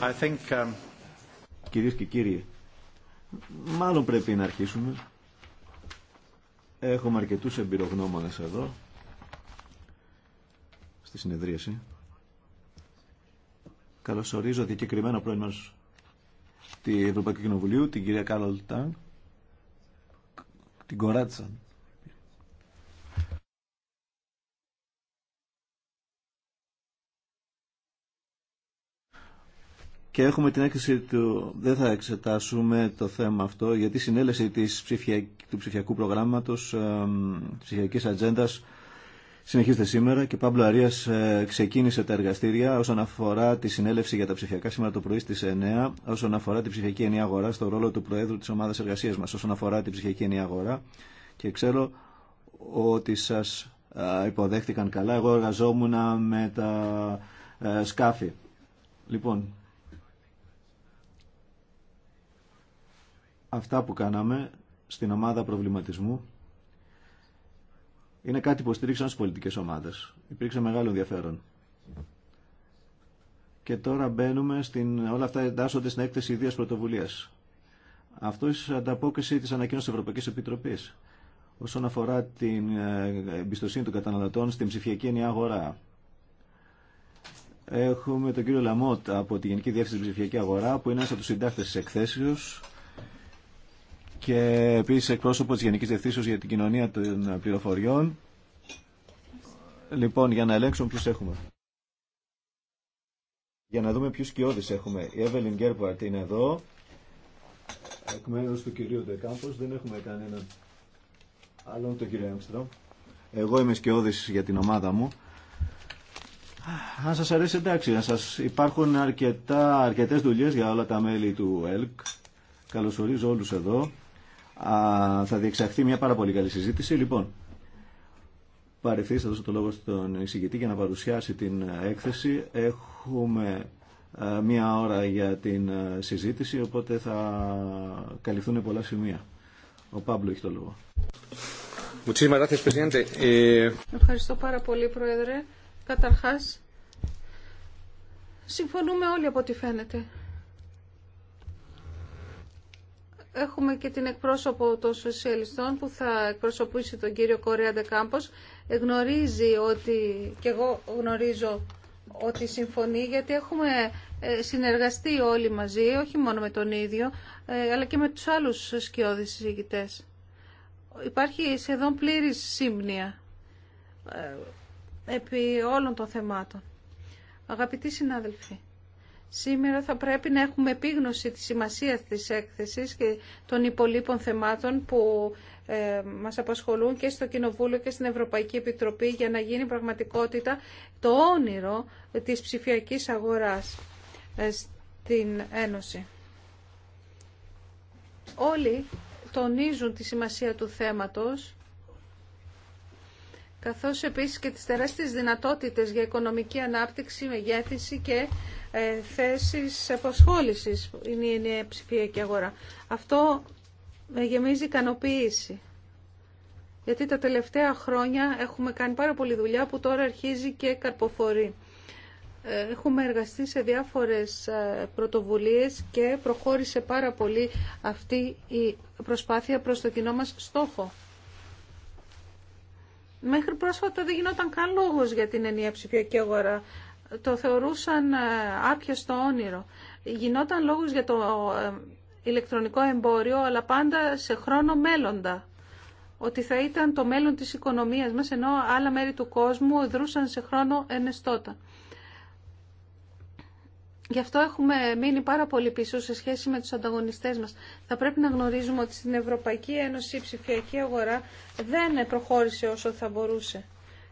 Uh, um, Κυρίες και κύριοι, μάλλον πρέπει να αρχίσουμε. Έχουμε αρκετούς εμπειρογνώμονες εδώ, στη συνεδρίαση. Καλωσορίζω διακεκριμένα πρώην μας τη Ευρωπαϊκή Κοινοβουλίου, την κυρία Κάρολ Τάγκ, την Κοράτσαν. και έχουμε την έκθεση του... Δεν θα εξετάσουμε το θέμα αυτό γιατί η συνέλεση της του ψηφιακού προγράμματος, ε, της ψηφιακής ατζέντα συνεχίζεται σήμερα και Παύλο Αρίας ε, ξεκίνησε τα εργαστήρια όσον αφορά τη συνέλευση για τα ψηφιακά σήμερα το πρωί στις 9, όσον αφορά την ψηφιακή ενιαία αγορά στο ρόλο του Προέδρου της ομάδας εργασίας μας, όσον αφορά την ψηφιακή ενιαία αγορά και ξέρω ότι σας ε, υποδέχτηκαν καλά. Εγώ εργαζόμουν με τα σκάφη. Λοιπόν, Αυτά που κάναμε στην ομάδα προβληματισμού είναι κάτι που στηρίξαν στις πολιτικές ομάδες. Υπήρξε μεγάλο ενδιαφέρον. Και τώρα μπαίνουμε στην... Όλα αυτά εντάσσονται στην έκθεση ιδίας πρωτοβουλίας. Αυτό είναι ανταπόκριση της ανακοίνωσης της Ευρωπαϊκής Επιτροπής όσον αφορά την ε, εμπιστοσύνη των καταναλωτών στην ψηφιακή ενιαία αγορά. Έχουμε τον κύριο Λαμότ από τη Γενική Διεύθυνση Ψηφιακή Αγορά, που είναι ένας από τους συντάκτες της εκθέσεως και επίσης εκπρόσωπο τη γενική Διευθύνσεως για την Κοινωνία των Πληροφοριών. Λοιπόν, για να ελέγξουμε ποιου έχουμε. Για να δούμε ποιου σκιώδεις έχουμε. Η Εύελιν Γκέρπαρτ είναι εδώ. Εκ μέρου του κυρίου Ντεκάμπο, δεν έχουμε κανέναν άλλον τον κύριο Έμστρομ. Εγώ είμαι σκιώδη για την ομάδα μου. Αν σας αρέσει εντάξει, να σας υπάρχουν αρκετά, αρκετές δουλειές για όλα τα μέλη του ΕΛΚ. Καλωσορίζω όλους εδώ. Α, θα διεξαχθεί μια πάρα πολύ καλή συζήτηση. Λοιπόν, θα δώσω το λόγο στον εισηγητή για να παρουσιάσει την ε, έκθεση. Έχουμε ε, μία ώρα για την ε, συζήτηση, οπότε θα καλυφθούν πολλά σημεία. Ο Πάμπλο έχει το λόγο. Ευχαριστώ πάρα πολύ, Πρόεδρε. Καταρχάς, συμφωνούμε όλοι από ό,τι φαίνεται. έχουμε και την εκπρόσωπο των σοσιαλιστών που θα εκπροσωπήσει τον κύριο Κορέα Ντεκάμπος. Ε, γνωρίζει ότι, και εγώ γνωρίζω ότι συμφωνεί, γιατί έχουμε ε, συνεργαστεί όλοι μαζί, όχι μόνο με τον ίδιο, ε, αλλά και με τους άλλους σκιώδεις συζητητές. Υπάρχει σχεδόν πλήρης σύμπνοια επί όλων των θεμάτων. Αγαπητοί συνάδελφοι, Σήμερα θα πρέπει να έχουμε επίγνωση της σημασίας της έκθεσης και των υπολείπων θεμάτων που ε, μας απασχολούν και στο Κοινοβούλιο και στην Ευρωπαϊκή Επιτροπή για να γίνει πραγματικότητα το όνειρο της ψηφιακής αγοράς ε, στην Ένωση. Όλοι τονίζουν τη σημασία του θέματος καθώς επίσης και τις τεράστιες δυνατότητες για οικονομική ανάπτυξη, μεγέθυνση και ε, θέσεις επασχόλησης είναι η ενιαία ψηφιακή αγορά. Αυτό με γεμίζει ικανοποίηση. Γιατί τα τελευταία χρόνια έχουμε κάνει πάρα πολλή δουλειά που τώρα αρχίζει και καρποφορεί. Ε, έχουμε εργαστεί σε διάφορες ε, πρωτοβουλίες και προχώρησε πάρα πολύ αυτή η προσπάθεια προς το κοινό μας στόχο. Μέχρι πρόσφατα δεν γινόταν καν λόγος για την ενιαία ψηφιακή αγορά το θεωρούσαν ε, άπιαστο όνειρο. Γινόταν λόγος για το ε, ηλεκτρονικό εμπόριο, αλλά πάντα σε χρόνο μέλλοντα. Ότι θα ήταν το μέλλον της οικονομίας μας, ενώ άλλα μέρη του κόσμου δρούσαν σε χρόνο ενεστώτα. Γι' αυτό έχουμε μείνει πάρα πολύ πίσω σε σχέση με τους ανταγωνιστές μας. Θα πρέπει να γνωρίζουμε ότι στην Ευρωπαϊκή Ένωση η ψηφιακή αγορά δεν προχώρησε όσο θα μπορούσε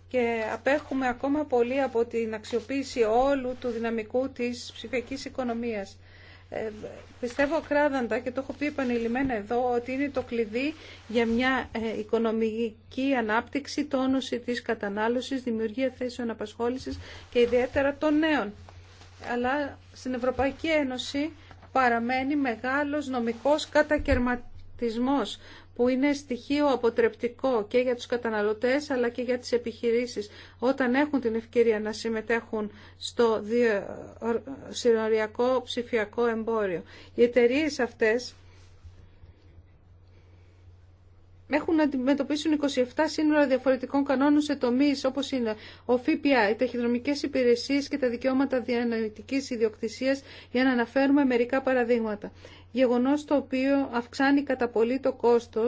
και απέχουμε ακόμα πολύ από την αξιοποίηση όλου του δυναμικού της ψηφιακής οικονομίας. Ε, πιστεύω ακράδαντα και το έχω πει επανειλημμένα εδώ ότι είναι το κλειδί για μια ε, οικονομική ανάπτυξη, τόνωση της κατανάλωσης, δημιουργία θέσεων απασχόλησης και ιδιαίτερα των νέων. Αλλά στην Ευρωπαϊκή Ένωση παραμένει μεγάλος νομικός κατακαιρματισμός που είναι στοιχείο αποτρεπτικό και για τους καταναλωτές αλλά και για τις επιχειρήσεις όταν έχουν την ευκαιρία να συμμετέχουν στο συνοριακό ψηφιακό εμπόριο. Οι εταιρείε αυτές έχουν να αντιμετωπίσουν 27 σύνορα διαφορετικών κανόνων σε τομεί όπω είναι ο ΦΠΑ, οι ταχυδρομικέ υπηρεσίε και τα δικαιώματα διανοητική ιδιοκτησία, για να αναφέρουμε μερικά παραδείγματα. Γεγονό το οποίο αυξάνει κατά πολύ το κόστο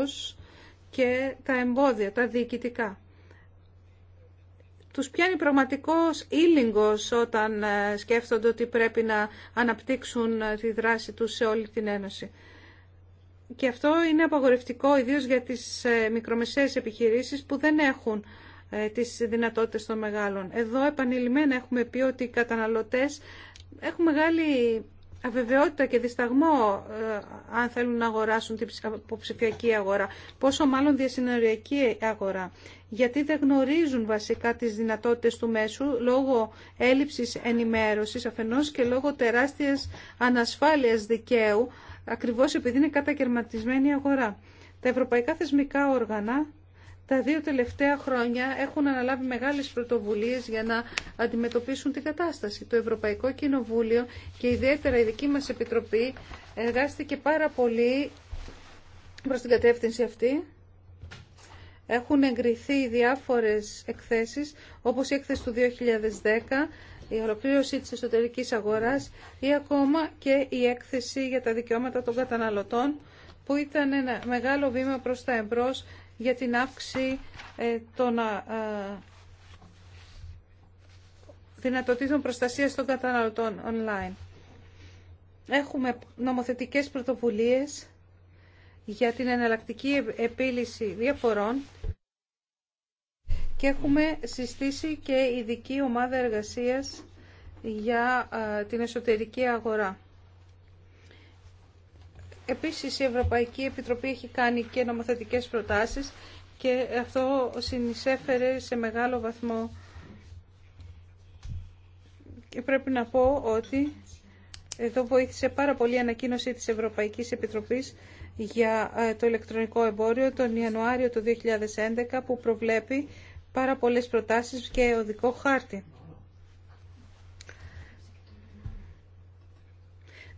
και τα εμπόδια, τα διοικητικά. Τους πιάνει πραγματικός ήλιγκος όταν ε, σκέφτονται ότι πρέπει να αναπτύξουν ε, τη δράση τους σε όλη την Ένωση. Και αυτό είναι απαγορευτικό ιδίως για τις ε, μικρομεσαίες επιχειρήσεις που δεν έχουν ε, τις δυνατότητες των μεγάλων. Εδώ επανειλημμένα έχουμε πει ότι οι καταναλωτές έχουν μεγάλη αβεβαιότητα και δισταγμό ε, αν θέλουν να αγοράσουν την ψηφιακή αγορά, πόσο μάλλον διασυνοριακή αγορά. Γιατί δεν γνωρίζουν βασικά τις δυνατότητες του μέσου λόγω έλλειψης ενημέρωσης αφενός και λόγω τεράστιας ανασφάλειας δικαίου ακριβώς επειδή είναι κατακαιρματισμένη η αγορά. Τα ευρωπαϊκά θεσμικά όργανα τα δύο τελευταία χρόνια έχουν αναλάβει μεγάλες πρωτοβουλίες για να αντιμετωπίσουν την κατάσταση. Το Ευρωπαϊκό Κοινοβούλιο και ιδιαίτερα η δική μας Επιτροπή εργάστηκε πάρα πολύ προς την κατεύθυνση αυτή. Έχουν εγκριθεί διάφορες εκθέσεις, όπως η έκθεση του 2010, η ολοκλήρωση της εσωτερικής αγοράς ή ακόμα και η έκθεση για τα δικαιώματα των καταναλωτών που ήταν ένα μεγάλο βήμα προς τα εμπρός για την αύξηση ε, των δυνατοτήτων προστασίας των καταναλωτών online. Έχουμε νομοθετικές πρωτοβουλίες για την εναλλακτική επίλυση διαφορών και έχουμε συστήσει και ειδική ομάδα εργασίας για την εσωτερική αγορά. Επίσης η Ευρωπαϊκή Επιτροπή έχει κάνει και νομοθετικές προτάσεις και αυτό συνεισέφερε σε μεγάλο βαθμό. Και πρέπει να πω ότι εδώ βοήθησε πάρα πολύ η ανακοίνωση της Ευρωπαϊκής Επιτροπής για το ηλεκτρονικό εμπόριο τον Ιανουάριο του 2011 που προβλέπει πάρα πολλές προτάσεις και οδικό χάρτη.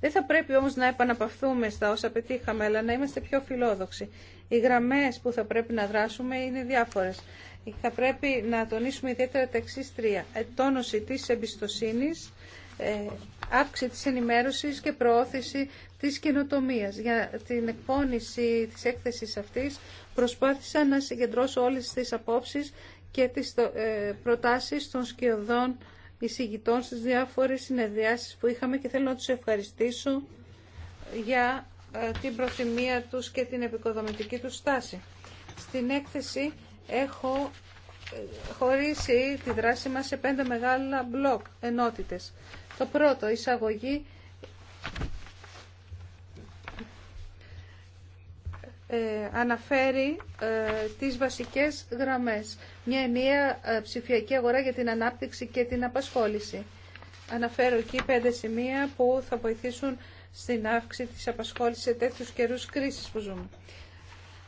Δεν θα πρέπει όμως να επαναπαυθούμε στα όσα πετύχαμε, αλλά να είμαστε πιο φιλόδοξοι. Οι γραμμές που θα πρέπει να δράσουμε είναι διάφορες. Θα πρέπει να τονίσουμε ιδιαίτερα τα εξής τρία. Τόνωση της εμπιστοσύνης, ε, αύξηση της ενημέρωσης και προώθηση της καινοτομία. Για την εκπόνηση της έκθεσης αυτής προσπάθησα να συγκεντρώσω όλες τις απόψεις και τις ε, προτάσεις των σκιωδών εισηγητών στις διάφορες συνεδριάσεις που είχαμε και θέλω να τους ευχαριστήσω για ε, την προθυμία τους και την επικοδομητική τους στάση. Στην έκθεση έχω ε, χωρίσει τη δράση μας σε πέντε μεγάλα μπλοκ ενότητες. Το πρώτο, εισαγωγή αναφέρει τις βασικές γραμμές μια ενιαία ε, ψηφιακή αγορά για την ανάπτυξη και την απασχόληση. Αναφέρω εκεί πέντε σημεία που θα βοηθήσουν στην αύξηση της απασχόλησης σε τέτοιους καιρούς κρίσης που ζούμε.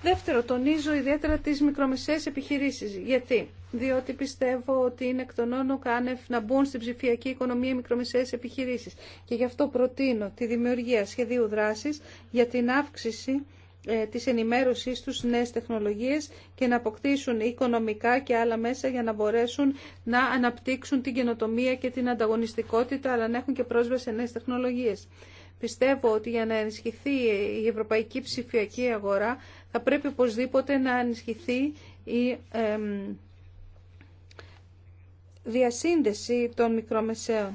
Δεύτερο, τονίζω ιδιαίτερα τις μικρομεσαίες επιχειρήσεις. Γιατί? Διότι πιστεύω ότι είναι εκ των όνων κάνευ να μπουν στην ψηφιακή οικονομία οι μικρομεσαίες επιχειρήσεις. Και γι' αυτό προτείνω τη δημιουργία σχεδίου δράσης για την αύξηση ε, της ενημέρωσής τους νέες τεχνολογίες και να αποκτήσουν οικονομικά και άλλα μέσα για να μπορέσουν να αναπτύξουν την καινοτομία και την ανταγωνιστικότητα αλλά να έχουν και πρόσβαση σε νέες τεχνολογίες. Πιστεύω ότι για να ενισχυθεί η ευρωπαϊκή ψηφιακή αγορά θα πρέπει οπωσδήποτε να ενισχυθεί η διασύνδεση των μικρομεσαίων.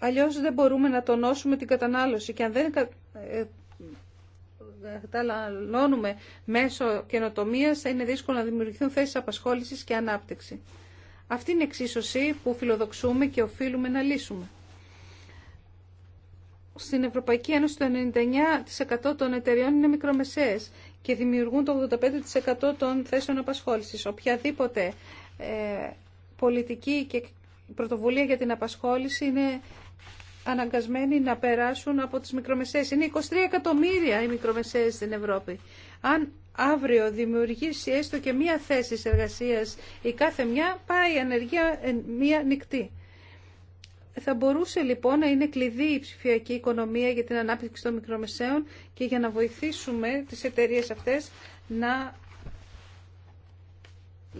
Αλλιώς δεν μπορούμε να τονώσουμε την κατανάλωση και αν δεν ε, καταναλώνουμε μέσω καινοτομία θα είναι δύσκολο να δημιουργηθούν θέσει απασχόληση και ανάπτυξη. Αυτή είναι η εξίσωση που φιλοδοξούμε και οφείλουμε να λύσουμε. Στην Ευρωπαϊκή Ένωση το 99% των εταιριών είναι μικρομεσαίες και δημιουργούν το 85% των θέσεων απασχόλησης. Οποιαδήποτε ε, πολιτική και πρωτοβουλία για την απασχόληση είναι αναγκασμένοι να περάσουν από τις μικρομεσαίες. Είναι 23 εκατομμύρια οι μικρομεσαίες στην Ευρώπη. Αν αύριο δημιουργήσει έστω και μία θέση εργασίας η κάθε μια, πάει η ανεργία ε, μία νυχτή. Θα μπορούσε λοιπόν να είναι κλειδί η ψηφιακή οικονομία για την ανάπτυξη των μικρομεσαίων και για να βοηθήσουμε τις εταιρείες αυτές να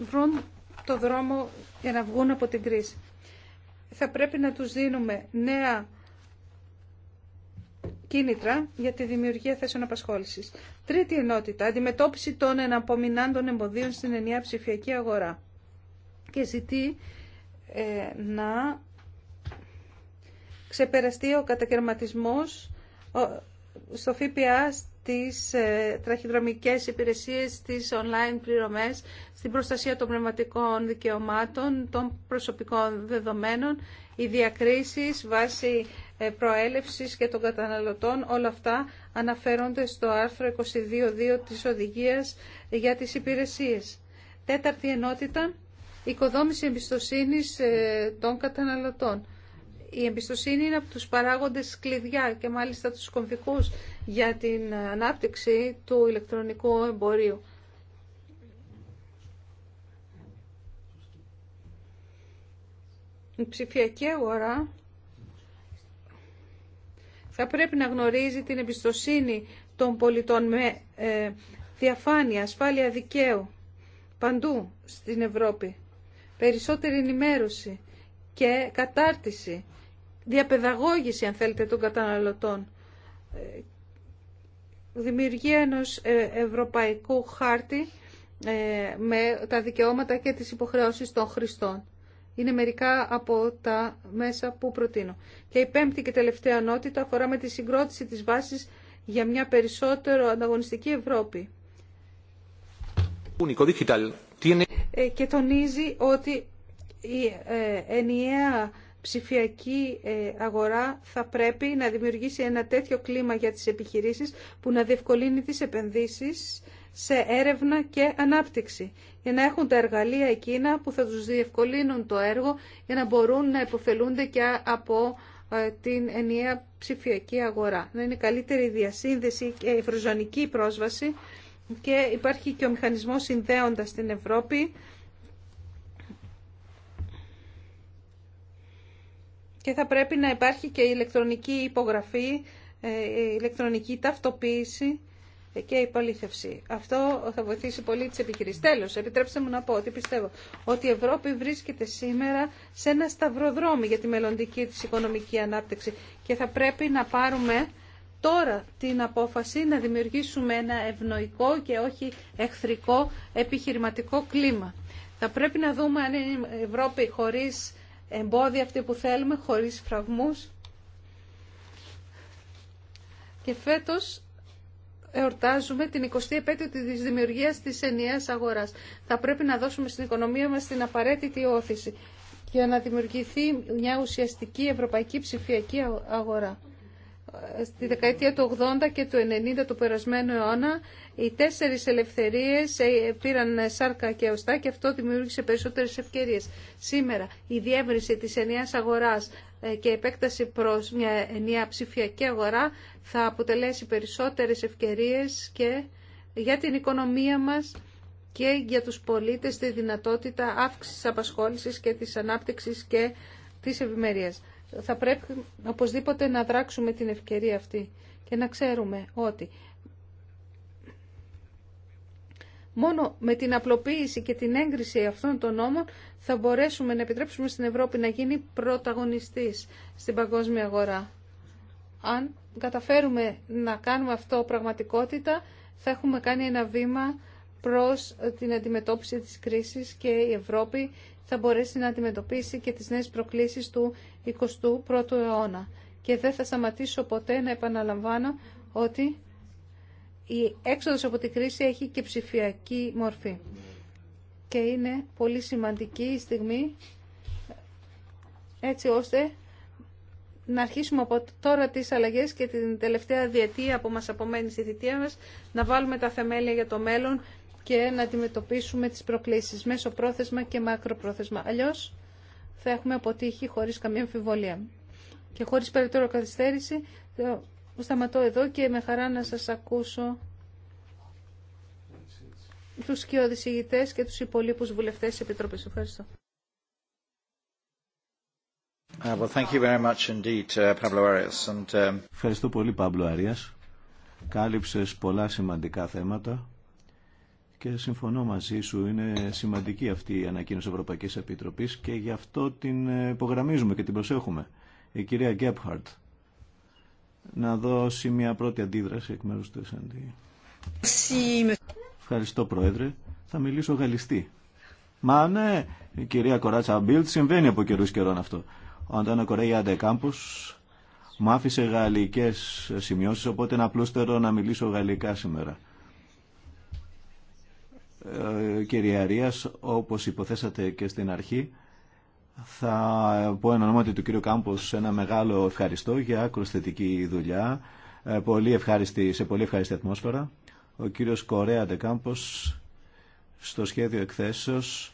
βρουν το δρόμο για να βγουν από την κρίση θα πρέπει να τους δίνουμε νέα κίνητρα για τη δημιουργία θέσεων απασχόλησης. Τρίτη ενότητα, αντιμετώπιση των εναπομεινάντων εμποδίων στην ενιαία ψηφιακή αγορά. Και ζητεί ε, να ξεπεραστεί ο κατακαιρματισμός στο ΦΠΑ τις ε, τραχυδρομικές υπηρεσίες, τις online πληρωμές, στην προστασία των πνευματικών δικαιωμάτων, των προσωπικών δεδομένων, οι διακρίσεις βάσει ε, προέλευσης και των καταναλωτών, όλα αυτά αναφέρονται στο άρθρο 22.2 της Οδηγίας για τις υπηρεσίες. Τέταρτη ενότητα, οικοδόμηση εμπιστοσύνης ε, των καταναλωτών. Η εμπιστοσύνη είναι από τους παράγοντες κλειδιά και μάλιστα τους κομβικούς για την ανάπτυξη του ηλεκτρονικού εμπορίου. Η ψηφιακή αγορά θα πρέπει να γνωρίζει την εμπιστοσύνη των πολιτών με ε, διαφάνεια, ασφάλεια δικαίου παντού στην Ευρώπη. Περισσότερη ενημέρωση και κατάρτιση διαπαιδαγώγηση, αν θέλετε, των καταναλωτών. Ε, δημιουργία ενός ε, ευρωπαϊκού χάρτη ε, με τα δικαιώματα και τις υποχρεώσεις των χρηστών. Είναι μερικά από τα μέσα που προτείνω. Και η πέμπτη και τελευταία ανότητα αφορά με τη συγκρότηση της βάσης για μια περισσότερο ανταγωνιστική Ευρώπη. Και τονίζει ότι η ενιαία ψηφιακή ε, αγορά θα πρέπει να δημιουργήσει ένα τέτοιο κλίμα για τις επιχειρήσεις που να διευκολύνει τις επενδύσεις σε έρευνα και ανάπτυξη για να έχουν τα εργαλεία εκείνα που θα τους διευκολύνουν το έργο για να μπορούν να υποφελούνται και από ε, την ενιαία ψηφιακή αγορά. Να είναι καλύτερη διασύνδεση και ευρωζωνική πρόσβαση και υπάρχει και ο μηχανισμός συνδέοντας την Ευρώπη και θα πρέπει να υπάρχει και η ηλεκτρονική υπογραφή, ε, η ηλεκτρονική ταυτοποίηση και υπολήθευση. Αυτό θα βοηθήσει πολύ τις επιχειρήσεις. Τέλος, επιτρέψτε μου να πω ότι πιστεύω ότι η Ευρώπη βρίσκεται σήμερα σε ένα σταυροδρόμι για τη μελλοντική της οικονομική ανάπτυξη και θα πρέπει να πάρουμε τώρα την απόφαση να δημιουργήσουμε ένα ευνοϊκό και όχι εχθρικό επιχειρηματικό κλίμα. Θα πρέπει να δούμε αν είναι η Ευρώπη χωρίς εμπόδια αυτή που θέλουμε, χωρίς φραγμούς. Και φέτος εορτάζουμε την 20η επέτειο της δημιουργίας της ενιαίας αγοράς. Θα πρέπει να δώσουμε στην οικονομία μας την απαραίτητη όθηση για να δημιουργηθεί μια ουσιαστική ευρωπαϊκή ψηφιακή αγορά στη δεκαετία του 80 και του 90 του περασμένου αιώνα οι τέσσερις ελευθερίες ε, πήραν σάρκα και οστά και αυτό δημιούργησε περισσότερες ευκαιρίες. Σήμερα η διεύρυνση της ενιαίας αγοράς ε, και η επέκταση προς μια ενιαία ψηφιακή αγορά θα αποτελέσει περισσότερες ευκαιρίες και για την οικονομία μας και για τους πολίτες τη δυνατότητα αύξησης απασχόλησης και της ανάπτυξης και της ευημερίας θα πρέπει οπωσδήποτε να δράξουμε την ευκαιρία αυτή και να ξέρουμε ότι μόνο με την απλοποίηση και την έγκριση αυτών των νόμων θα μπορέσουμε να επιτρέψουμε στην Ευρώπη να γίνει πρωταγωνιστής στην παγκόσμια αγορά. Αν καταφέρουμε να κάνουμε αυτό πραγματικότητα, θα έχουμε κάνει ένα βήμα προς την αντιμετώπιση της κρίσης και η Ευρώπη θα μπορέσει να αντιμετωπίσει και τις νέες προκλήσεις του 21ου αιώνα. Και δεν θα σταματήσω ποτέ να επαναλαμβάνω ότι η έξοδος από την κρίση έχει και ψηφιακή μορφή. Και είναι πολύ σημαντική η στιγμή έτσι ώστε να αρχίσουμε από τώρα τις αλλαγές και την τελευταία διετία που μας απομένει στη θητεία μας να βάλουμε τα θεμέλια για το μέλλον και να αντιμετωπίσουμε τις προκλήσεις μέσω πρόθεσμα και μακροπρόθεσμα. Αλλιώς θα έχουμε αποτύχει χωρίς καμία αμφιβολία. Και χωρίς περαιτέρω καθυστέρηση σταματώ εδώ και με χαρά να σας ακούσω τους σκιώδης ηγητές και τους υπολείπους βουλευτές της Επιτροπής. Ευχαριστώ. Ευχαριστώ πολύ, Παύλο Αρίας. Κάλυψες πολλά σημαντικά θέματα και συμφωνώ μαζί σου. Είναι σημαντική αυτή η ανακοίνωση Ευρωπαϊκή Επιτροπή και γι' αυτό την ε, υπογραμμίζουμε και την προσέχουμε. Η κυρία Γκέπχαρτ να δώσει μια πρώτη αντίδραση εκ μέρου του SND. Ευχαριστώ, Πρόεδρε. Θα μιλήσω γαλλιστή. Μα ναι, η κυρία Κοράτσα Μπίλτ συμβαίνει από καιρού καιρών αυτό. Ο Αντώνιο Κορέγιαντε Αντεκάμπο μου άφησε γαλλικέ σημειώσει, οπότε είναι απλούστερο να μιλήσω γαλλικά σήμερα. Ε, κυριαρίας όπως υποθέσατε και στην αρχή θα πω εν ονόματι του κύριου Κάμπος ένα μεγάλο ευχαριστώ για ακροσθετική δουλειά ε, πολύ ευχάριστη, σε πολύ ευχάριστη ατμόσφαιρα ο κύριος Κορέα Ντεκάμπος στο σχέδιο εκθέσεως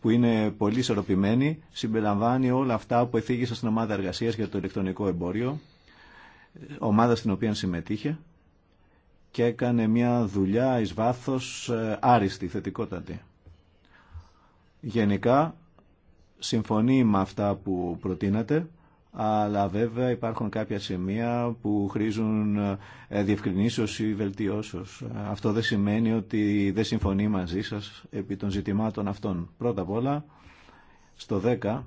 που είναι πολύ ισορροπημένη συμπεριλαμβάνει όλα αυτά που εθίγησα στην ομάδα εργασίας για το ηλεκτρονικό εμπόριο ομάδα στην οποία συμμετείχε και έκανε μια δουλειά εις βάθος ε, άριστη, θετικότατη. Γενικά, συμφωνεί με αυτά που προτείνατε, αλλά βέβαια υπάρχουν κάποια σημεία που χρήζουν ε, διευκρινήσεως ή βελτιώσεως. Αυτό δεν σημαίνει ότι δεν συμφωνεί μαζί σας επί των ζητημάτων αυτών. Πρώτα απ' όλα, στο 10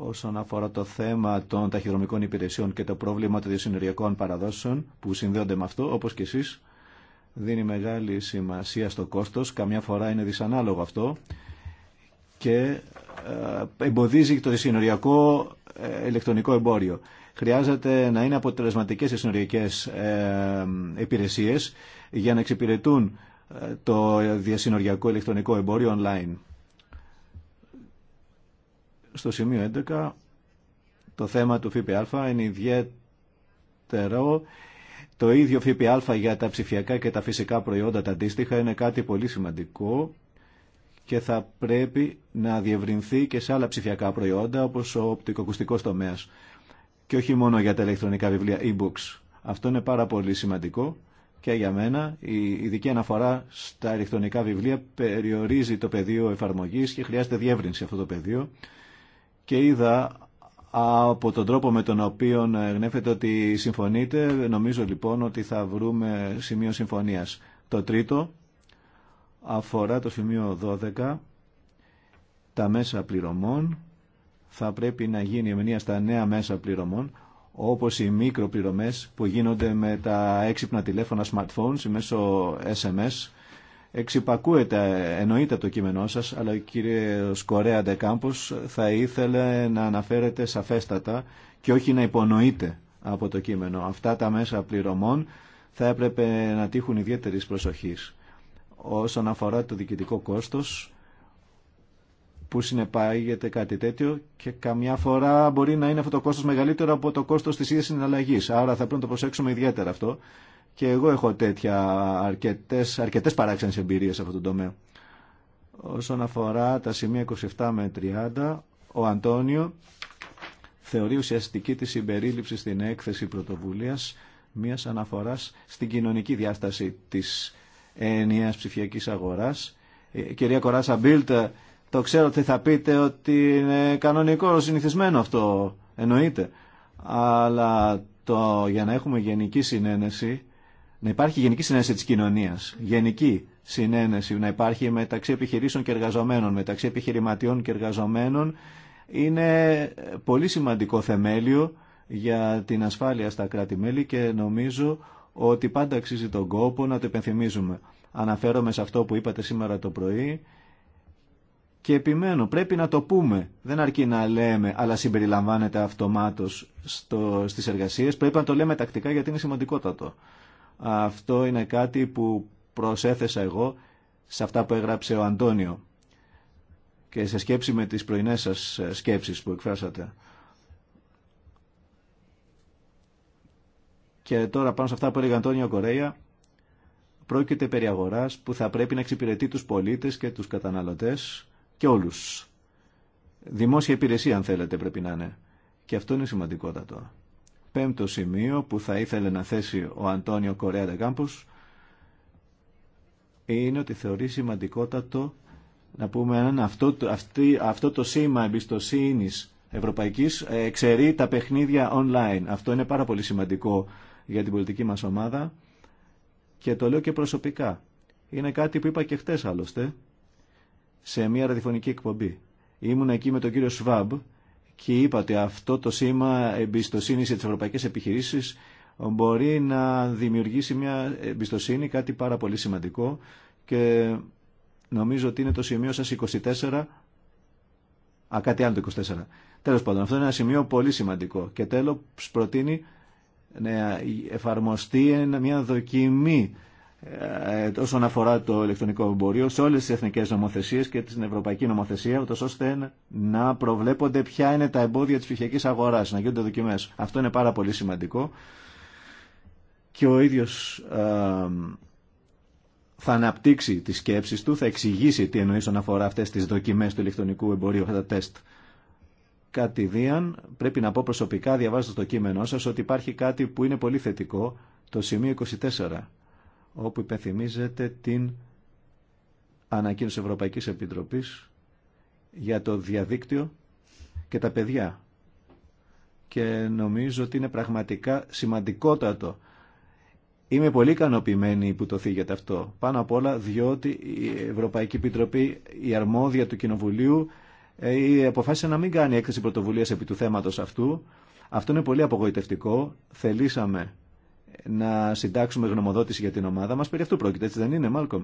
όσον αφορά το θέμα των ταχυδρομικών υπηρεσιών και το πρόβλημα των διασυνοριακών παραδόσεων που συνδέονται με αυτό, όπως και εσείς, δίνει μεγάλη σημασία στο κόστος. Καμιά φορά είναι δυσανάλογο αυτό και ε, εμποδίζει το διασυνοριακό ε, ηλεκτρονικό εμπόριο. Χρειάζεται να είναι αποτελεσματικές οι συνοριακές ε, υπηρεσίες για να εξυπηρετούν το διασυνοριακό ηλεκτρονικό εμπόριο online. Στο σημείο 11 το θέμα του ΦΠΑ είναι ιδιαίτερο. Το ίδιο ΦΠΑ για τα ψηφιακά και τα φυσικά προϊόντα τα αντίστοιχα είναι κάτι πολύ σημαντικό και θα πρέπει να διευρυνθεί και σε άλλα ψηφιακά προϊόντα όπως ο οπτικοκουστικός τομέας και όχι μόνο για τα ηλεκτρονικά βιβλία e-books. Αυτό είναι πάρα πολύ σημαντικό και για μένα η ειδική αναφορά στα ηλεκτρονικά βιβλία περιορίζει το πεδίο εφαρμογής και χρειάζεται διεύρυνση αυτό το πεδίο και είδα από τον τρόπο με τον οποίο γνέφεται ότι συμφωνείτε, νομίζω λοιπόν ότι θα βρούμε σημείο συμφωνίας. Το τρίτο αφορά το σημείο 12, τα μέσα πληρωμών. Θα πρέπει να γίνει εμενία στα νέα μέσα πληρωμών, όπως οι μικροπληρωμές που γίνονται με τα έξυπνα τηλέφωνα smartphones μέσω SMS Εξυπακούεται, εννοείται το κείμενό σας, αλλά ο κύριος Κορέα Ντεκάμπος θα ήθελε να αναφέρεται σαφέστατα και όχι να υπονοείται από το κείμενο. Αυτά τα μέσα πληρωμών θα έπρεπε να τύχουν ιδιαίτερης προσοχής. Όσον αφορά το διοικητικό κόστος, που συνεπάγεται κάτι τέτοιο και καμιά φορά μπορεί να είναι αυτό το κόστος μεγαλύτερο από το κόστος της ίδιας συναλλαγής. Άρα θα πρέπει να το προσέξουμε ιδιαίτερα αυτό και εγώ έχω τέτοια αρκετές, αρκετές παράξενες εμπειρίες σε αυτό το τομέα. Όσον αφορά τα σημεία 27 με 30, ο Αντώνιο θεωρεί ουσιαστική τη συμπερίληψη στην έκθεση πρωτοβουλίας μιας αναφοράς στην κοινωνική διάσταση της ενιαίας ψηφιακής αγοράς. Ε, κυρία Κοράσα Μπίλτ, το ξέρω ότι θα πείτε ότι είναι κανονικό, συνηθισμένο αυτό, εννοείται. Αλλά το, για να έχουμε γενική συνένεση να υπάρχει γενική συνένεση της κοινωνίας, γενική συνένεση να υπάρχει μεταξύ επιχειρήσεων και εργαζομένων, μεταξύ επιχειρηματιών και εργαζομένων, είναι πολύ σημαντικό θεμέλιο για την ασφάλεια στα κράτη-μέλη και νομίζω ότι πάντα αξίζει τον κόπο να το επενθυμίζουμε. Αναφέρομαι σε αυτό που είπατε σήμερα το πρωί και επιμένω, πρέπει να το πούμε. Δεν αρκεί να λέμε, αλλά συμπεριλαμβάνεται αυτομάτως στο, στις εργασίες. Πρέπει να το λέμε τακτικά γιατί είναι σημαντικότατο. Αυτό είναι κάτι που προσέθεσα εγώ σε αυτά που έγραψε ο Αντώνιο και σε σκέψη με τις πρωινές σας σκέψεις που εκφράσατε. Και τώρα πάνω σε αυτά που έλεγε Αντώνιο Κορέα, πρόκειται περί αγοράς που θα πρέπει να εξυπηρετεί τους πολίτες και τους καταναλωτές και όλους. Δημόσια υπηρεσία αν θέλετε πρέπει να είναι. Και αυτό είναι σημαντικότατο πέμπτο σημείο που θα ήθελε να θέσει ο Αντώνιο Κορέα Γκάμπους είναι ότι θεωρεί σημαντικότατο να πούμε αν αυτό, αυτό το σήμα εμπιστοσύνης ευρωπαϊκής ε, εξαιρεί τα παιχνίδια online. Αυτό είναι πάρα πολύ σημαντικό για την πολιτική μας ομάδα και το λέω και προσωπικά. Είναι κάτι που είπα και χτες άλλωστε σε μια ραδιοφωνική εκπομπή. Ήμουν εκεί με τον κύριο Σβάμπ και είπα ότι αυτό το σήμα εμπιστοσύνη για τι ευρωπαϊκέ επιχειρήσει μπορεί να δημιουργήσει μια εμπιστοσύνη, κάτι πάρα πολύ σημαντικό και νομίζω ότι είναι το σημείο σας 24, α, κάτι άλλο το 24. Τέλος πάντων, αυτό είναι ένα σημείο πολύ σημαντικό και τέλος προτείνει να εφαρμοστεί μια δοκιμή ε, όσον αφορά το ηλεκτρονικό εμπορίο σε όλες τις εθνικές νομοθεσίες και την ευρωπαϊκή νομοθεσία ούτως ώστε να προβλέπονται ποια είναι τα εμπόδια της ψηφιακής αγοράς, να γίνονται δοκιμές. Αυτό είναι πάρα πολύ σημαντικό και ο ίδιος ε, θα αναπτύξει τις σκέψεις του, θα εξηγήσει τι εννοεί όσον αφορά αυτές τις δοκιμές του ηλεκτρονικού εμπορίου, αυτά τα τεστ. Κατηδίαν, πρέπει να πω προσωπικά, διαβάζοντα το κείμενό σας, ότι υπάρχει κάτι που είναι πολύ θετικό, το σημείο 24 όπου υπενθυμίζεται την ανακοίνωση Ευρωπαϊκής Επιτροπής για το διαδίκτυο και τα παιδιά. Και νομίζω ότι είναι πραγματικά σημαντικότατο. Είμαι πολύ ικανοποιημένη που το θίγεται αυτό. Πάνω απ' όλα διότι η Ευρωπαϊκή Επιτροπή, η αρμόδια του Κοινοβουλίου, ε, αποφάσισε να μην κάνει έκθεση πρωτοβουλίας επί του θέματος αυτού. Αυτό είναι πολύ απογοητευτικό. Θελήσαμε να συντάξουμε γνωμοδότηση για την ομάδα μας. Περί αυτού πρόκειται, έτσι δεν είναι, Μάλκομ.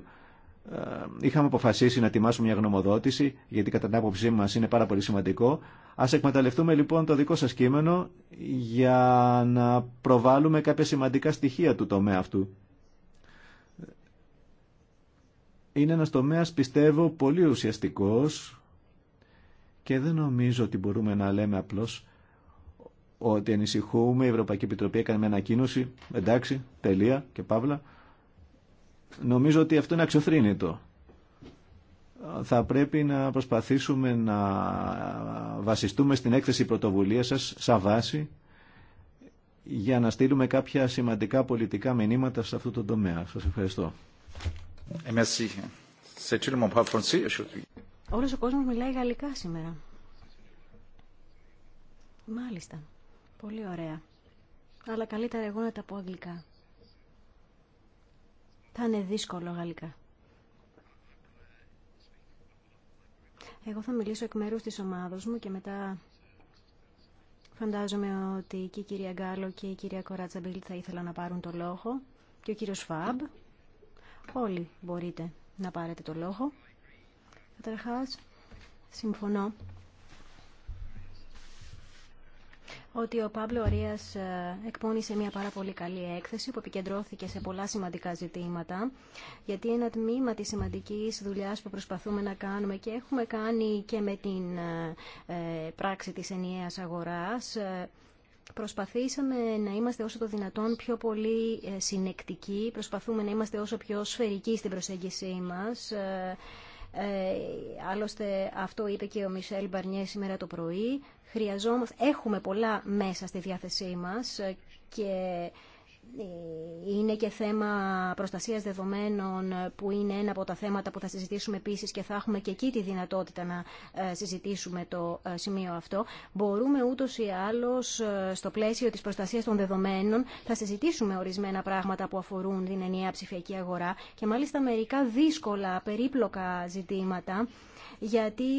Ε, είχαμε αποφασίσει να ετοιμάσουμε μια γνωμοδότηση, γιατί κατά την άποψή μα είναι πάρα πολύ σημαντικό. Α εκμεταλλευτούμε λοιπόν το δικό σας κείμενο για να προβάλλουμε κάποια σημαντικά στοιχεία του τομέα αυτού. Είναι ένας τομέας, πιστεύω, πολύ ουσιαστικός και δεν νομίζω ότι μπορούμε να λέμε απλώς ότι ανησυχούμε, η Ευρωπαϊκή Επιτροπή έκανε μια ανακοίνωση, εντάξει, τελεία και παύλα. Νομίζω ότι αυτό είναι αξιοθρύνητο. Θα πρέπει να προσπαθήσουμε να βασιστούμε στην έκθεση πρωτοβουλία σας σαν βάση για να στείλουμε κάποια σημαντικά πολιτικά μηνύματα σε αυτό το τομέα. Σας ευχαριστώ. Ε, Όλος ο κόσμος μιλάει γαλλικά σήμερα. Μάλιστα. Πολύ ωραία. Αλλά καλύτερα εγώ να τα πω αγγλικά. Θα είναι δύσκολο γαλλικά. Εγώ θα μιλήσω εκ μέρους της ομάδος μου και μετά φαντάζομαι ότι και η κυρία Γκάλο και η κυρία Κοράτσαμπίλ θα ήθελαν να πάρουν το λόγο και ο κύριος Φαμπ. Όλοι μπορείτε να πάρετε το λόγο. Καταρχά. συμφωνώ ότι ο Παύλο Αρία ε, εκπώνησε μια πάρα πολύ καλή έκθεση που επικεντρώθηκε σε πολλά σημαντικά ζητήματα γιατί ένα τμήμα της σημαντικής δουλειάς που προσπαθούμε να κάνουμε και έχουμε κάνει και με την ε, ε, πράξη της ενιαίας αγοράς Προσπαθήσαμε να είμαστε όσο το δυνατόν πιο πολύ συνεκτικοί, προσπαθούμε να είμαστε όσο πιο σφαιρικοί στην προσέγγιση μας ε, άλλωστε αυτό είπε και ο Μισελ Μπαρνιέ σήμερα το πρωί. Χρειαζόμαστε, έχουμε πολλά μέσα στη διάθεσή μας ε, και είναι και θέμα προστασίας δεδομένων που είναι ένα από τα θέματα που θα συζητήσουμε επίσης και θα έχουμε και εκεί τη δυνατότητα να ε, συζητήσουμε το ε, σημείο αυτό. Μπορούμε ούτως ή άλλως ε, στο πλαίσιο της προστασίας των δεδομένων θα συζητήσουμε ορισμένα πράγματα που αφορούν την ενιαία ψηφιακή αγορά και μάλιστα μερικά δύσκολα, περίπλοκα ζητήματα γιατί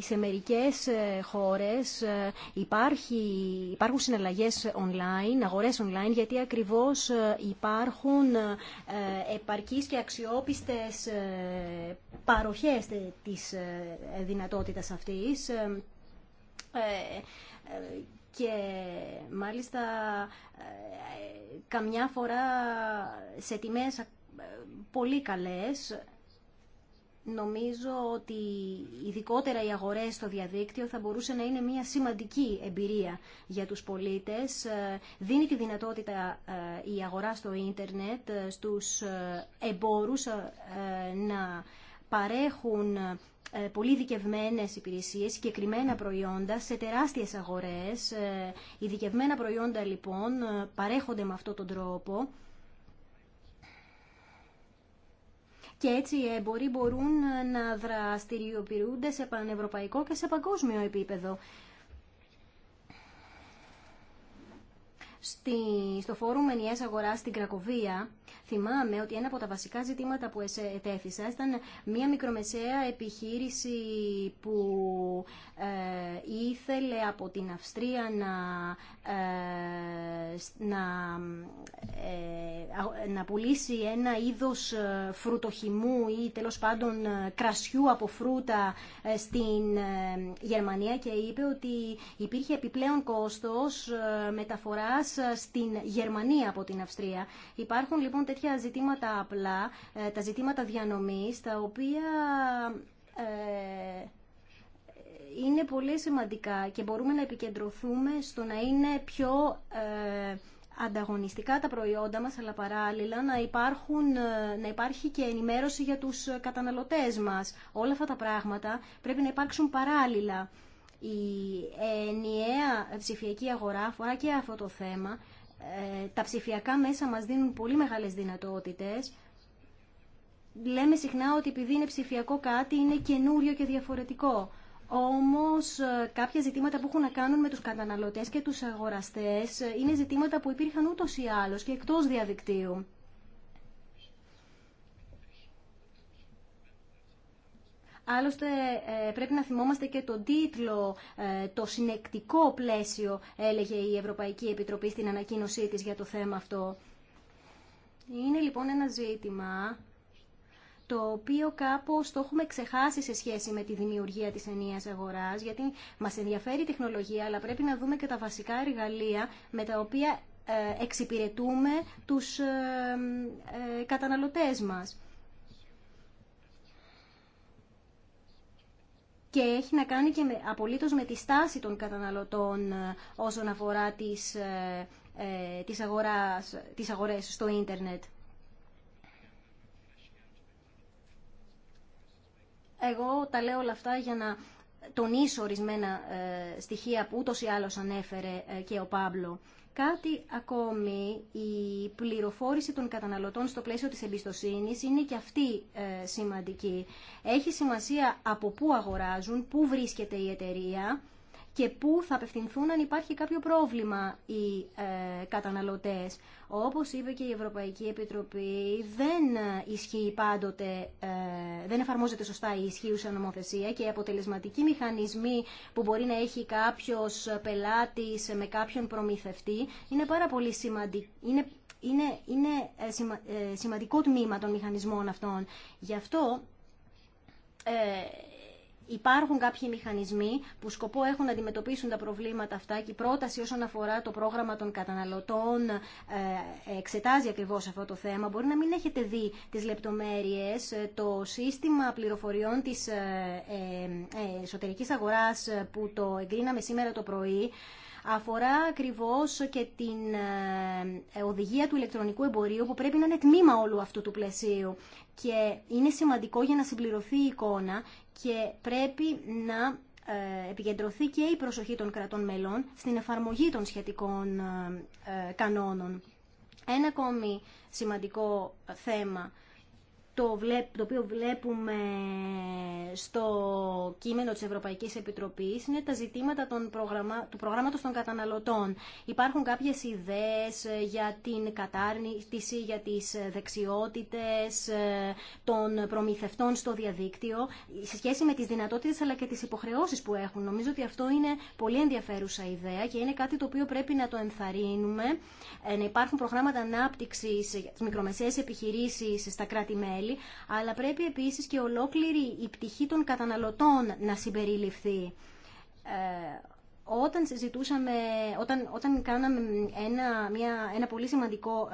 σε μερικές ε, χώρες ε, υπάρχει, υπάρχουν συναλλαγές online, αγορές online, γιατί ακριβώς ε, υπάρχουν επαρκείς και αξιόπιστες παροχές της δυνατότητας αυτής και μάλιστα καμιά φορά σε τιμές πολύ καλές Νομίζω ότι ειδικότερα οι αγορές στο διαδίκτυο θα μπορούσε να είναι μια σημαντική εμπειρία για τους πολίτες. Ε, δίνει τη δυνατότητα ε, η αγορά στο ίντερνετ ε, στους εμπόρους να παρέχουν πολύ δικευμένες υπηρεσίες, συγκεκριμένα προϊόντα σε τεράστιες αγορές. Ειδικευμένα προϊόντα λοιπόν παρέχονται με αυτόν τον τρόπο και έτσι οι ε, έμποροι μπορούν ε, να δραστηριοποιούνται σε πανευρωπαϊκό και σε παγκόσμιο επίπεδο. Στη, στο φόρουμ Ενιές αγοράς στην Κρακοβία Θυμάμαι ότι ένα από τα βασικά ζητήματα που ετέθησα ήταν μια μικρομεσαία επιχείρηση που ε, ήθελε από την Αυστρία να, ε, να, ε, να πουλήσει ένα είδος φρουτοχυμού ή τέλος πάντων κρασιού από φρούτα στην Γερμανία και είπε ότι υπήρχε επιπλέον κόστος μεταφοράς στην Γερμανία από την Αυστρία. Υπάρχουν λοιπόν τέτοια τέτοια ζητήματα απλά, ε, τα ζητήματα διανομής, τα οποία ε, είναι πολύ σημαντικά και μπορούμε να επικεντρωθούμε στο να είναι πιο ε, ανταγωνιστικά τα προϊόντα μας, αλλά παράλληλα να, υπάρχουν, να υπάρχει και ενημέρωση για τους καταναλωτές μας. Όλα αυτά τα πράγματα πρέπει να υπάρξουν παράλληλα. Η ενιαία ψηφιακή αγορά αφορά και αυτό το θέμα ε, τα ψηφιακά μέσα μας δίνουν πολύ μεγάλες δυνατότητες. Λέμε συχνά ότι επειδή είναι ψηφιακό κάτι είναι καινούριο και διαφορετικό. Όμως ε, κάποια ζητήματα που έχουν να κάνουν με τους καταναλωτές και τους αγοραστές ε, είναι ζητήματα που υπήρχαν ούτως ή άλλως και εκτός διαδικτύου. Άλλωστε ε, πρέπει να θυμόμαστε και τον τίτλο ε, «Το συνεκτικό πλαίσιο» έλεγε η Ευρωπαϊκή Επιτροπή στην ανακοίνωσή της για το θέμα αυτό. Είναι λοιπόν ένα ζήτημα το οποίο κάπως το έχουμε ξεχάσει σε σχέση με τη δημιουργία της ενίας αγοράς, γιατί μας ενδιαφέρει η τεχνολογία, αλλά πρέπει να δούμε και τα βασικά εργαλεία με τα οποία ε, εξυπηρετούμε τους καταναλωτές μας. και έχει να κάνει και με, απολύτως με τη στάση των καταναλωτών ε, όσον αφορά τις, ε, ε, τις, αγοράς, τις αγορές στο ίντερνετ. Εγώ τα λέω όλα αυτά για να τονίσω ορισμένα ε, στοιχεία που ούτως ή άλλως ανέφερε και ο Πάμπλο. Κάτι ακόμη, η πληροφόρηση των καταναλωτών στο πλαίσιο της εμπιστοσύνης είναι και αυτή ε, σημαντική. Έχει σημασία από πού αγοράζουν, πού βρίσκεται η εταιρεία και πού θα απευθυνθούν αν υπάρχει κάποιο πρόβλημα οι ε, καταναλωτές. Όπως είπε και η Ευρωπαϊκή Επιτροπή, δεν ισχύει πάντοτε, ε, δεν εφαρμόζεται σωστά η ισχύουσα νομοθεσία και οι αποτελεσματικοί μηχανισμοί που μπορεί να έχει κάποιος πελάτης με κάποιον προμηθευτή είναι πάρα πολύ Είναι, είναι, είναι ε, σημαντικό τμήμα των μηχανισμών αυτών. Γι' αυτό Υπάρχουν κάποιοι μηχανισμοί που σκοπό έχουν να αντιμετωπίσουν τα προβλήματα αυτά και η πρόταση όσον αφορά το πρόγραμμα των καταναλωτών ε, εξετάζει ακριβώ αυτό το θέμα. Μπορεί να μην έχετε δει τις λεπτομέρειες. Ε, το σύστημα πληροφοριών της ε, εσωτερική αγοράς που το εγκρίναμε σήμερα το πρωί αφορά ακριβώς και την ε, οδηγία του ηλεκτρονικού εμπορίου που πρέπει να είναι τμήμα όλου αυτού του πλαισίου και είναι σημαντικό για να συμπληρωθεί η εικόνα και πρέπει να ε, επικεντρωθεί και η προσοχή των κρατών μελών στην εφαρμογή των σχετικών ε, κανόνων. Ένα ακόμη σημαντικό θέμα το, βλέπ, το οποίο βλέπουμε στο κείμενο της Ευρωπαϊκής Επιτροπής είναι τα ζητήματα των προγραμμα, του προγράμματος των καταναλωτών. Υπάρχουν κάποιες ιδέες για την κατάρνηση, για τις δεξιότητες των προμηθευτών στο διαδίκτυο σε σχέση με τις δυνατότητες αλλά και τις υποχρεώσεις που έχουν. Νομίζω ότι αυτό είναι πολύ ενδιαφέρουσα ιδέα και είναι κάτι το οποίο πρέπει να το ενθαρρύνουμε. Ε, να υπάρχουν προγράμματα ανάπτυξης τις μικρομεσαίες επιχειρήσεις στα κράτη-μέλη αλλά πρέπει επίσης και ολόκληρη η πτυχή των καταναλωτών να συμπεριληφθεί. Ε, όταν συζητούσαμε, όταν, όταν κάναμε ένα, μια, ένα πολύ σημαντικό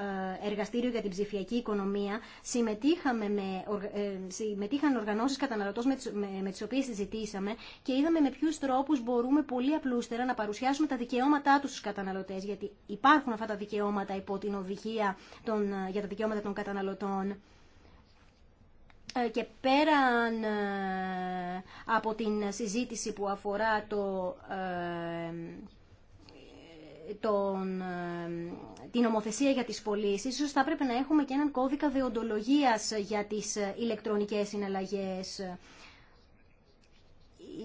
ε, εργαστήριο για την ψηφιακή οικονομία, συμμετείχαμε με, ε, συμμετείχαν οργανώσεις καταναλωτών με, με, με τις οποίες συζητήσαμε και είδαμε με ποιους τρόπους μπορούμε πολύ απλούστερα να παρουσιάσουμε τα δικαιώματά τους στους καταναλωτές, γιατί υπάρχουν αυτά τα δικαιώματα υπό την οδηγία των, ε, για τα δικαιώματα των καταναλωτών. Ε, και πέραν ε, από την συζήτηση που αφορά το, ε, τον, την ομοθεσία για τις πωλήσει, ίσως θα πρέπει να έχουμε και έναν κώδικα δεοντολογίας για τις ηλεκτρονικές συναλλαγές.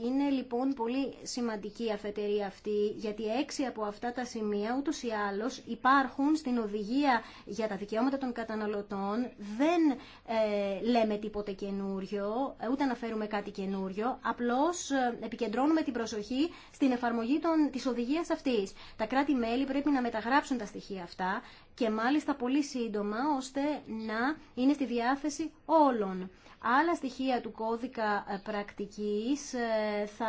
Είναι λοιπόν πολύ σημαντική η αφετηρία αυτή, γιατί έξι από αυτά τα σημεία ούτως ή άλλως υπάρχουν στην οδηγία για τα δικαιώματα των καταναλωτών. Δεν ε, λέμε τίποτε καινούριο, ε, ούτε αναφέρουμε κάτι καινούριο, απλώς ε, επικεντρώνουμε την προσοχή στην εφαρμογή των, της οδηγίας αυτής. Τα κράτη-μέλη πρέπει να μεταγράψουν τα στοιχεία αυτά και μάλιστα πολύ σύντομα, ώστε να είναι στη διάθεση όλων. Άλλα στοιχεία του κώδικα ε, πρακτικής ε, θα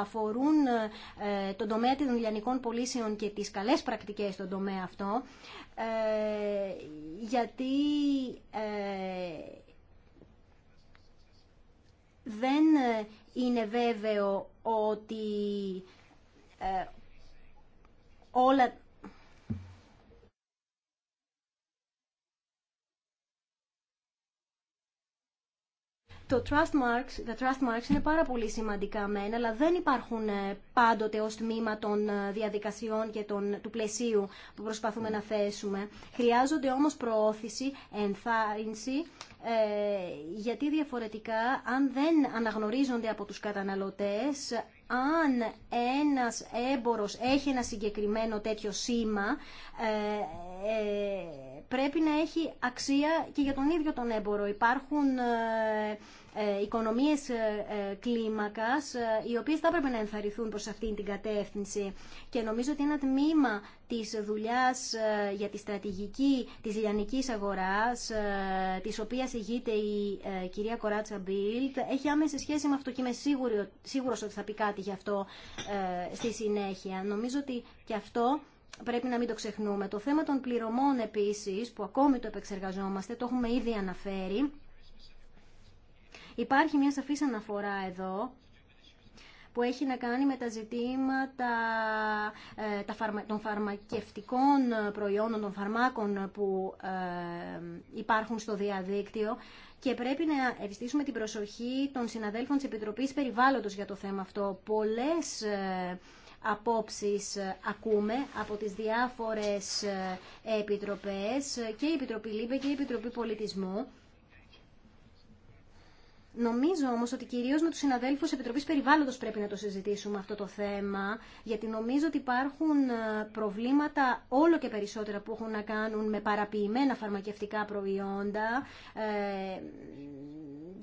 αφορούν ε, τον τομέα των λιανικών πωλήσεων και τις καλές πρακτικές στον τομέα αυτό, γιατί δεν είναι βέβαιο ότι όλα Το trust marks, τα trust marks είναι πάρα πολύ σημαντικά μεν, αλλά δεν υπάρχουν ε, πάντοτε ως τμήμα των ε, διαδικασιών και των, του πλαισίου που προσπαθούμε να θέσουμε. Χρειάζονται όμως προώθηση, ενθάρρυνση, ε, γιατί διαφορετικά αν δεν αναγνωρίζονται από τους καταναλωτές, αν ένας έμπορος έχει ένα συγκεκριμένο τέτοιο σήμα, πρέπει να έχει αξία και για τον ίδιο τον έμπορο. Υπάρχουν ε, οικονομίες ε, ε, κλίμακας, οι οποίε θα έπρεπε να ενθαρρυνθούν προ αυτήν την κατεύθυνση. Και νομίζω ότι ένα τμήμα της δουλειά για τη στρατηγική της λιανικής αγοράς, τη οποία ηγείται η κυρία Κοράτσα Μπίλτ, έχει άμεση σχέση με αυτό και είμαι σίγουρο, ότι θα πει κάτι γι' αυτό στη συνέχεια. Νομίζω ότι και αυτό πρέπει να μην το ξεχνούμε. Το θέμα των πληρωμών επίσης, που ακόμη το επεξεργαζόμαστε, το έχουμε ήδη αναφέρει, Υπάρχει μια σαφής αναφορά εδώ που έχει να κάνει με τα ζητήματα ε, των φαρμακευτικών προϊόντων, των φαρμάκων που ε, υπάρχουν στο διαδίκτυο και πρέπει να ευστήσουμε την προσοχή των συναδέλφων της Επιτροπής Περιβάλλοντος για το θέμα αυτό. Πολλές ε, απόψεις ακούμε από τις διάφορες επιτροπές και η Επιτροπή Λίμπε και η Επιτροπή Πολιτισμού Νομίζω όμω ότι κυρίω με του συναδέλφου τη Επιτροπή Περιβάλλοντο πρέπει να το συζητήσουμε αυτό το θέμα, γιατί νομίζω ότι υπάρχουν ε, προβλήματα όλο και περισσότερα που έχουν να κάνουν με παραποιημένα φαρμακευτικά προϊόντα ε,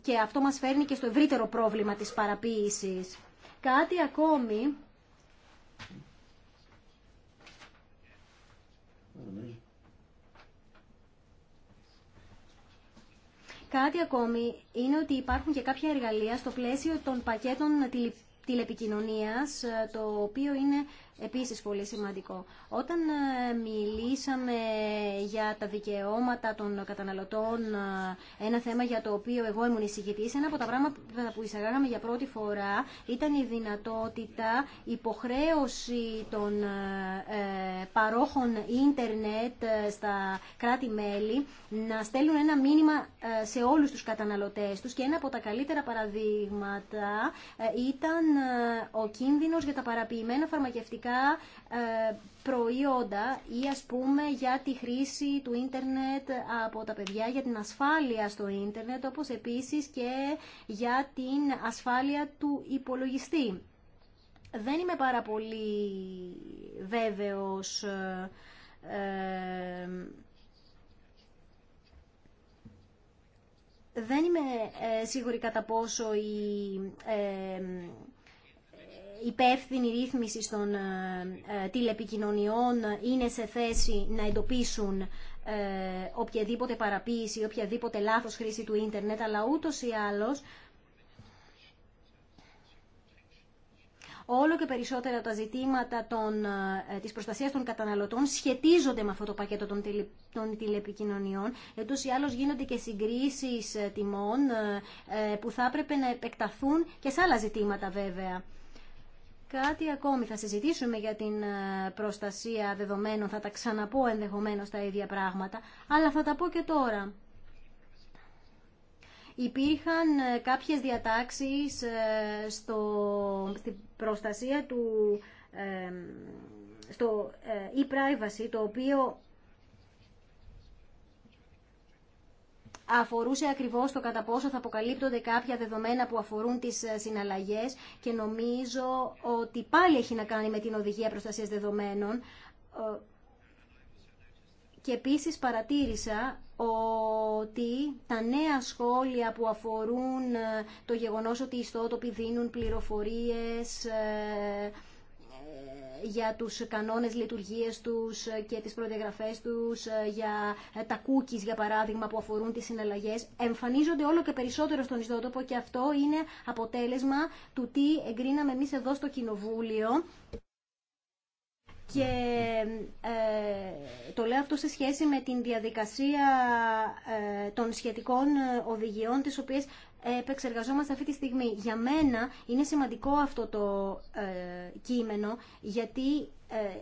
και αυτό μας φέρνει και στο ευρύτερο πρόβλημα της παραποίηση. Κάτι ακόμη. Ναι. Κάτι ακόμη είναι ότι υπάρχουν και κάποια εργαλεία στο πλαίσιο των πακέτων τηλεπικοινωνίας, ε, το οποίο είναι επίσης πολύ σημαντικό. Όταν ε, μιλήσαμε για τα δικαιώματα των καταναλωτών, ε, ένα θέμα για το οποίο εγώ ήμουν εισηγητής, ένα από τα πράγματα που ε, εισαγάγαμε για πρώτη φορά ήταν η δυνατότητα υποχρέωση των παρόχων ίντερνετ στα κράτη-μέλη να στέλνουν ένα μήνυμα σε όλους τους καταναλωτές τους και ένα από τα καλύτερα παραδείγματα ήταν ο κίνδυνος για τα παραποιημένα φαρμακευτικά ε, προϊόντα ή ας πούμε για τη χρήση του ίντερνετ από τα παιδιά, για την ασφάλεια στο ίντερνετ, όπως επίσης και για την ασφάλεια του υπολογιστή. Δεν είμαι πάρα πολύ βέβαιος ε, ε, δεν είμαι σίγουρη κατά πόσο η υπεύθυνοι ρύθμιση των ε, ε, τηλεπικοινωνιών είναι σε θέση να εντοπίσουν ε, οποιαδήποτε παραποίηση οποιαδήποτε λάθος χρήση του ίντερνετ, αλλά ούτως ή άλλως όλο και περισσότερα τα ζητήματα των, της προστασίας των καταναλωτών σχετίζονται με αυτό το πακέτο των, των τηλεπικοινωνιών. Εντός ή άλλως γίνονται και συγκρίσεις τιμών που θα έπρεπε να επεκταθούν και σε άλλα ζητήματα βέβαια. Κάτι ακόμη, θα συζητήσουμε για την ε, προστασία δεδομένων, θα τα ξαναπώ ενδεχομένως τα ίδια πράγματα, αλλά θα τα πω και τώρα. Υπήρχαν ε, κάποιες διατάξεις ε, στο, στην προστασία του, στο e-privacy, το οποίο αφορούσε ακριβώς το κατά πόσο θα αποκαλύπτονται κάποια δεδομένα που αφορούν τις ε, συναλλαγέ και νομίζω ότι πάλι έχει να κάνει με την οδηγία προστασίας δεδομένων ε, και επίσης παρατήρησα ότι τα νέα σχόλια που αφορούν ε, το γεγονός ότι οι ιστότοποι δίνουν πληροφορίες για τους κανόνες λειτουργίας τους και τις προδιαγραφές τους, ε, για ε, τα cookies για παράδειγμα που αφορούν τις συναλλαγές, εμφανίζονται όλο και περισσότερο στον ιστότοπο και αυτό είναι αποτέλεσμα του τι εγκρίναμε εμείς εδώ στο Κοινοβούλιο. Και ε, το λέω αυτό σε σχέση με την διαδικασία ε, των σχετικών οδηγιών, τις οποίες επεξεργαζόμαστε αυτή τη στιγμή. Για μένα είναι σημαντικό αυτό το ε, κείμενο γιατί ε,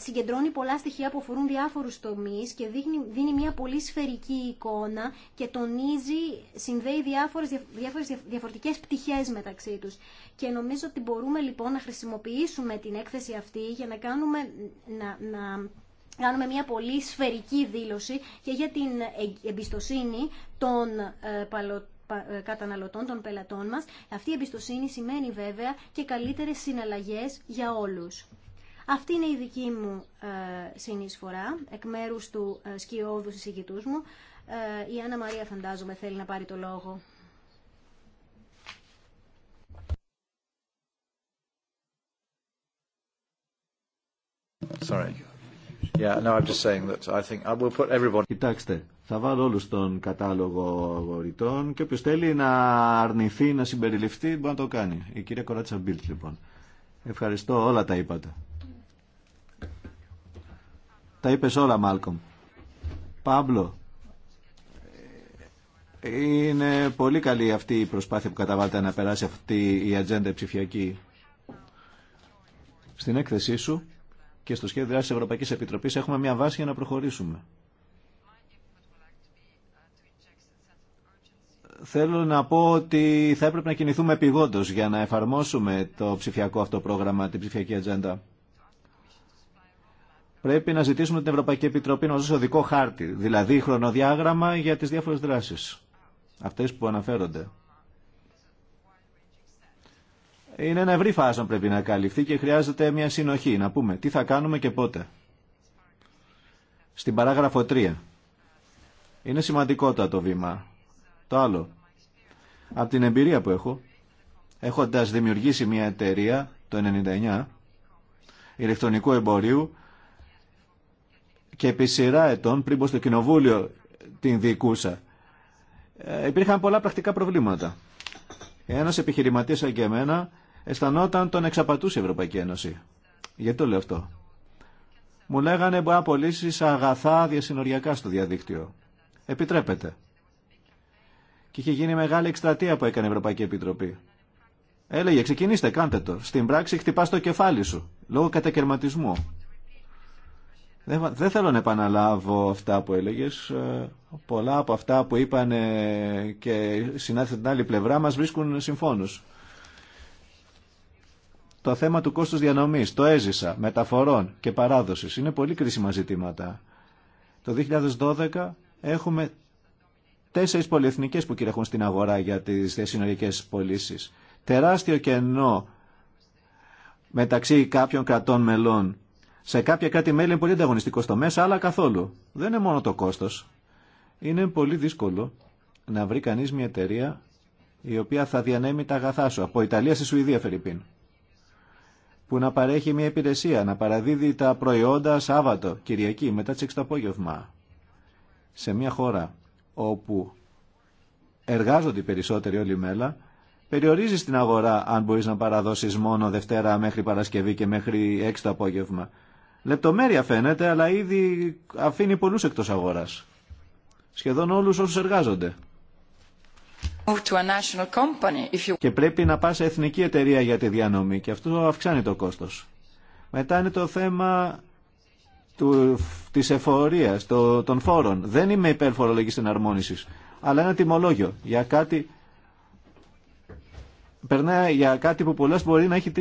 συγκεντρώνει πολλά στοιχεία που αφορούν διάφορους τομείς και δίνει, δίνει μια πολύ σφαιρική εικόνα και τονίζει, συνδέει διάφορες, διάφορες διαφορετικές πτυχές μεταξύ τους. Και νομίζω ότι μπορούμε λοιπόν να χρησιμοποιήσουμε την έκθεση αυτή για να κάνουμε... να, να κάνουμε μια πολύ σφαιρική δήλωση και για την ε, εμπιστοσύνη των ε, καταναλωτών, των πελατών μας. Αυτή η εμπιστοσύνη σημαίνει βέβαια και καλύτερες συναλλαγές για όλους. Αυτή είναι η δική μου ε, συνεισφορά εκ μέρους του ε, σκιώδου συζητητούς μου. Η Άννα Μαρία φαντάζομαι θέλει να πάρει το λόγο. Sorry. Κοιτάξτε, θα βάλω όλους τον κατάλογο αγορητών και όποιο θέλει να αρνηθεί, να συμπεριληφθεί, μπορεί να το κάνει. Η κυρία Κοράτσα Μπίλτ, λοιπόν. Ευχαριστώ, όλα τα είπατε. Τα είπε όλα, Μάλκομ. Πάμπλο. είναι πολύ καλή αυτή η προσπάθεια που καταβάλλεται να περάσει αυτή η ατζέντα ψηφιακή. Στην έκθεσή σου και στο σχέδιο δράσης της Ευρωπαϊκής Επιτροπής έχουμε μια βάση για να προχωρήσουμε. Θέλω να πω ότι θα έπρεπε να κινηθούμε επιγόντω για να εφαρμόσουμε το ψηφιακό αυτό πρόγραμμα, την ψηφιακή ατζέντα. Πρέπει να ζητήσουμε την Ευρωπαϊκή Επιτροπή να μας δώσει οδικό χάρτη, δηλαδή χρονοδιάγραμμα για τις διάφορες δράσει, αυτέ που αναφέρονται είναι ένα ευρύ φάσμα πρέπει να καλυφθεί και χρειάζεται μια συνοχή. Να πούμε τι θα κάνουμε και πότε. Στην παράγραφο 3. Είναι το βήμα. Το άλλο. Από την εμπειρία που έχω, έχοντας δημιουργήσει μια εταιρεία το 99 ηλεκτρονικού εμπορίου και επί σειρά ετών πριν πω στο κοινοβούλιο την διοικούσα, ε, υπήρχαν πολλά πρακτικά προβλήματα. Ένα επιχειρηματίας σαν και εμένα αισθανόταν τον εξαπατούσε η Ευρωπαϊκή Ένωση. Γιατί το λέω αυτό. Μου λέγανε μπορεί να πωλήσει αγαθά διασυνοριακά στο διαδίκτυο. Επιτρέπεται. Και είχε γίνει μεγάλη εκστρατεία που έκανε η Ευρωπαϊκή Επιτροπή. Έλεγε, ξεκινήστε, κάντε το. Στην πράξη χτυπά το κεφάλι σου, λόγω κατακαιρματισμού. Δεν, θέλω να επαναλάβω αυτά που έλεγε. Ε, πολλά από αυτά που είπαν και συνάδελφοι την άλλη πλευρά μα βρίσκουν συμφώνου. Το θέμα του κόστους διανομής, το έζησα, μεταφορών και παράδοσης είναι πολύ κρίσιμα ζητήματα. Το 2012 έχουμε τέσσερις πολυεθνικές που κυριαρχούν στην αγορά για τις διασυνοριακές πωλήσει. Τεράστιο κενό μεταξύ κάποιων κρατών μελών. Σε κάποια κάτι μέλη είναι πολύ ανταγωνιστικό στο μέσα, αλλά καθόλου. Δεν είναι μόνο το κόστος. Είναι πολύ δύσκολο να βρει κανείς μια εταιρεία η οποία θα διανέμει τα αγαθά σου από Ιταλία στη Σουηδία, Φερρυπίν που να παρέχει μια υπηρεσία, να παραδίδει τα προϊόντα Σάββατο, Κυριακή, μετά τις 6 το απόγευμα. Σε μια χώρα όπου εργάζονται οι περισσότεροι όλοι μέλα, περιορίζεις την αγορά αν μπορείς να παραδώσεις μόνο Δευτέρα μέχρι Παρασκευή και μέχρι 6 το απόγευμα. Λεπτομέρεια φαίνεται, αλλά ήδη αφήνει πολλούς εκτός αγοράς. Σχεδόν όλους όσους εργάζονται. Και πρέπει να πας σε εθνική εταιρεία για τη διανομή και αυτό αυξάνει το κόστος. Μετά είναι το θέμα του, της εφορίας, των φόρων. Δεν είμαι υπέρ φορολογικής εναρμόνισης, αλλά ένα τιμολόγιο για κάτι... Περνάει για κάτι που πολλέ μπορεί να έχει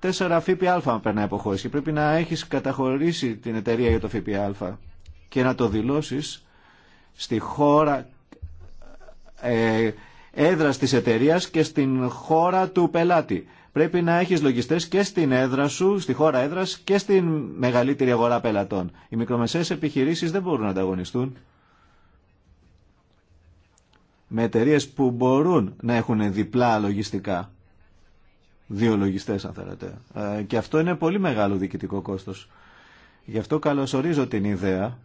4 ΦΠΑ αν περνάει από χώρε. Και πρέπει να έχεις καταχωρήσει την εταιρεία για το ΦΠΑ και να το δηλώσει στη χώρα ε, Έδρα της εταιρεία και στην χώρα του πελάτη. Πρέπει να έχεις λογιστές και στην έδρα σου, στη χώρα έδρας και στην μεγαλύτερη αγορά πελατών. Οι μικρομεσαίες επιχειρήσεις δεν μπορούν να ανταγωνιστούν με εταιρείε που μπορούν να έχουν διπλά λογιστικά. Δύο λογιστές αν θέλετε. Ε, και αυτό είναι πολύ μεγάλο διοικητικό κόστο. Γι' αυτό καλωσορίζω την ιδέα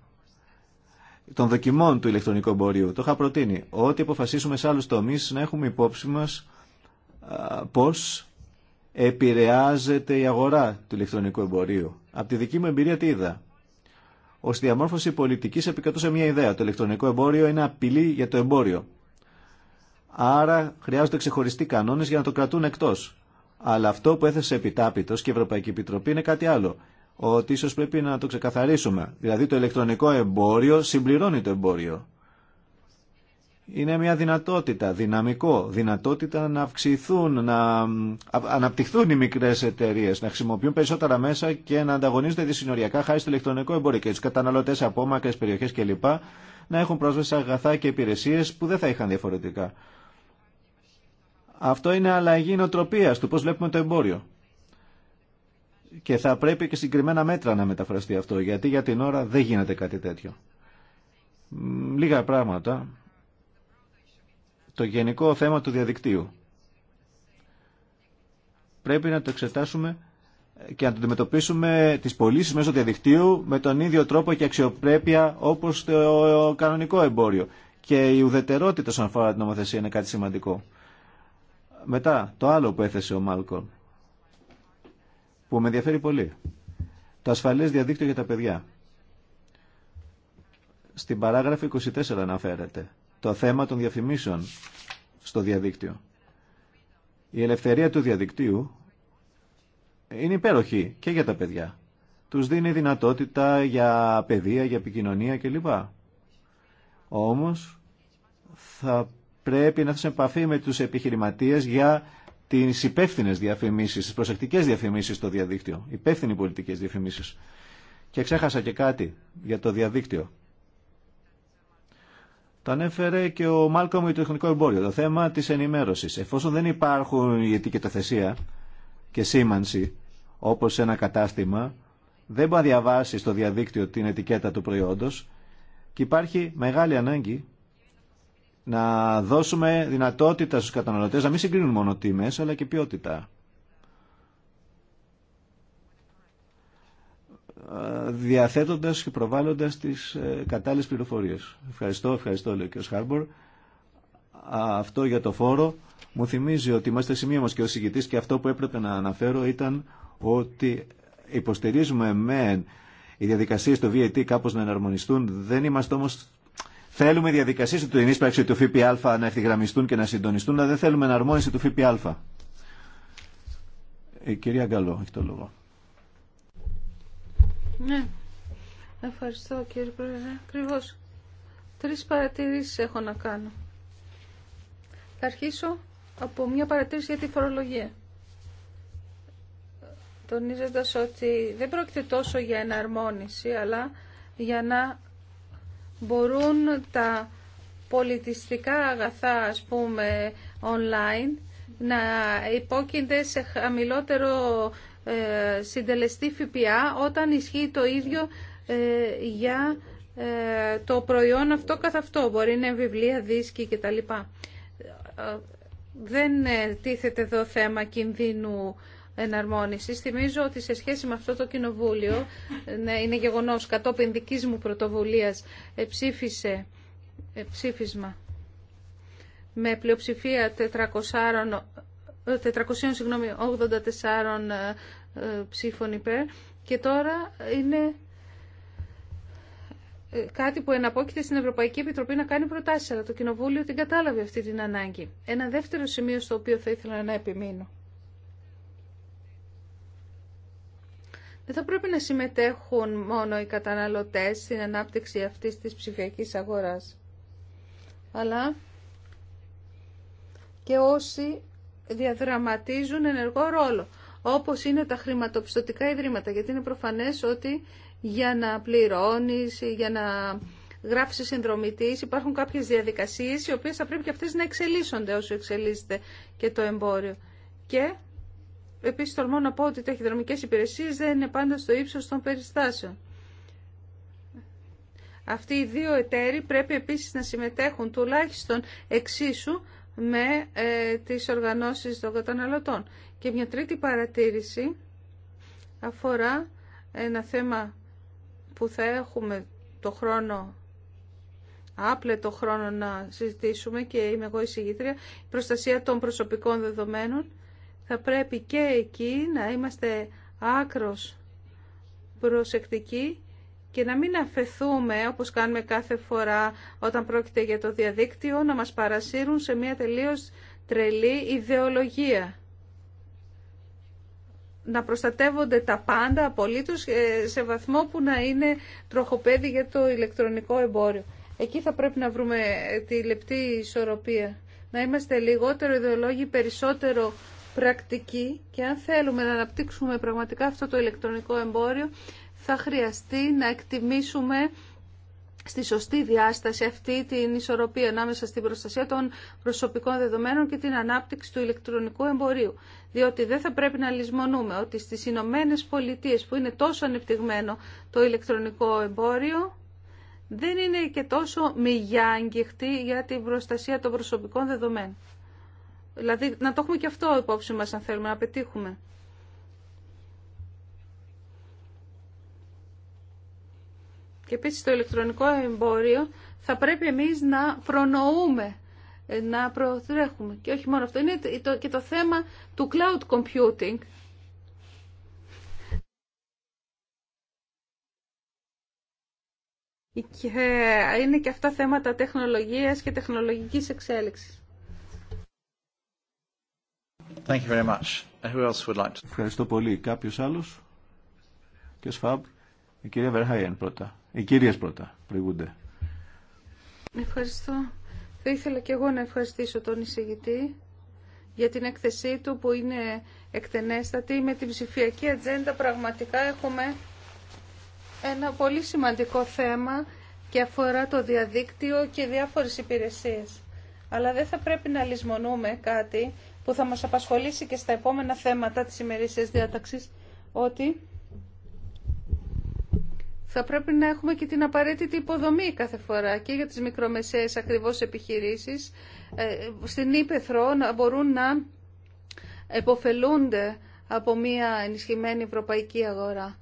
των δοκιμών του ηλεκτρονικού εμπορίου. Το είχα προτείνει. Ό,τι αποφασίσουμε σε άλλου τομεί να έχουμε υπόψη μα πώ επηρεάζεται η αγορά του ηλεκτρονικού εμπορίου. Από τη δική μου εμπειρία τι είδα. Ω διαμόρφωση πολιτική επικρατούσε μια ιδέα. Το ηλεκτρονικό εμπόριο είναι απειλή για το εμπόριο. Άρα χρειάζονται ξεχωριστοί κανόνε για να το κρατούν εκτό. Αλλά αυτό που έθεσε επιτάπητο και η Ευρωπαϊκή Επιτροπή είναι κάτι άλλο ότι ίσως πρέπει να το ξεκαθαρίσουμε. Δηλαδή το ηλεκτρονικό εμπόριο συμπληρώνει το εμπόριο. Είναι μια δυνατότητα, δυναμικό, δυνατότητα να αυξηθούν, να αναπτυχθούν οι μικρές εταιρείε, να χρησιμοποιούν περισσότερα μέσα και να ανταγωνίζονται δυσυνοριακά χάρη στο ηλεκτρονικό εμπόριο και του καταναλωτέ από μακρές περιοχέ κλπ. να έχουν πρόσβαση σε αγαθά και υπηρεσίε που δεν θα είχαν διαφορετικά. Αυτό είναι αλλαγή νοοτροπία του πώ βλέπουμε το εμπόριο και θα πρέπει και συγκεκριμένα μέτρα να μεταφραστεί αυτό, γιατί για την ώρα δεν γίνεται κάτι τέτοιο. Λίγα πράγματα. Το γενικό θέμα του διαδικτύου. Πρέπει να το εξετάσουμε και να το αντιμετωπίσουμε τις πωλήσει μέσω διαδικτύου με τον ίδιο τρόπο και αξιοπρέπεια όπως το κανονικό εμπόριο. Και η ουδετερότητα σαν αφορά την νομοθεσία είναι κάτι σημαντικό. Μετά, το άλλο που έθεσε ο Μάλκορν που με ενδιαφέρει πολύ. Το ασφαλές διαδίκτυο για τα παιδιά. Στην παράγραφο 24 αναφέρεται το θέμα των διαφημίσεων στο διαδίκτυο. Η ελευθερία του διαδικτύου είναι υπέροχη και για τα παιδιά. Τους δίνει δυνατότητα για παιδεία, για επικοινωνία κλπ. Όμως θα πρέπει να έχεις επαφή με τους επιχειρηματίες για τι υπεύθυνε διαφημίσει, τι προσεκτικέ διαφημίσει στο διαδίκτυο. Υπεύθυνοι πολιτικέ διαφημίσει. Και ξέχασα και κάτι για το διαδίκτυο. Το ανέφερε και ο Μάλκομ για το τεχνικό εμπόριο. Το θέμα τη ενημέρωση. Εφόσον δεν υπάρχουν η ετικετοθεσία και σήμανση, όπω σε ένα κατάστημα, δεν μπορεί να διαβάσει στο διαδίκτυο την ετικέτα του προϊόντο, και υπάρχει μεγάλη ανάγκη να δώσουμε δυνατότητα στους καταναλωτές να μην συγκρίνουν μόνο τιμές αλλά και ποιότητα. διαθέτοντας και προβάλλοντας τις ε, κατάλληλες πληροφορίες. Ευχαριστώ, ευχαριστώ λέει ο κ. Χάρμπορ. Αυτό για το φόρο μου θυμίζει ότι είμαστε σημείο μας και ο συγκητής και αυτό που έπρεπε να αναφέρω ήταν ότι υποστηρίζουμε μεν οι διαδικασίες του VAT κάπως να εναρμονιστούν, δεν είμαστε όμως Θέλουμε οι διαδικασίε του ενίσπραξη του ΦΠΑ να ευθυγραμμιστούν και να συντονιστούν, αλλά δεν θέλουμε εναρμόνιση του ΦΠΑ. Η ε, κυρία Γκαλό, έχει το λόγο. Ναι. Ευχαριστώ κύριε Πρόεδρε. Ακριβώ. Τρει παρατηρήσει έχω να κάνω. Θα αρχίσω από μια παρατήρηση για τη φορολογία. Τονίζοντα ότι δεν πρόκειται τόσο για εναρμόνιση, αλλά για να μπορούν τα πολιτιστικά αγαθά, ας πούμε, online να υπόκεινται σε χαμηλότερο ε, συντελεστή ΦΠΑ όταν ισχύει το ίδιο ε, για ε, το προϊόν αυτό καθ' αυτό. Μπορεί να είναι βιβλία, δίσκοι κτλ. Δεν τίθεται εδώ θέμα κινδύνου εναρμόνιση. Θυμίζω ότι σε σχέση με αυτό το κοινοβούλιο, ναι, είναι γεγονός, κατόπιν δικής μου πρωτοβουλίας ψήφισε ψήφισμα με πλειοψηφία 484 ε, ψήφων υπέρ και τώρα είναι ε, κάτι που εναπόκειται στην Ευρωπαϊκή Επιτροπή να κάνει προτάσεις, αλλά το Κοινοβούλιο την κατάλαβε αυτή την ανάγκη. Ένα δεύτερο σημείο στο οποίο θα ήθελα να επιμείνω. Δεν θα πρέπει να συμμετέχουν μόνο οι καταναλωτές στην ανάπτυξη αυτής της ψηφιακής αγοράς, αλλά και όσοι διαδραματίζουν ενεργό ρόλο, όπως είναι τα χρηματοπιστωτικά ιδρύματα, γιατί είναι προφανές ότι για να πληρώνεις, για να γράψει συνδρομητή, υπάρχουν κάποιε διαδικασίε οι οποίε θα πρέπει και αυτέ να εξελίσσονται όσο εξελίσσεται και το εμπόριο. Και Επίση, τολμώ να πω ότι οι ταχυδρομικέ υπηρεσίε δεν είναι πάντα στο ύψο των περιστάσεων. Αυτοί οι δύο εταίροι πρέπει επίσης να συμμετέχουν τουλάχιστον εξίσου με ε, τις οργανώσεις των καταναλωτών. Και μια τρίτη παρατήρηση αφορά ένα θέμα που θα έχουμε το χρόνο, άπλετο χρόνο να συζητήσουμε και είμαι εγώ η συγγήτρια, η προστασία των προσωπικών δεδομένων θα πρέπει και εκεί να είμαστε άκρος προσεκτικοί και να μην αφαιθούμε, όπως κάνουμε κάθε φορά όταν πρόκειται για το διαδίκτυο, να μας παρασύρουν σε μια τελείως τρελή ιδεολογία. Να προστατεύονται τα πάντα απολύτως ε, σε βαθμό που να είναι τροχοπέδι για το ηλεκτρονικό εμπόριο. Εκεί θα πρέπει να βρούμε τη λεπτή ισορροπία. Να είμαστε λιγότερο ιδεολόγοι, περισσότερο πρακτική και αν θέλουμε να αναπτύξουμε πραγματικά αυτό το ηλεκτρονικό εμπόριο θα χρειαστεί να εκτιμήσουμε στη σωστή διάσταση αυτή την ισορροπία ανάμεσα στην προστασία των προσωπικών δεδομένων και την ανάπτυξη του ηλεκτρονικού εμπορίου. Διότι δεν θα πρέπει να λησμονούμε ότι στις Ηνωμένε Πολιτείες που είναι τόσο ανεπτυγμένο το ηλεκτρονικό εμπόριο δεν είναι και τόσο μη για την προστασία των προσωπικών δεδομένων. Δηλαδή να το έχουμε και αυτό υπόψη μας αν θέλουμε να πετύχουμε. Και επίσης το ηλεκτρονικό εμπόριο θα πρέπει εμείς να προνοούμε, να προτρέχουμε. Και όχι μόνο αυτό, είναι και το θέμα του cloud computing. Και είναι και αυτά θέματα τεχνολογίας και τεχνολογικής εξέλιξης. Ευχαριστώ πολύ. Κάποιο άλλο. Και Σφάμπ. Η κυρία Βερχάιεν πρώτα. Οι κυρίε πρώτα προηγούνται. Ευχαριστώ. Θα ήθελα και εγώ να ευχαριστήσω τον εισηγητή για την έκθεσή του που είναι εκτενέστατη. Με την ψηφιακή ατζέντα πραγματικά έχουμε ένα πολύ σημαντικό θέμα και αφορά το διαδίκτυο και διάφορες υπηρεσίες. Αλλά δεν θα πρέπει να λησμονούμε κάτι που θα μας απασχολήσει και στα επόμενα θέματα της ημερήσιας διάταξης ότι θα πρέπει να έχουμε και την απαραίτητη υποδομή κάθε φορά και για τις μικρομεσαίες ακριβώς επιχειρήσεις ε, στην Ήπεθρο να μπορούν να εποφελούνται από μια ενισχυμένη ευρωπαϊκή αγορά.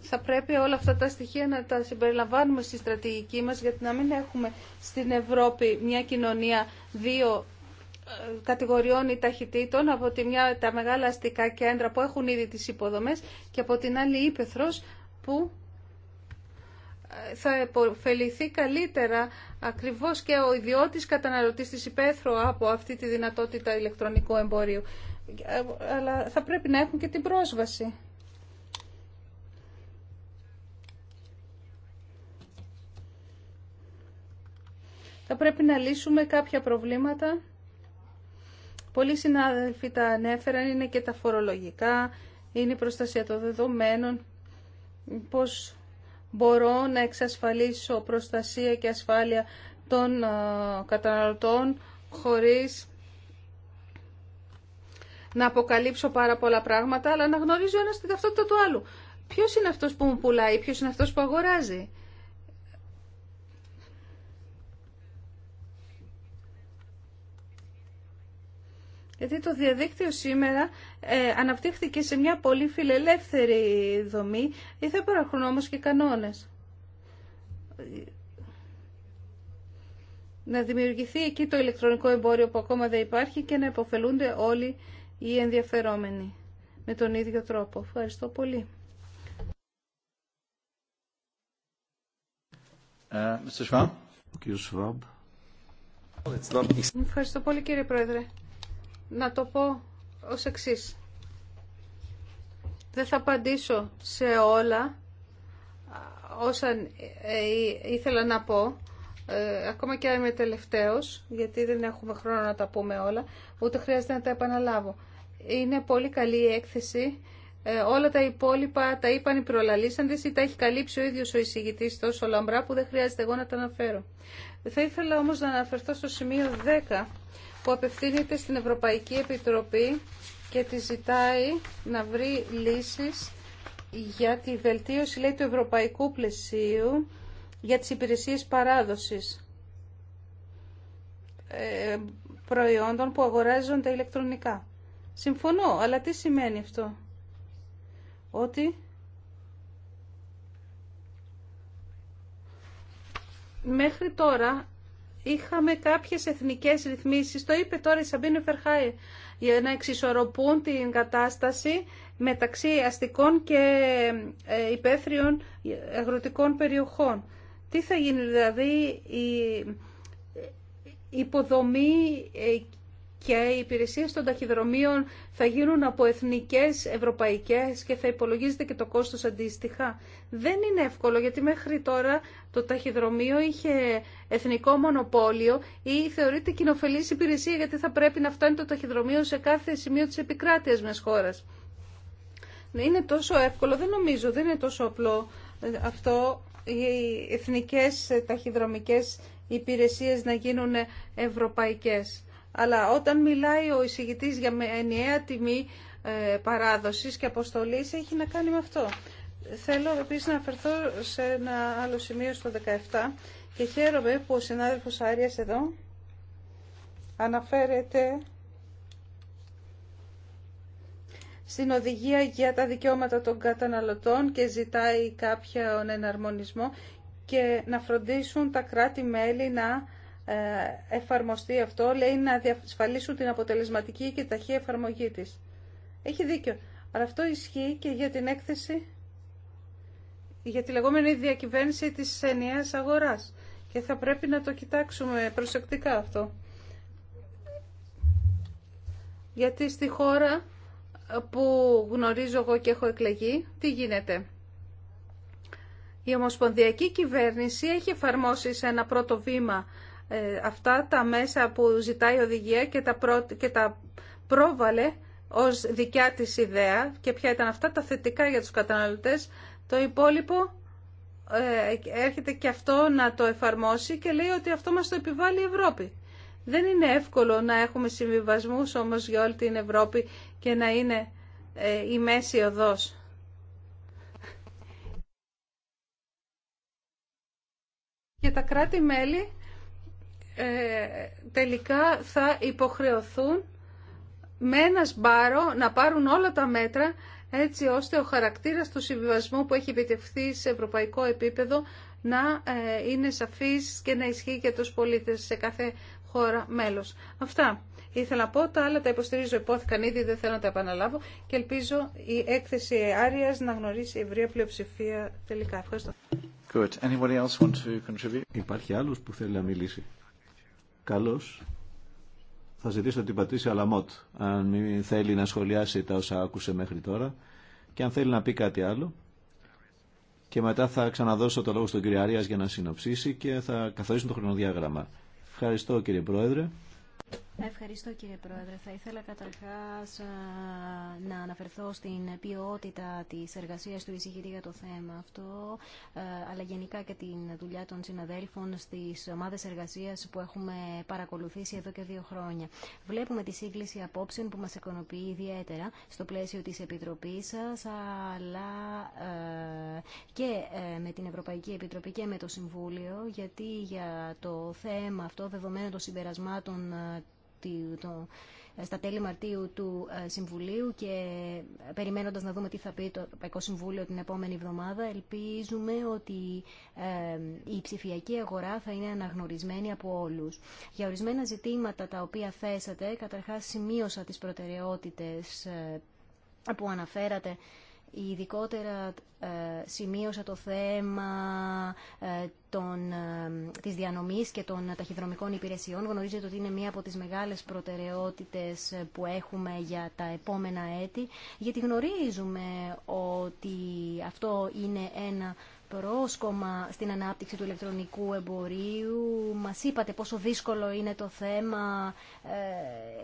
Θα πρέπει όλα αυτά τα στοιχεία να τα συμπεριλαμβάνουμε στη στρατηγική μας γιατί να μην έχουμε στην Ευρώπη μια κοινωνία δύο κατηγοριών ή ταχυτήτων, από τη μια τα μεγάλα αστικά κέντρα που έχουν ήδη τις υποδομές και από την άλλη ύπεθρος που ε, θα εποφεληθεί καλύτερα ακριβώς και ο ιδιώτης καταναλωτής της υπέθρου από αυτή τη δυνατότητα ηλεκτρονικού εμπορίου. Ε, αλλά θα πρέπει να έχουν και την πρόσβαση. Θα πρέπει να λύσουμε κάποια προβλήματα Πολλοί συνάδελφοι τα ανέφεραν, είναι και τα φορολογικά, είναι η προστασία των δεδομένων, πώς μπορώ να εξασφαλίσω προστασία και ασφάλεια των ε, καταναλωτών χωρίς να αποκαλύψω πάρα πολλά πράγματα, αλλά να γνωρίζω ένα την ταυτότητα του άλλου. Ποιος είναι αυτός που μου πουλάει, ποιο είναι αυτός που αγοράζει. Γιατί το διαδίκτυο σήμερα ε, αναπτύχθηκε σε μια πολύ φιλελεύθερη δομή, ή θα υπάρχουν όμως και κανόνες. Να δημιουργηθεί εκεί το ηλεκτρονικό εμπόριο που ακόμα δεν υπάρχει και να υποφελούνται όλοι οι ενδιαφερόμενοι με τον ίδιο τρόπο. Ευχαριστώ πολύ. Ε, Mr. Schwab. Ευχαριστώ πολύ κύριε Πρόεδρε να το πω ως εξής. Δεν θα απαντήσω σε όλα όσα ήθελα να πω, ε, ακόμα και αν είμαι τελευταίος, γιατί δεν έχουμε χρόνο να τα πούμε όλα, ούτε χρειάζεται να τα επαναλάβω. Είναι πολύ καλή η έκθεση. Ε, όλα τα υπόλοιπα τα είπαν οι προλαλήσαντες ή τα έχει καλύψει ο ίδιος ο εισηγητής τόσο λαμπρά που δεν χρειάζεται εγώ να τα αναφέρω. Θα ήθελα όμως να αναφερθώ στο σημείο 10 που απευθύνεται στην Ευρωπαϊκή Επιτροπή και τη ζητάει να βρει λύσεις για τη βελτίωση λέει, του ευρωπαϊκού πλαισίου για τις υπηρεσίες παράδοσης ε, προϊόντων που αγοράζονται ηλεκτρονικά. Συμφωνώ, αλλά τι σημαίνει αυτό. Ότι μέχρι τώρα είχαμε κάποιες εθνικές ρυθμίσεις, το είπε τώρα η Σαμπίνε Φερχάη, για να εξισορροπούν την κατάσταση μεταξύ αστικών και ε, υπαίθριων αγροτικών περιοχών. Τι θα γίνει δηλαδή η ε, υποδομή ε, και οι υπηρεσίες των ταχυδρομείων θα γίνουν από εθνικές, ευρωπαϊκές και θα υπολογίζεται και το κόστος αντίστοιχα. Δεν είναι εύκολο γιατί μέχρι τώρα το ταχυδρομείο είχε εθνικό μονοπόλιο ή θεωρείται κοινοφελής υπηρεσία γιατί θα πρέπει να φτάνει το ταχυδρομείο σε κάθε σημείο της επικράτειας μια χώρα. Είναι τόσο εύκολο, δεν νομίζω, δεν είναι τόσο απλό ε, αυτό οι εθνικές ε, ταχυδρομικές υπηρεσίες να γίνουν ευρωπαϊκές. Αλλά όταν μιλάει ο εισηγητής για ενιαία τιμή ε, παράδοσης και αποστολής, έχει να κάνει με αυτό. Θέλω επίση να αφαιρθώ σε ένα άλλο σημείο στο 17 και χαίρομαι που ο συνάδελφος Άριας εδώ αναφέρεται στην οδηγία για τα δικαιώματα των καταναλωτών και ζητάει κάποιον εναρμονισμό και να φροντίσουν τα κράτη-μέλη να ε, εφαρμοστεί αυτό, λέει να διασφαλίσουν την αποτελεσματική και ταχεία εφαρμογή της. Έχει δίκιο. Αλλά αυτό ισχύει και για την έκθεση για τη λεγόμενη διακυβέρνηση της ενιαίας αγοράς. Και θα πρέπει να το κοιτάξουμε προσεκτικά αυτό. Γιατί στη χώρα που γνωρίζω εγώ και έχω εκλεγεί, τι γίνεται. Η Ομοσπονδιακή Κυβέρνηση έχει εφαρμόσει σε ένα πρώτο βήμα ε, αυτά τα μέσα που ζητάει η οδηγία και τα, και τα πρόβαλε ως δικιά της ιδέα και ποια ήταν αυτά τα θετικά για τους καταναλωτές. Το υπόλοιπο ε, έρχεται και αυτό να το εφαρμόσει και λέει ότι αυτό μας το επιβάλλει η Ευρώπη. Δεν είναι εύκολο να έχουμε συμβιβασμούς όμως για όλη την Ευρώπη και να είναι ε, η μέση οδός. Και τα κράτη-μέλη ε, τελικά θα υποχρεωθούν με ένα σπάρο να πάρουν όλα τα μέτρα έτσι ώστε ο χαρακτήρας του συμβιβασμού που έχει επιτευχθεί σε ευρωπαϊκό επίπεδο να ε, είναι σαφής και να ισχύει για τους πολίτες σε κάθε χώρα μέλος. Αυτά ήθελα να πω, τα άλλα τα υποστηρίζω, υπόθηκαν ήδη, δεν θέλω να τα επαναλάβω και ελπίζω η έκθεση Άριας να γνωρίσει ευρία πλειοψηφία τελικά. Ευχαριστώ. Υπάρχει άλλος που θέλει να μιλήσει. Καλώς. Θα ζητήσω την πατήσει Αλαμότ αν θέλει να σχολιάσει τα όσα άκουσε μέχρι τώρα και αν θέλει να πει κάτι άλλο. Και μετά θα ξαναδώσω το λόγο στον κύριο Αρίας για να συνοψίσει και θα καθορίσουμε το χρονοδιάγραμμα. Ευχαριστώ κύριε Πρόεδρε. Ευχαριστώ κύριε Πρόεδρε. Θα ήθελα καταρχάς να αναφερθώ στην ποιότητα της εργασίας του εισηγητή για το θέμα αυτό, αλλά γενικά και την δουλειά των συναδέλφων στις ομάδες εργασίας που έχουμε παρακολουθήσει εδώ και δύο χρόνια. Βλέπουμε τη σύγκληση απόψεων που μας εκονοποιεί ιδιαίτερα στο πλαίσιο της Επιτροπής σας, αλλά και ε, με την Ευρωπαϊκή Επιτροπή και με το Συμβούλιο, γιατί για το θέμα αυτό, δεδομένου των συμπερασμάτων ε, στα τέλη Μαρτίου του ε, Συμβουλίου και περιμένοντας να δούμε τι θα πει το Ευρωπαϊκό Συμβούλιο την επόμενη εβδομάδα, ελπίζουμε ότι ε, η ψηφιακή αγορά θα είναι αναγνωρισμένη από όλους. Για ορισμένα ζητήματα τα οποία θέσατε, καταρχάς σημείωσα τις προτεραιότητες που αναφέρατε Ειδικότερα ε, σημείωσα το θέμα ε, των, ε, της διανομής και των ταχυδρομικών υπηρεσιών. Γνωρίζετε ότι είναι μία από τις μεγάλες προτεραιότητες που έχουμε για τα επόμενα έτη, γιατί γνωρίζουμε ότι αυτό είναι ένα πρόσκομα στην ανάπτυξη του ηλεκτρονικού εμπορίου. Μας είπατε πόσο δύσκολο είναι το θέμα.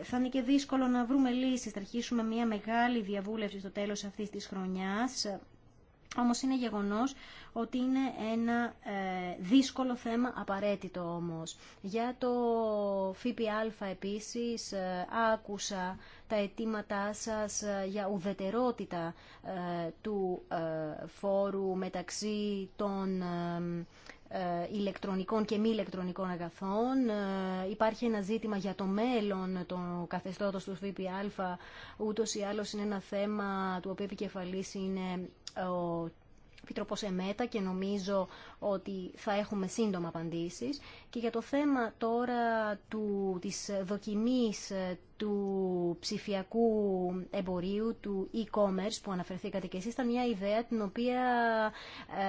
Ε, θα είναι και δύσκολο να βρούμε λύσεις. Θα αρχίσουμε μια μεγάλη διαβούλευση στο τέλος αυτής της χρονιάς όμως είναι γεγονός ότι είναι ένα ε, δύσκολο θέμα, απαραίτητο όμως. Για το ΦΠΑ επίσης ε, άκουσα τα αιτήματά σας ε, για ουδετερότητα του φόρου μεταξύ των ηλεκτρονικών και μη ηλεκτρονικών αγαθών. Υπάρχει ένα ζήτημα για το μέλλον των καθεστώτος του ΦΠΑ. Ούτως ή άλλως είναι ένα θέμα του οποίου επικεφαλής είναι ο Επιτροπός ΕΜΕΤΑ και νομίζω ότι θα έχουμε σύντομα απαντήσεις. Και για το θέμα τώρα του, της δοκιμής ε, του ψηφιακού εμπορίου, του e-commerce που αναφερθήκατε και εσείς, ήταν μια ιδέα την οποία ε,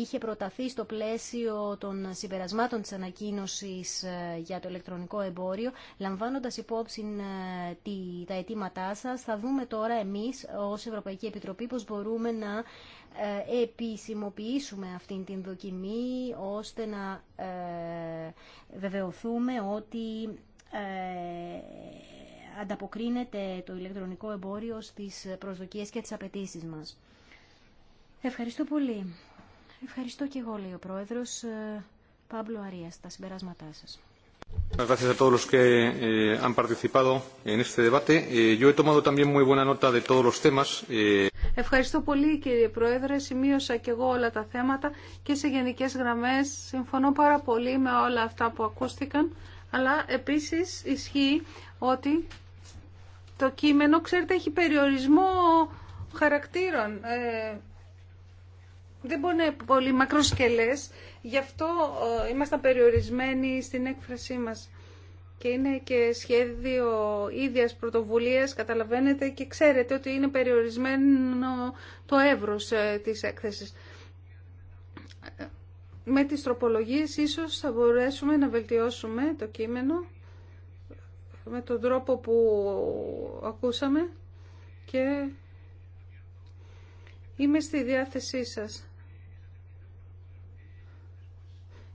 είχε προταθεί στο πλαίσιο των συμπερασμάτων της ανακοίνωσης ε, για το ηλεκτρονικό εμπόριο. Λαμβάνοντας υπόψη τα αιτήματά σας, θα δούμε τώρα εμείς ως Ευρωπαϊκή Επιτροπή πώς μπορούμε να ε, επισημοποιήσουμε αυτήν την δοκιμή ώστε να ε, βεβαιωθούμε ότι ε, ανταποκρίνεται το ηλεκτρονικό εμπόριο στις προσδοκίες και τις απαιτήσεις μας. Ευχαριστώ πολύ. Ευχαριστώ και εγώ, λέει ο Πρόεδρος Παύλο Αρίας, τα συμπεράσματά σας. Gracias a todos los que eh, han participado en este debate. Eh, yo he tomado también muy buena nota de todos los temas. Eh... Ευχαριστώ πολύ κύριε Πρόεδρε. Σημείωσα και εγώ όλα τα θέματα και σε γενικές γραμμές συμφωνώ πάρα πολύ με όλα αυτά που ακούστηκαν. Αλλά επίσης ισχύει ότι το κείμενο, ξέρετε, έχει περιορισμό χαρακτήρων. Ε, δεν μπορεί να είναι πολύ μακροσκελές, γι' αυτό ε, περιορισμένοι στην έκφρασή μας και είναι και σχέδιο ίδιας πρωτοβουλίας, καταλαβαίνετε και ξέρετε ότι είναι περιορισμένο το εύρος ε, της έκθεσης. Με τις τροπολογίες ίσως θα μπορέσουμε να βελτιώσουμε το κείμενο με τον τρόπο που ακούσαμε και είμαι στη διάθεσή σας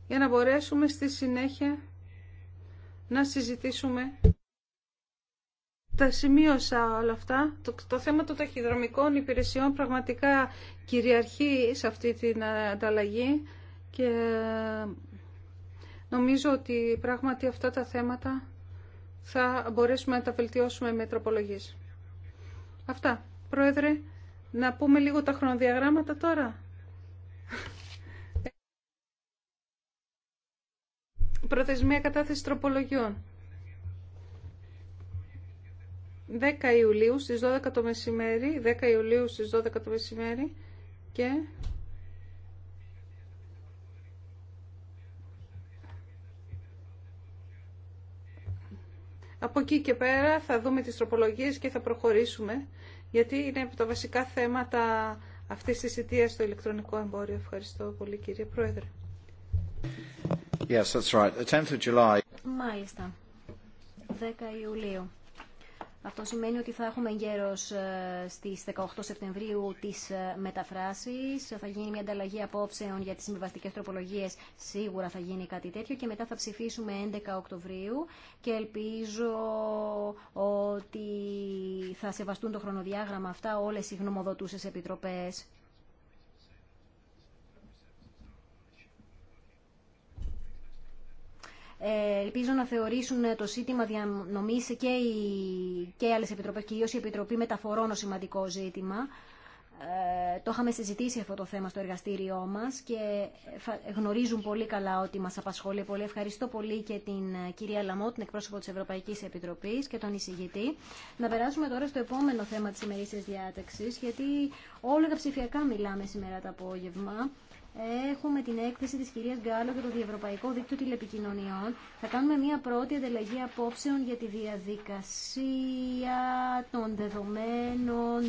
για να μπορέσουμε στη συνέχεια να συζητήσουμε. Τα σημείωσα όλα αυτά. Το, το θέμα των ταχυδρομικών υπηρεσιών πραγματικά κυριαρχεί σε αυτή την ανταλλαγή και ε, νομίζω ότι πράγματι αυτά τα θέματα θα μπορέσουμε να τα βελτιώσουμε με τροπολογίες. Αυτά. Πρόεδρε, να πούμε λίγο τα χρονοδιαγράμματα τώρα. Προθεσμία κατάθεση τροπολογιών. 10 Ιουλίου στις 12 το μεσημέρι, 10 Ιουλίου στις 12 το μεσημέρι και από εκεί και πέρα θα δούμε τις τροπολογίες και θα προχωρήσουμε γιατί είναι τα βασικά θέματα αυτής της ιτίας στο ηλεκτρονικό εμπόριο. Ευχαριστώ πολύ κύριε Πρόεδρε. Yes, that's right. The 10th of July. Μάλιστα. 10 Ιουλίου. Αυτό σημαίνει ότι θα έχουμε γέρος ε, στις 18 Σεπτεμβρίου τις ε, μεταφράσεις. Θα γίνει μια ανταλλαγή απόψεων για τις συμβιβαστικέ τροπολογίες. Σίγουρα θα γίνει κάτι τέτοιο και μετά θα ψηφίσουμε 11 Οκτωβρίου και ελπίζω ότι θα σεβαστούν το χρονοδιάγραμμα αυτά όλες οι γνωμοδοτούσες επιτροπές. Ε, ελπίζω να θεωρήσουν ε, το σύντημα διανομή και, οι, και άλλες επιτροπές, κυρίως η Επιτροπή Μεταφορών ως σημαντικό ζήτημα. Ε, το είχαμε συζητήσει αυτό το θέμα στο εργαστήριό μας και ε, γνωρίζουν πολύ καλά ότι μας απασχολεί πολύ. Ευχαριστώ πολύ και την κυρία Λαμό, την εκπρόσωπο της Ευρωπαϊκής Επιτροπής και τον εισηγητή. Να περάσουμε τώρα στο επόμενο θέμα της ημερήσιας διάταξης, γιατί όλα τα ψηφιακά μιλάμε σήμερα το απόγευμα έχουμε την έκθεση της κυρίας Γκάλο για το Διευρωπαϊκό Δίκτυο Τηλεπικοινωνιών. Θα κάνουμε μια πρώτη ανταλλαγή απόψεων για τη διαδικασία των δεδομένων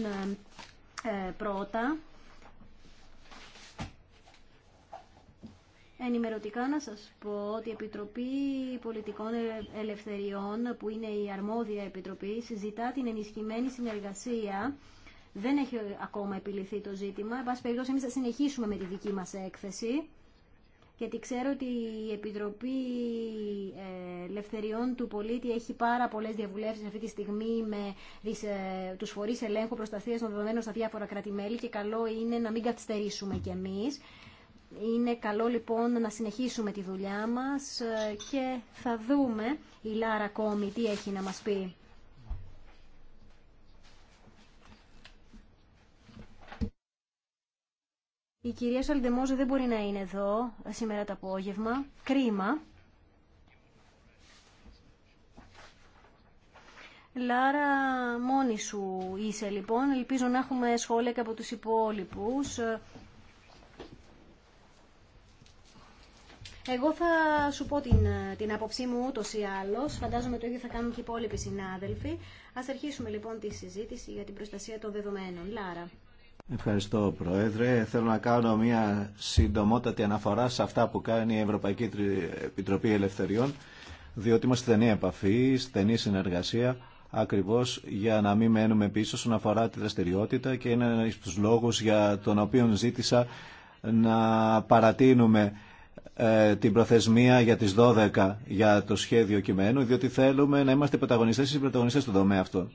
ε, πρώτα. Ενημερωτικά να σας πω ότι η Επιτροπή Πολιτικών Ελευθεριών, που είναι η αρμόδια επιτροπή, συζητά την ενισχυμένη συνεργασία δεν έχει ακόμα επιληθεί το ζήτημα. Εν πάση περιπτώσει, εμεί θα συνεχίσουμε με τη δική μα έκθεση. Γιατί ξέρω ότι η Επιτροπή ε, Ελευθεριών του Πολίτη έχει πάρα πολλέ διαβουλεύσει αυτή τη στιγμή με ε, του φορεί ελέγχου προστασία των δεδομένων στα διάφορα κράτη-μέλη και καλό είναι να μην καθυστερήσουμε κι εμεί. Είναι καλό λοιπόν να συνεχίσουμε τη δουλειά μας ε, και θα δούμε η Λάρα ακόμη τι έχει να μας πει. Η κυρία Σαλντεμόζο δεν μπορεί να είναι εδώ σήμερα το απόγευμα. Κρίμα. Λάρα, μόνη σου είσαι λοιπόν. Ελπίζω να έχουμε σχόλια και από τους υπόλοιπους. Εγώ θα σου πω την, την άποψή μου ούτως ή άλλως. Φαντάζομαι το ίδιο θα κάνουν και οι υπόλοιποι συνάδελφοι. Ας αρχίσουμε λοιπόν τη συζήτηση για την προστασία των δεδομένων. Λάρα. Ευχαριστώ Πρόεδρε. Θέλω να κάνω μια συντομότατη αναφορά σε αυτά που κάνει η Ευρωπαϊκή Επιτροπή Ελευθεριών διότι είμαστε στενή επαφή, στενή συνεργασία ακριβώς για να μην μένουμε πίσω όσον αφορά τη δραστηριότητα και είναι ένα από τους λόγους για τον οποίο ζήτησα να παρατείνουμε ε, την προθεσμία για τις 12 για το σχέδιο κειμένου διότι θέλουμε να είμαστε πρωταγωνιστές ή πρωταγωνιστές στον τομέα αυτό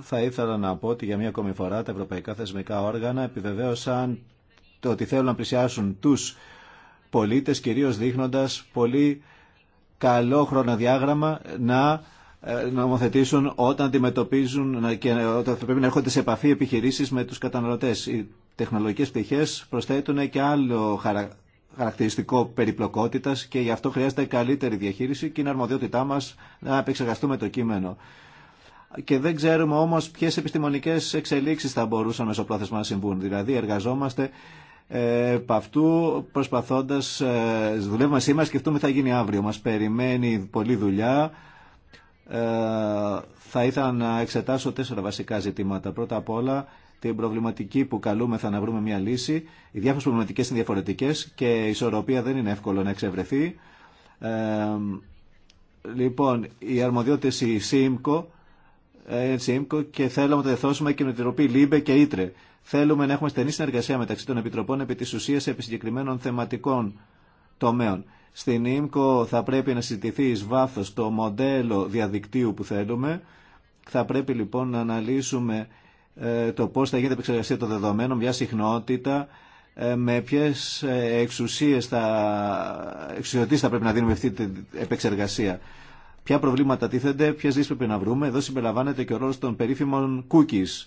θα ήθελα να πω ότι για μία ακόμη φορά τα ευρωπαϊκά θεσμικά όργανα επιβεβαίωσαν το ότι θέλουν να πλησιάσουν τους πολίτες, κυρίως δείχνοντας πολύ καλό χρονοδιάγραμμα να ε, νομοθετήσουν όταν αντιμετωπίζουν και όταν πρέπει να έρχονται σε επαφή επιχειρήσεις με τους καταναλωτές. Οι τεχνολογικές πτυχές προσθέτουν και άλλο χαρακτηριστικό περιπλοκότητας και γι' αυτό χρειάζεται καλύτερη διαχείριση και είναι αρμοδιότητά μας να επεξεργαστούμε το κείμενο και δεν ξέρουμε όμω ποιε επιστημονικέ εξελίξει θα μπορούσαν μεσοπρόθεσμα να συμβούν. Δηλαδή εργαζόμαστε ε, επ' αυτού προσπαθώντας, ε, δουλεύουμε σήμερα, σκεφτούμε θα γίνει αύριο. μα, περιμένει πολλή δουλειά. Ε, θα ήθελα να εξετάσω τέσσερα βασικά ζητήματα. Πρώτα απ' όλα την προβληματική που καλούμε θα να βρούμε μια λύση. Οι διάφορε προβληματικέ είναι διαφορετικέ και η ισορροπία δεν είναι εύκολο να εξευρεθεί. Ε, λοιπόν, οι αρμοδιότητε η ΣΥΜΚΟ ΕΝΣΥΜΚΟ και θέλουμε να το και με την Επιτροπή ΛΥΜΠΕ και ΙΤΡΕ. Θέλουμε να έχουμε στενή συνεργασία μεταξύ των Επιτροπών επί τη ουσία επί συγκεκριμένων θεματικών τομέων. Στην ΙΜΚΟ θα πρέπει να συζητηθεί ει βάθο το μοντέλο διαδικτύου που θέλουμε. Θα πρέπει λοιπόν να αναλύσουμε ε, το πώ θα γίνεται η επεξεργασία των δεδομένων, μια συχνότητα, ε, με ποιε εξουσίε θα, θα πρέπει να δίνουμε αυτή την επεξεργασία ποια προβλήματα τίθενται, ποιε λύσει πρέπει να βρούμε. Εδώ συμπεριλαμβάνεται και ο ρόλο των περίφημων cookies.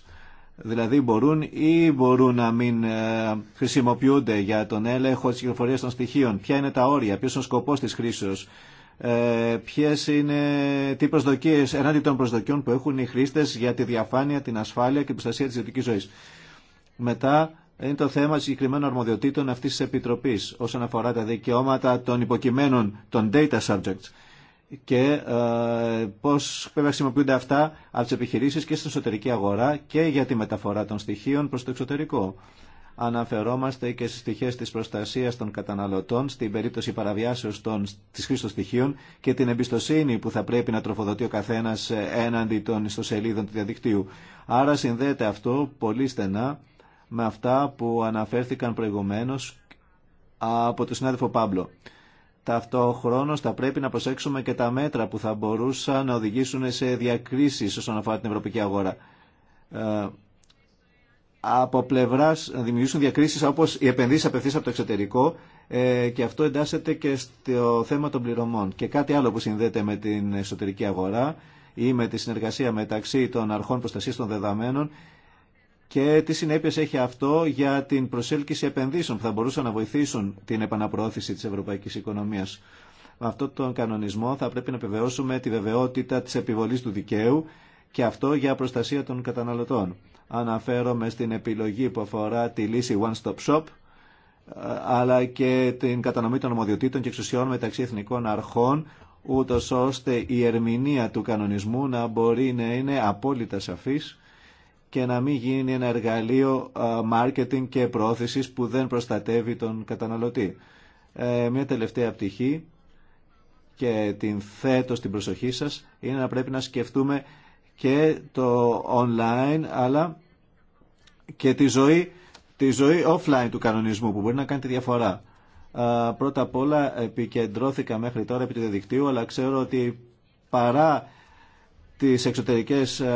Δηλαδή μπορούν ή μπορούν να μην ε, χρησιμοποιούνται για τον έλεγχο τη κυκλοφορία των στοιχείων. Ποια είναι τα όρια, ποιο είναι ο σκοπό τη χρήσεω. Ε, ποιες είναι, τι προσδοκίε έναντι των προσδοκιών που έχουν οι χρήστε για τη διαφάνεια, την ασφάλεια και την προστασία τη ιδιωτική ζωή. Μετά είναι το θέμα συγκεκριμένων αρμοδιοτήτων αυτή τη Επιτροπή όσον αφορά τα δικαιώματα των υποκειμένων των data subjects και ε, πώς πρέπει να χρησιμοποιούνται αυτά από τις επιχειρήσεις και στην εσωτερική αγορά και για τη μεταφορά των στοιχείων προς το εξωτερικό. Αναφερόμαστε και στις στοιχείες της προστασίας των καταναλωτών στην περίπτωση παραβιάσεως των, της χρήσης στοιχείων και την εμπιστοσύνη που θα πρέπει να τροφοδοτεί ο καθένας ε, έναντι των ιστοσελίδων του διαδικτύου. Άρα συνδέεται αυτό πολύ στενά με αυτά που αναφέρθηκαν προηγουμένως από τον συνάδελφο Πάμπλο. Ταυτόχρονο θα πρέπει να προσέξουμε και τα μέτρα που θα μπορούσαν να οδηγήσουν σε διακρίσεις όσον αφορά την ευρωπαϊκή αγορά. Ε, από πλευράς να δημιουργήσουν διακρίσεις όπως οι επενδύσει απευθείας από το εξωτερικό ε, και αυτό εντάσσεται και στο θέμα των πληρωμών. Και κάτι άλλο που συνδέεται με την εσωτερική αγορά ή με τη συνεργασία μεταξύ των αρχών προστασία των δεδομένων και τι συνέπειε έχει αυτό για την προσέλκυση επενδύσεων που θα μπορούσαν να βοηθήσουν την επαναπροώθηση τη Ευρωπαϊκή οικονομίας. Με αυτόν τον κανονισμό θα πρέπει να επιβεβαιώσουμε τη βεβαιότητα τη επιβολή του δικαίου και αυτό για προστασία των καταναλωτών. Αναφέρομαι στην επιλογή που αφορά τη λύση One Stop Shop αλλά και την κατανομή των ομοδιοτήτων και εξουσιών μεταξύ εθνικών αρχών ούτως ώστε η ερμηνεία του κανονισμού να μπορεί να είναι απόλυτα σαφής και να μην γίνει ένα εργαλείο marketing και πρόθεσης που δεν προστατεύει τον καταναλωτή. Ε, μια τελευταία πτυχή και την θέτω στην προσοχή σας είναι να πρέπει να σκεφτούμε και το online αλλά και τη ζωή, τη ζωή offline του κανονισμού που μπορεί να κάνει τη διαφορά. Πρώτα απ' όλα επικεντρώθηκα μέχρι τώρα επί του διαδικτύου αλλά ξέρω ότι παρά τις εξωτερικές ε,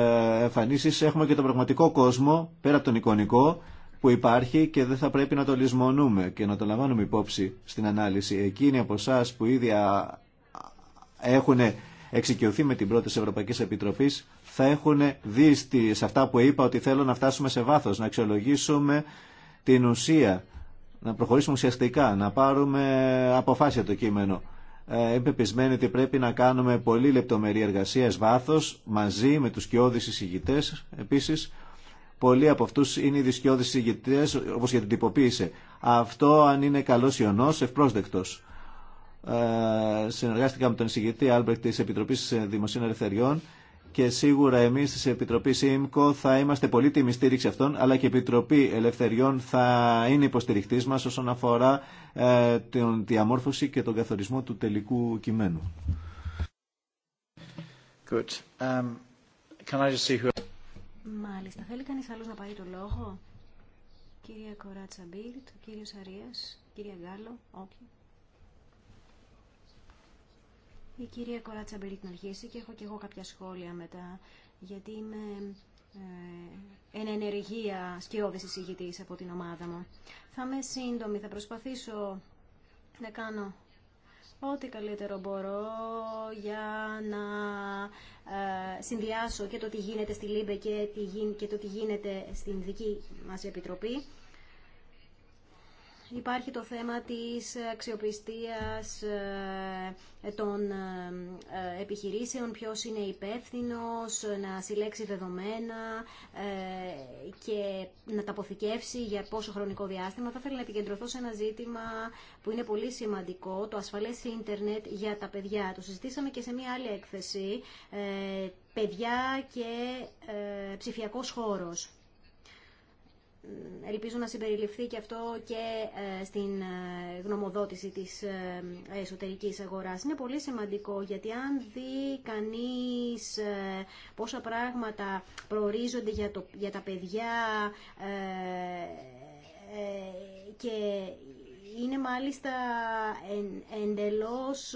εμφανίσεις έχουμε και τον πραγματικό κόσμο πέρα από τον εικονικό που υπάρχει και δεν θα πρέπει να το λησμονούμε και να το λαμβάνουμε υπόψη στην ανάλυση. Εκείνοι από εσά που ήδη έχουν εξοικειωθεί με την πρώτη Ευρωπαϊκή Επιτροπή θα έχουν δει σε αυτά που είπα ότι θέλω να φτάσουμε σε βάθος, να αξιολογήσουμε την ουσία, να προχωρήσουμε ουσιαστικά, να πάρουμε αποφάσια το κείμενο. Ε, είμαι ότι πρέπει να κάνουμε πολύ λεπτομερή εργασία βάθο, μαζί με του σκιώδει εισηγητέ. επίσης. Πολλοί από αυτούς είναι οι δυσκιώδει εισηγητέ, όπως για την τυποποίηση. Αυτό αν είναι καλός ιονός ευπρόσδεκτο. Ε, συνεργάστηκα με τον εισηγητή Άλμπερτ της Επιτροπής Δημοσίων Ελευθεριών και σίγουρα εμείς της Επιτροπή ΣΥΜΚΟ θα είμαστε πολύτιμη στήριξη αυτών, αλλά και η Επιτροπή Ελευθεριών θα είναι υποστηριχτής μας όσον αφορά ε, την διαμόρφωση και τον καθορισμό του τελικού κειμένου. Good. Um, can I just see who... Μάλιστα. Θέλει κανείς άλλος να πάρει το λόγο. Κυρία Κοράτσα Μπίλτ, κύριος Αρίας, κυρία Γκάλο, η κυρία Κοράτσα Μπερίτ να αρχίσει και έχω και εγώ κάποια σχόλια μετά, γιατί είμαι ε, εν ενεργεία σκιώδης εισηγητής από την ομάδα μου. Θα είμαι σύντομη, θα προσπαθήσω να κάνω ό,τι καλύτερο μπορώ για να ε, συνδυάσω και το τι γίνεται στη ΛΥΜΠΕ και, και το τι γίνεται στην δική μας επιτροπή. Υπάρχει το θέμα της αξιοπιστίας ε, των ε, επιχειρήσεων, ποιος είναι υπεύθυνο, να συλλέξει δεδομένα ε, και να τα αποθηκεύσει για πόσο χρονικό διάστημα. Θα ήθελα να επικεντρωθώ σε ένα ζήτημα που είναι πολύ σημαντικό, το ασφαλές ίντερνετ για τα παιδιά. Το συζητήσαμε και σε μια άλλη έκθεση, παιδιά και ψηφιακός χώρος ελπίζω να συμπεριληφθεί και αυτό και ε, στην ε, γνωμοδότηση της ε, εσωτερικής αγοράς. Είναι πολύ σημαντικό γιατί αν δει κανείς πόσα πράγματα προορίζονται για, τα παιδιά και είναι μάλιστα εν, εντελώς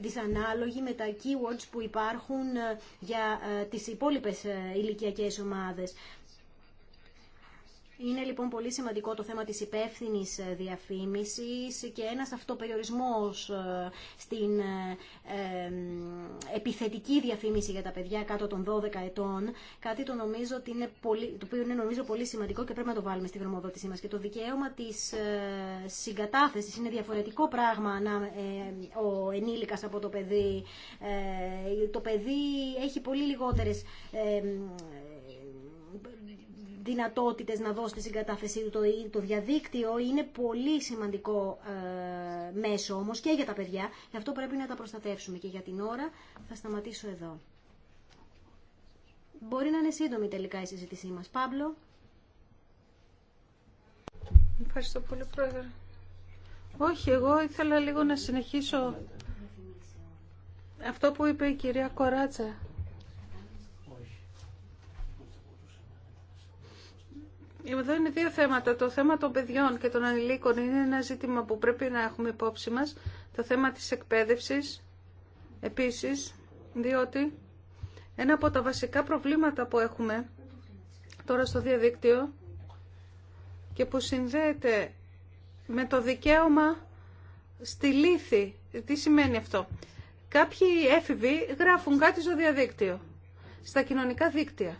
δυσανάλογοι με τα keywords που υπάρχουν για τις υπόλοιπες ηλικιακές ομάδες. Είναι λοιπόν πολύ σημαντικό το θέμα της υπεύθυνη ε, διαφήμισης και ένας αυτοπεριορισμός ε, στην ε, επιθετική διαφήμιση για τα παιδιά κάτω των 12 ετών, κάτι το, νομίζω ότι είναι πολύ, το οποίο είναι νομίζω πολύ σημαντικό και πρέπει να το βάλουμε στη γνωμοδότησή μας. Και το δικαίωμα της συγκατάθεσης είναι διαφορετικό πράγμα ο ενήλικας από το παιδί. το παιδί έχει πολύ λιγότερες δυνατότητες να δώσει τη συγκατάθεσή του το διαδίκτυο είναι πολύ σημαντικό ε, μέσο όμως και για τα παιδιά. Γι' αυτό πρέπει να τα προστατεύσουμε και για την ώρα θα σταματήσω εδώ. Μπορεί να είναι σύντομη τελικά η συζήτησή μας. Παύλο. Ευχαριστώ πολύ, Πρόεδρε. Όχι, εγώ ήθελα λίγο να συνεχίσω αυτό που είπε η κυρία Κοράτσα. Εδώ είναι δύο θέματα. Το θέμα των παιδιών και των ανηλίκων είναι ένα ζήτημα που πρέπει να έχουμε υπόψη μας. Το θέμα της εκπαίδευσης επίσης, διότι ένα από τα βασικά προβλήματα που έχουμε τώρα στο διαδίκτυο και που συνδέεται με το δικαίωμα στη λύθη. Τι σημαίνει αυτό. Κάποιοι έφηβοι γράφουν κάτι στο διαδίκτυο, στα κοινωνικά δίκτυα.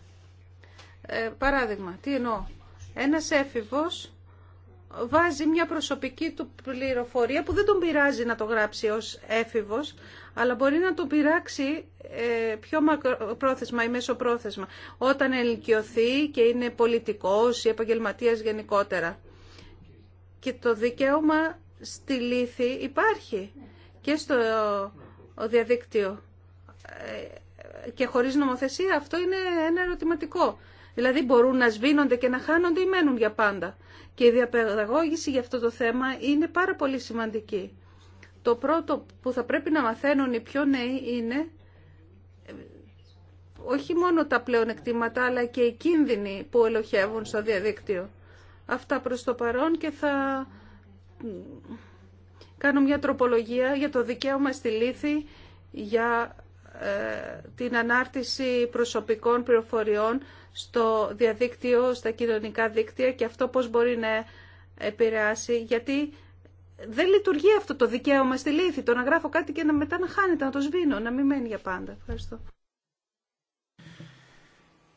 Ε, παράδειγμα, τι εννοώ ένας έφηβος βάζει μια προσωπική του πληροφορία που δεν τον πειράζει να το γράψει ως έφηβος, αλλά μπορεί να το πειράξει ε, πιο μακροπρόθεσμα ή μεσοπρόθεσμα, όταν ελικιωθεί και είναι πολιτικός ή επαγγελματίας γενικότερα. Και το δικαίωμα στη λύθη υπάρχει και στο διαδίκτυο. Ε, και χωρίς νομοθεσία αυτό είναι ένα ερωτηματικό. Δηλαδή μπορούν να σβήνονται και να χάνονται ή μένουν για πάντα. Και η διαπαιδαγώγηση για αυτό το θέμα είναι πάρα πολύ σημαντική. Το πρώτο που θα πρέπει να μαθαίνουν οι πιο νέοι είναι ε, όχι μόνο τα πλεονεκτήματα αλλά και οι κίνδυνοι που ελοχεύουν στο διαδίκτυο. Αυτά προς το παρόν και θα κάνω μια τροπολογία για το δικαίωμα στη λύθη για την ανάρτηση προσωπικών πληροφοριών στο διαδίκτυο, στα κοινωνικά δίκτυα και αυτό πώς μπορεί να επηρεάσει, γιατί δεν λειτουργεί αυτό το δικαίωμα στη λύθη, το να γράφω κάτι και να μετά να χάνεται, να το σβήνω, να μην μένει για πάντα. Ευχαριστώ.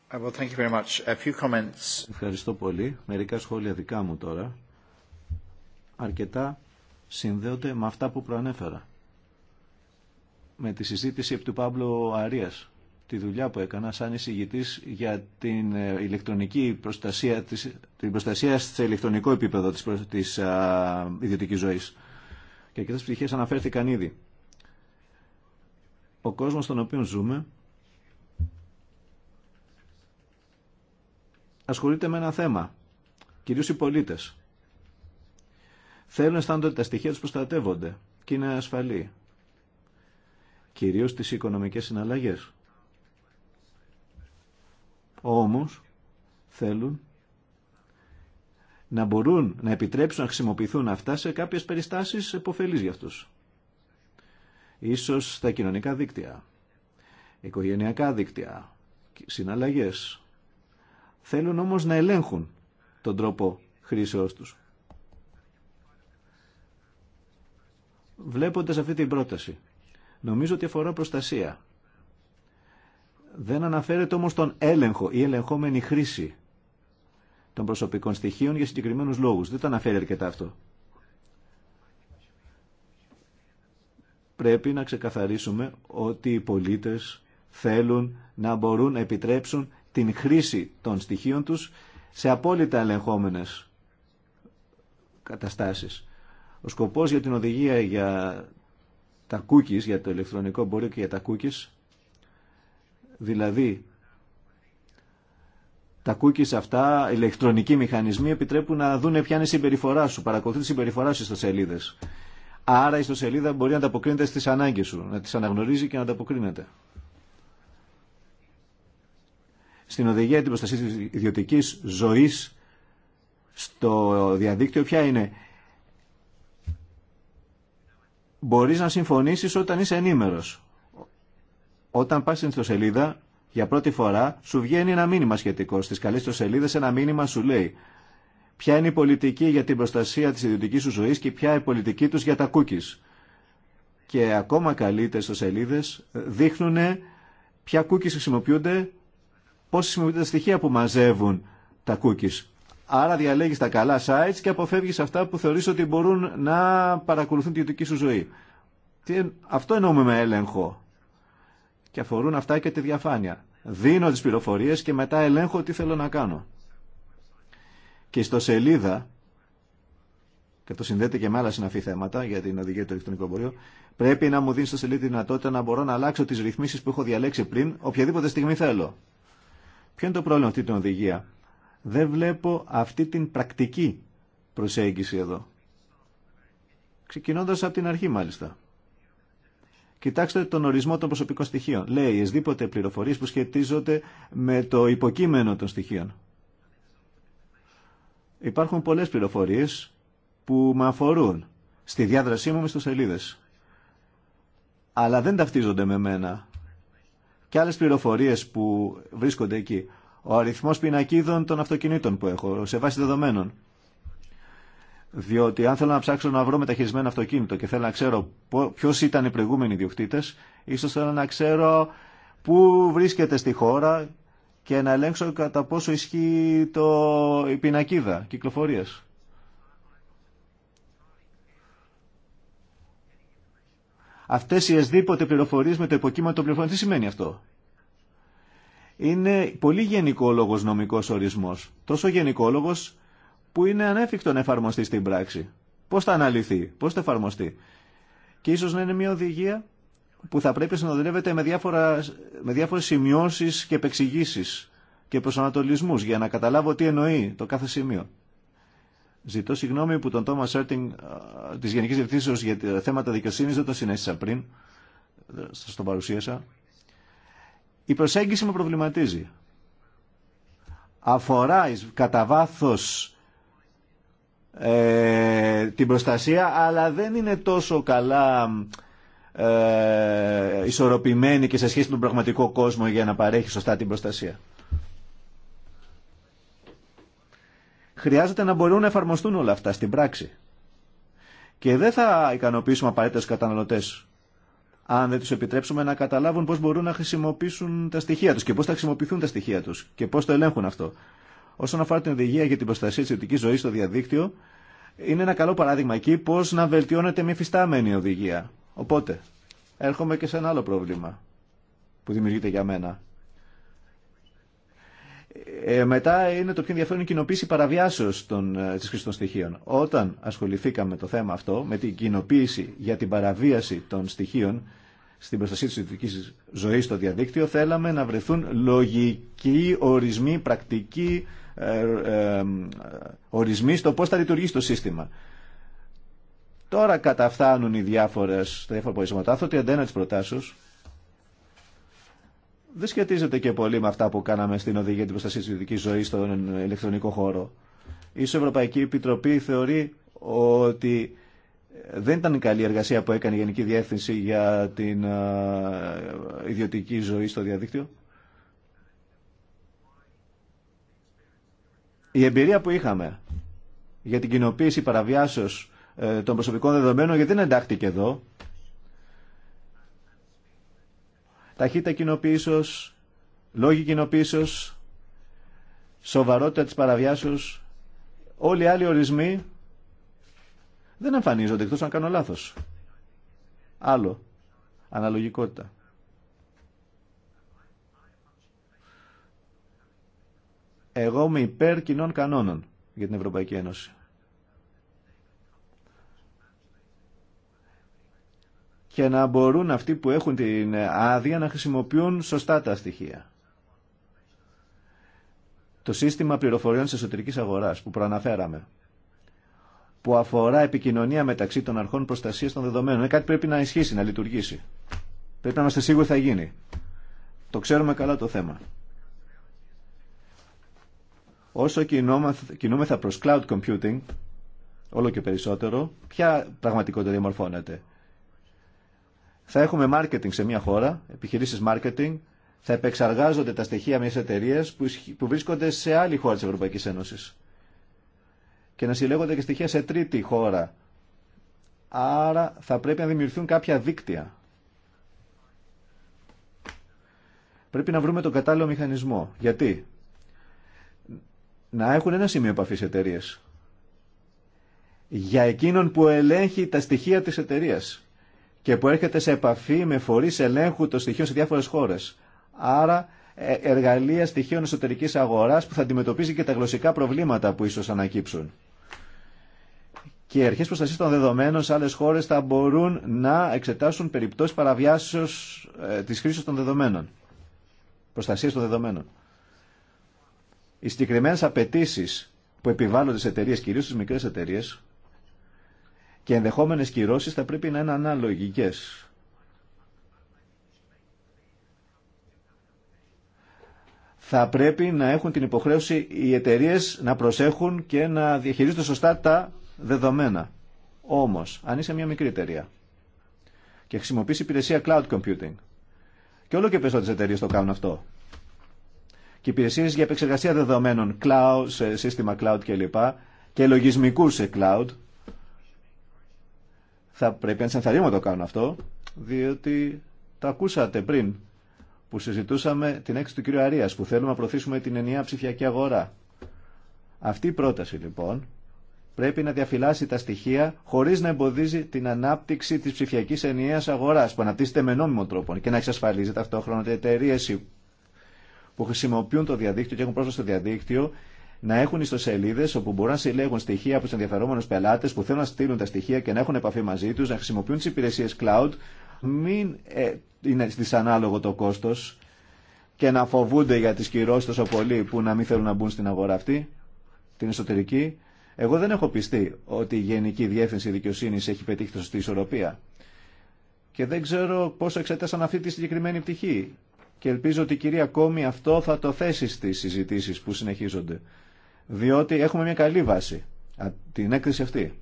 thank Ευχαριστώ πολύ. Μερικά σχόλια δικά μου τώρα. Αρκετά συνδέονται με αυτά που προανέφερα με τη συζήτηση του Παύλου Αρίας τη δουλειά που έκανα σαν εισηγητή για την ε, ηλεκτρονική προστασία, την προστασία σε ηλεκτρονικό επίπεδο της, της ιδιωτικής ζωής. Και αρκετέ πτυχές αναφέρθηκαν ήδη. Ο κόσμος στον οποίο ζούμε ασχολείται με ένα θέμα, κυρίως οι πολίτες. Θέλουν αισθάνονται ότι τα στοιχεία τους προστατεύονται και είναι ασφαλή κυρίως τις οικονομικές συναλλαγές. Όμως θέλουν να μπορούν να επιτρέψουν να χρησιμοποιηθούν αυτά σε κάποιες περιστάσεις επωφελής για αυτούς. Ίσως στα κοινωνικά δίκτυα, οικογενειακά δίκτυα, συναλλαγές. Θέλουν όμως να ελέγχουν τον τρόπο χρήσεώς τους. Βλέποντας αυτή την πρόταση, Νομίζω ότι αφορά προστασία. Δεν αναφέρεται όμως τον έλεγχο ή ελεγχόμενη χρήση των προσωπικών στοιχείων για συγκεκριμένους λόγους. Δεν τα αναφέρει αρκετά αυτό. Πρέπει να ξεκαθαρίσουμε ότι οι πολίτες θέλουν να μπορούν να επιτρέψουν την χρήση των στοιχείων τους σε απόλυτα ελεγχόμενες καταστάσεις. Ο σκοπός για την οδηγία για τα cookies για το ηλεκτρονικό εμπόριο και για τα cookies. Δηλαδή, τα cookies αυτά, ηλεκτρονικοί μηχανισμοί επιτρέπουν να δουν ποια είναι η συμπεριφορά σου, παρακολουθούν τη συμπεριφορά σου στις σελίδες. Άρα η ιστοσελίδα μπορεί να ανταποκρίνεται στις ανάγκες σου, να τις αναγνωρίζει και να ανταποκρίνεται. Στην οδηγία την προστασία τη ιδιωτική ζωής στο διαδίκτυο ποια είναι μπορείς να συμφωνήσεις όταν είσαι ενήμερος. Όταν πας στην ιστοσελίδα, για πρώτη φορά σου βγαίνει ένα μήνυμα σχετικό. Στις καλές ιστοσελίδες ένα μήνυμα σου λέει ποια είναι η πολιτική για την προστασία της ιδιωτικής σου ζωής και ποια η πολιτική τους για τα κούκις. Και ακόμα καλύτερες ιστοσελίδες δείχνουν ποια cookies χρησιμοποιούνται, πώς χρησιμοποιούνται τα στοιχεία που μαζεύουν τα cookies. Άρα διαλέγεις τα καλά sites και αποφεύγεις αυτά που θεωρείς ότι μπορούν να παρακολουθούν τη δική σου ζωή. αυτό εννοούμε με έλεγχο. Και αφορούν αυτά και τη διαφάνεια. Δίνω τις πληροφορίες και μετά ελέγχω τι θέλω να κάνω. Και στο σελίδα, και το συνδέεται και με άλλα συναφή θέματα για την οδηγία του ηλεκτρονικού εμπορίου, πρέπει να μου δίνει στο σελίδα τη δυνατότητα να μπορώ να αλλάξω τι ρυθμίσει που έχω διαλέξει πριν οποιαδήποτε στιγμή θέλω. Ποιο είναι το πρόβλημα αυτή την οδηγία δεν βλέπω αυτή την πρακτική προσέγγιση εδώ. Ξεκινώντας από την αρχή μάλιστα. Κοιτάξτε τον ορισμό των προσωπικών στοιχείων. Λέει εσδήποτε πληροφορίες που σχετίζονται με το υποκείμενο των στοιχείων. Υπάρχουν πολλές πληροφορίες που με αφορούν στη διάδρασή μου με στους σελίδες. Αλλά δεν ταυτίζονται με μένα. Και άλλες πληροφορίες που βρίσκονται εκεί ο αριθμός πινακίδων των αυτοκινήτων που έχω, σε βάση δεδομένων. Διότι αν θέλω να ψάξω να βρω μεταχειρισμένο αυτοκίνητο και θέλω να ξέρω ποιο ήταν οι προηγούμενοι ιδιοκτήτε, ίσω θέλω να ξέρω πού βρίσκεται στη χώρα και να ελέγξω κατά πόσο ισχύει το, η πινακίδα κυκλοφορία. Αυτέ οι εσδήποτε πληροφορίε με το υποκείμενο των πληροφοριών, τι σημαίνει αυτό είναι πολύ γενικόλογος νομικός ορισμός. Τόσο γενικόλογος που είναι ανέφικτο να εφαρμοστεί στην πράξη. Πώς θα αναλυθεί, πώς θα εφαρμοστεί. Και ίσως να είναι μια οδηγία που θα πρέπει να συνοδεύεται με, διάφορα, με διάφορες σημειώσεις και επεξηγήσεις και προσανατολισμούς για να καταλάβω τι εννοεί το κάθε σημείο. Ζητώ συγγνώμη που τον Τόμα Σέρτινγκ τη Γενική Διευθύνσεω για θέματα δικαιοσύνη δεν το συνέστησα πριν. Ε, Σα τον παρουσίασα. Η προσέγγιση με προβληματίζει. Αφορά κατά βάθο ε, την προστασία, αλλά δεν είναι τόσο καλά ε, ισορροπημένη και σε σχέση με τον πραγματικό κόσμο για να παρέχει σωστά την προστασία. Χρειάζεται να μπορούν να εφαρμοστούν όλα αυτά στην πράξη. Και δεν θα ικανοποιήσουμε απαραίτητε καταναλωτές καταναλωτέ αν δεν του επιτρέψουμε να καταλάβουν πώς μπορούν να χρησιμοποιήσουν τα στοιχεία τους και πώς θα χρησιμοποιηθούν τα στοιχεία τους και πώς το ελέγχουν αυτό. Όσον αφορά την οδηγία για την προστασία τη ιδιωτική ζωή στο διαδίκτυο, είναι ένα καλό παράδειγμα εκεί πώς να βελτιώνεται μια φυστάμενη οδηγία. Οπότε, έρχομαι και σε ένα άλλο πρόβλημα που δημιουργείται για μένα. Ε, μετά είναι το πιο ενδιαφέρον η κοινοποίηση παραβιάσεω ε, τη χρήση των στοιχείων. Όταν ασχοληθήκαμε με το θέμα αυτό, με την κοινοποίηση για την παραβίαση των στοιχείων στην προστασία τη ιδιωτική ζωή στο διαδίκτυο, θέλαμε να βρεθούν λογικοί ορισμοί, πρακτικοί ε, ορισμοί στο πώ θα λειτουργήσει το σύστημα. Τώρα καταφθάνουν οι διάφορε, τα διάφορα Αυτό Το τη προτάσεω δεν σχετίζεται και πολύ με αυτά που κάναμε στην οδηγία την προστασία τη ιδιωτικής ζωή στον ηλεκτρονικό χώρο. η Ευρωπαϊκή Επιτροπή θεωρεί ότι δεν ήταν η καλή εργασία που έκανε η Γενική Διεύθυνση για την ε, ιδιωτική ζωή στο διαδίκτυο. Η εμπειρία που είχαμε για την κοινοποίηση παραβιάσεως ε, των προσωπικών δεδομένων γιατί δεν εντάχθηκε εδώ ταχύτητα κοινοποίησεως, λόγοι κοινοποίησεως, σοβαρότητα της παραβιάσεως, όλοι οι άλλοι ορισμοί δεν εμφανίζονται εκτός αν κάνω λάθος. Άλλο, αναλογικότητα. Εγώ είμαι υπέρ κοινών κανόνων για την Ευρωπαϊκή Ένωση. και να μπορούν αυτοί που έχουν την άδεια να χρησιμοποιούν σωστά τα στοιχεία. Το σύστημα πληροφοριών της εσωτερικής αγοράς που προαναφέραμε, που αφορά επικοινωνία μεταξύ των αρχών προστασίας των δεδομένων, είναι κάτι πρέπει να ισχύσει, να λειτουργήσει. Πρέπει να είμαστε σίγουροι θα γίνει. Το ξέρουμε καλά το θέμα. Όσο κινούμεθα προς cloud computing, όλο και περισσότερο, ποια πραγματικότητα διαμορφώνεται θα έχουμε marketing σε μια χώρα, επιχειρήσεις marketing, θα επεξεργάζονται τα στοιχεία μια εταιρεία που βρίσκονται σε άλλη χώρα τη ευρωπαϊκή Ένωση. και να συλλέγονται και στοιχεία σε τρίτη χώρα. Άρα θα πρέπει να δημιουργηθούν κάποια δίκτυα. Πρέπει να βρούμε τον κατάλληλο μηχανισμό. Γιατί? Να έχουν ένα σημείο επαφή εταιρείε. Για εκείνον που ελέγχει τα στοιχεία τη εταιρεία και που έρχεται σε επαφή με φορείς ελέγχου των στοιχείων σε διάφορες χώρες. Άρα ε, εργαλεία στοιχείων εσωτερικής αγοράς που θα αντιμετωπίζει και τα γλωσσικά προβλήματα που ίσως ανακύψουν. Και οι αρχέ προστασία των δεδομένων σε άλλες χώρες θα μπορούν να εξετάσουν περιπτώσεις παραβιάσεως ε, της χρήση των δεδομένων. προστασία των δεδομένων. Οι συγκεκριμένε απαιτήσει που επιβάλλονται σε εταιρείε, κυρίω στι μικρέ εταιρείε, και ενδεχόμενες κυρώσεις θα πρέπει να είναι αναλογικές. Θα πρέπει να έχουν την υποχρέωση οι εταιρείε να προσέχουν και να διαχειρίζονται σωστά τα δεδομένα. Όμως, αν είσαι μια μικρή εταιρεία και χρησιμοποιείς υπηρεσία cloud computing και όλο και περισσότερε εταιρείε το κάνουν αυτό και υπηρεσίε για επεξεργασία δεδομένων, cloud, σύστημα cloud κλπ. Και, και λογισμικού σε cloud, θα πρέπει να τις ενθαρρύνουμε να το κάνουν αυτό, διότι το ακούσατε πριν που συζητούσαμε την έξι του κ. Αρίας, που θέλουμε να προωθήσουμε την ενιαία ψηφιακή αγορά. Αυτή η πρόταση λοιπόν πρέπει να διαφυλάσει τα στοιχεία χωρίς να εμποδίζει την ανάπτυξη της ψηφιακής ενιαίας αγοράς που αναπτύσσεται με νόμιμο τρόπο και να εξασφαλίζει ταυτόχρονα ότι εταιρείε που χρησιμοποιούν το διαδίκτυο και έχουν πρόσβαση στο διαδίκτυο να έχουν ιστοσελίδε όπου μπορούν να συλλέγουν στοιχεία από του ενδιαφερόμενου πελάτε που θέλουν να στείλουν τα στοιχεία και να έχουν επαφή μαζί του, να χρησιμοποιούν τι υπηρεσίε cloud, μην ε, είναι είναι ανάλογο το κόστο και να φοβούνται για τι κυρώσει τόσο πολύ που να μην θέλουν να μπουν στην αγορά αυτή, την εσωτερική. Εγώ δεν έχω πιστεί ότι η Γενική Διεύθυνση Δικαιοσύνη έχει πετύχει τη σωστή ισορροπία. Και δεν ξέρω πόσο εξέτασαν αυτή τη συγκεκριμένη πτυχή. Και ελπίζω ότι η κυρία Κόμη αυτό θα το θέσει στις συζητήσεις που συνεχίζονται διότι έχουμε μια καλή βάση, την έκθεση αυτή.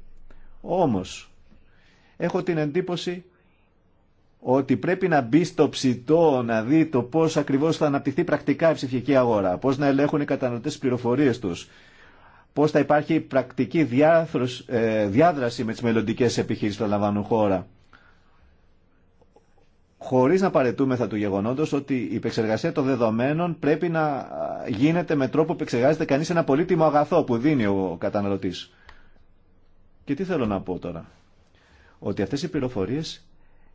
Όμως, έχω την εντύπωση ότι πρέπει να μπει στο ψητό να δει το πώς ακριβώς θα αναπτυχθεί πρακτικά η ψηφιακή αγορά, πώς να ελέγχουν οι καταναλωτές πληροφορίες τους, πώς θα υπάρχει πρακτική ε, διάδραση με τις μελλοντικέ επιχείρησεις που θα λαμβάνουν χώρα χωρί να παρετούμεθα του γεγονότο ότι η επεξεργασία των δεδομένων πρέπει να γίνεται με τρόπο που επεξεργάζεται κανεί ένα πολύτιμο αγαθό που δίνει ο καταναλωτή. Και τι θέλω να πω τώρα. Ότι αυτέ οι πληροφορίε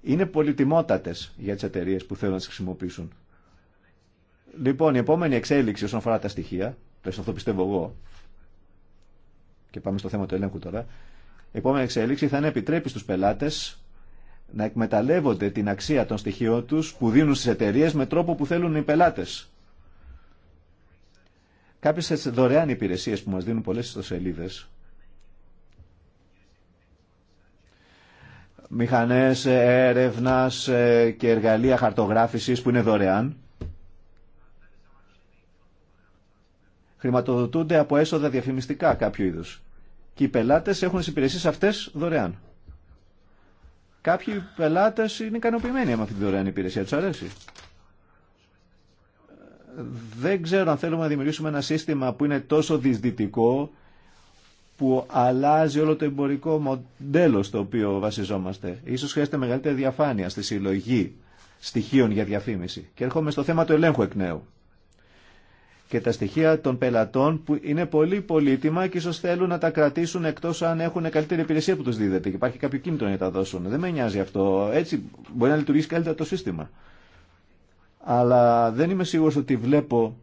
είναι πολυτιμότατε για τι εταιρείε που θέλουν να τι χρησιμοποιήσουν. Λοιπόν, η επόμενη εξέλιξη όσον αφορά τα στοιχεία, τουλάχιστον αυτό πιστεύω εγώ, και πάμε στο θέμα του ελέγχου τώρα, η επόμενη εξέλιξη θα είναι επιτρέπει στους πελάτες να εκμεταλλεύονται την αξία των στοιχείων τους που δίνουν στις εταιρείες με τρόπο που θέλουν οι πελάτες. Κάποιες δωρεάν υπηρεσίες που μας δίνουν πολλές ιστοσελίδες μηχανές ε, έρευνας ε, και εργαλεία χαρτογράφησης που είναι δωρεάν χρηματοδοτούνται από έσοδα διαφημιστικά κάποιο είδους και οι πελάτες έχουν τις υπηρεσίες αυτές δωρεάν. Κάποιοι πελάτες είναι ικανοποιημένοι με αυτή τη δωρεάν υπηρεσία. του αρέσει. Δεν ξέρω αν θέλουμε να δημιουργήσουμε ένα σύστημα που είναι τόσο δυσδυτικό που αλλάζει όλο το εμπορικό μοντέλο στο οποίο βασιζόμαστε. Ίσως χρειάζεται μεγαλύτερη διαφάνεια στη συλλογή στοιχείων για διαφήμιση. Και έρχομαι στο θέμα του ελέγχου εκ νέου και τα στοιχεία των πελατών που είναι πολύ πολύτιμα και ίσω θέλουν να τα κρατήσουν εκτό αν έχουν καλύτερη υπηρεσία που του δίδεται και υπάρχει κάποιο κίνητρο να τα δώσουν. Δεν με νοιάζει αυτό. Έτσι μπορεί να λειτουργήσει καλύτερα το σύστημα. Αλλά δεν είμαι σίγουρο ότι βλέπω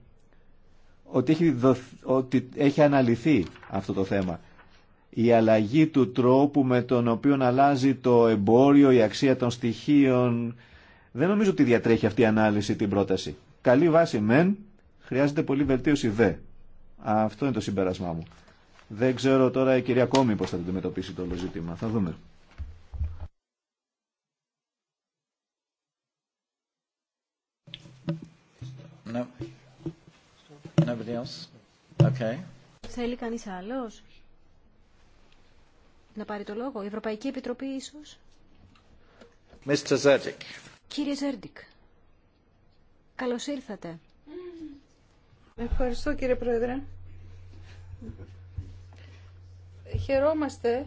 ότι έχει, δοθ... ότι έχει αναλυθεί αυτό το θέμα. Η αλλαγή του τρόπου με τον οποίο αλλάζει το εμπόριο, η αξία των στοιχείων. Δεν νομίζω ότι διατρέχει αυτή η ανάλυση την πρόταση. Καλή βάση μεν, Χρειάζεται πολύ βελτίωση δε. Αυτό είναι το συμπέρασμά μου. Δεν ξέρω τώρα η κυρία Κόμη πώς θα αντιμετωπίσει το όλο ζήτημα. Θα δούμε. No. Okay. Θέλει κανείς άλλος να πάρει το λόγο. Η Ευρωπαϊκή Επιτροπή ίσως. Κύριε Ζέρντικ, καλώς ήρθατε. Ευχαριστώ κύριε Πρόεδρε. Χαιρόμαστε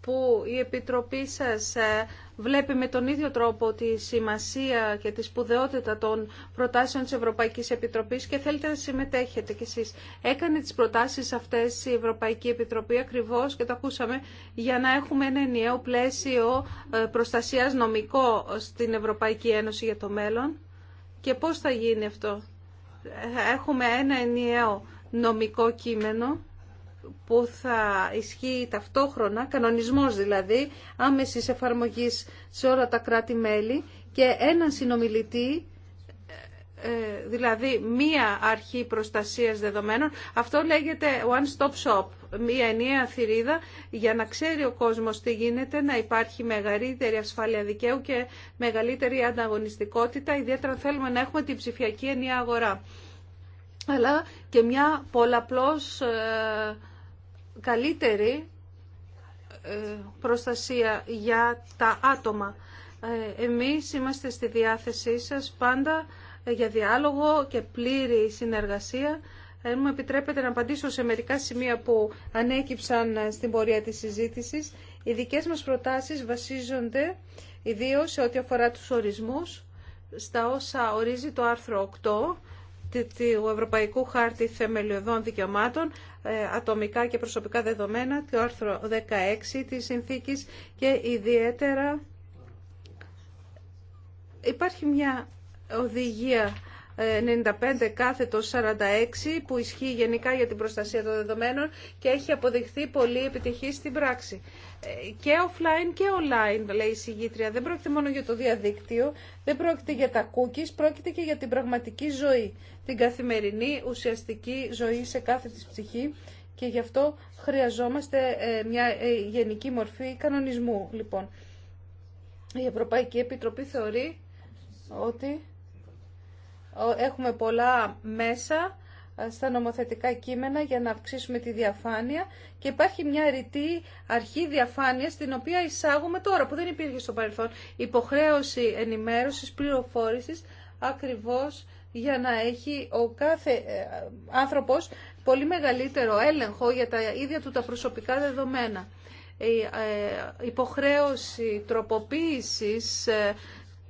που η Επιτροπή σας ε, βλέπει με τον ίδιο τρόπο τη σημασία και τη σπουδαιότητα των προτάσεων της Ευρωπαϊκής Επιτροπής και θέλετε να συμμετέχετε κι εσείς. Έκανε τις προτάσεις αυτές η Ευρωπαϊκή Επιτροπή ακριβώς και τα ακούσαμε για να έχουμε ένα ενιαίο πλαίσιο ε, προστασίας νομικό στην Ευρωπαϊκή Ένωση για το μέλλον. Και πώς θα γίνει αυτό έχουμε ένα ενιαίο νομικό κείμενο που θα ισχύει ταυτόχρονα, κανονισμός δηλαδή, άμεσης εφαρμογής σε όλα τα κράτη-μέλη και έναν συνομιλητή ε, δηλαδή μία αρχή προστασίας δεδομένων. Αυτό λέγεται one-stop shop, μία ενιαία θηρίδα για να ξέρει ο κόσμος τι γίνεται, να υπάρχει μεγαλύτερη ασφάλεια δικαίου και μεγαλύτερη ανταγωνιστικότητα, ιδιαίτερα θέλουμε να έχουμε την ψηφιακή ενιαία αγορά. Αλλά και μια πολλαπλώς ε, καλύτερη ε, προστασία για τα άτομα. Εμείς είμαστε στη διάθεσή σας πάντα ε, για διάλογο και πλήρη συνεργασία. Ε, μου επιτρέπετε να απαντήσω σε μερικά σημεία που ανέκυψαν ε, στην πορεία της συζήτησης. Οι δικές μας προτάσεις βασίζονται ιδίως σε ό,τι αφορά τους ορισμούς, στα όσα ορίζει το άρθρο 8 του Ευρωπαϊκού Χάρτη Θεμελιωδών Δικαιωμάτων, ατομικά και προσωπικά δεδομένα, το άρθρο 16 της συνθήκης και ιδιαίτερα υπάρχει μια οδηγία 95 ε, κάθετο 46 που ισχύει γενικά για την προστασία των δεδομένων και έχει αποδειχθεί πολύ επιτυχή στην πράξη. Ε, και offline και online, λέει η συγγήτρια. Δεν πρόκειται μόνο για το διαδίκτυο, δεν πρόκειται για τα cookies, πρόκειται και για την πραγματική ζωή, την καθημερινή ουσιαστική ζωή σε κάθε της ψυχή και γι' αυτό χρειαζόμαστε ε, μια γενική μορφή κανονισμού. Λοιπόν, η Ευρωπαϊκή Επιτροπή θεωρεί ότι Έχουμε πολλά μέσα ε, στα νομοθετικά κείμενα για να αυξήσουμε τη διαφάνεια και υπάρχει μια ρητή αρχή διαφάνειας την οποία εισάγουμε τώρα που δεν υπήρχε στο παρελθόν υποχρέωση ενημέρωσης, πληροφόρησης ακριβώς για να έχει ο κάθε ε, άνθρωπος πολύ μεγαλύτερο έλεγχο για τα ίδια του τα προσωπικά δεδομένα. Η ε, υποχρέωση τροποποίησης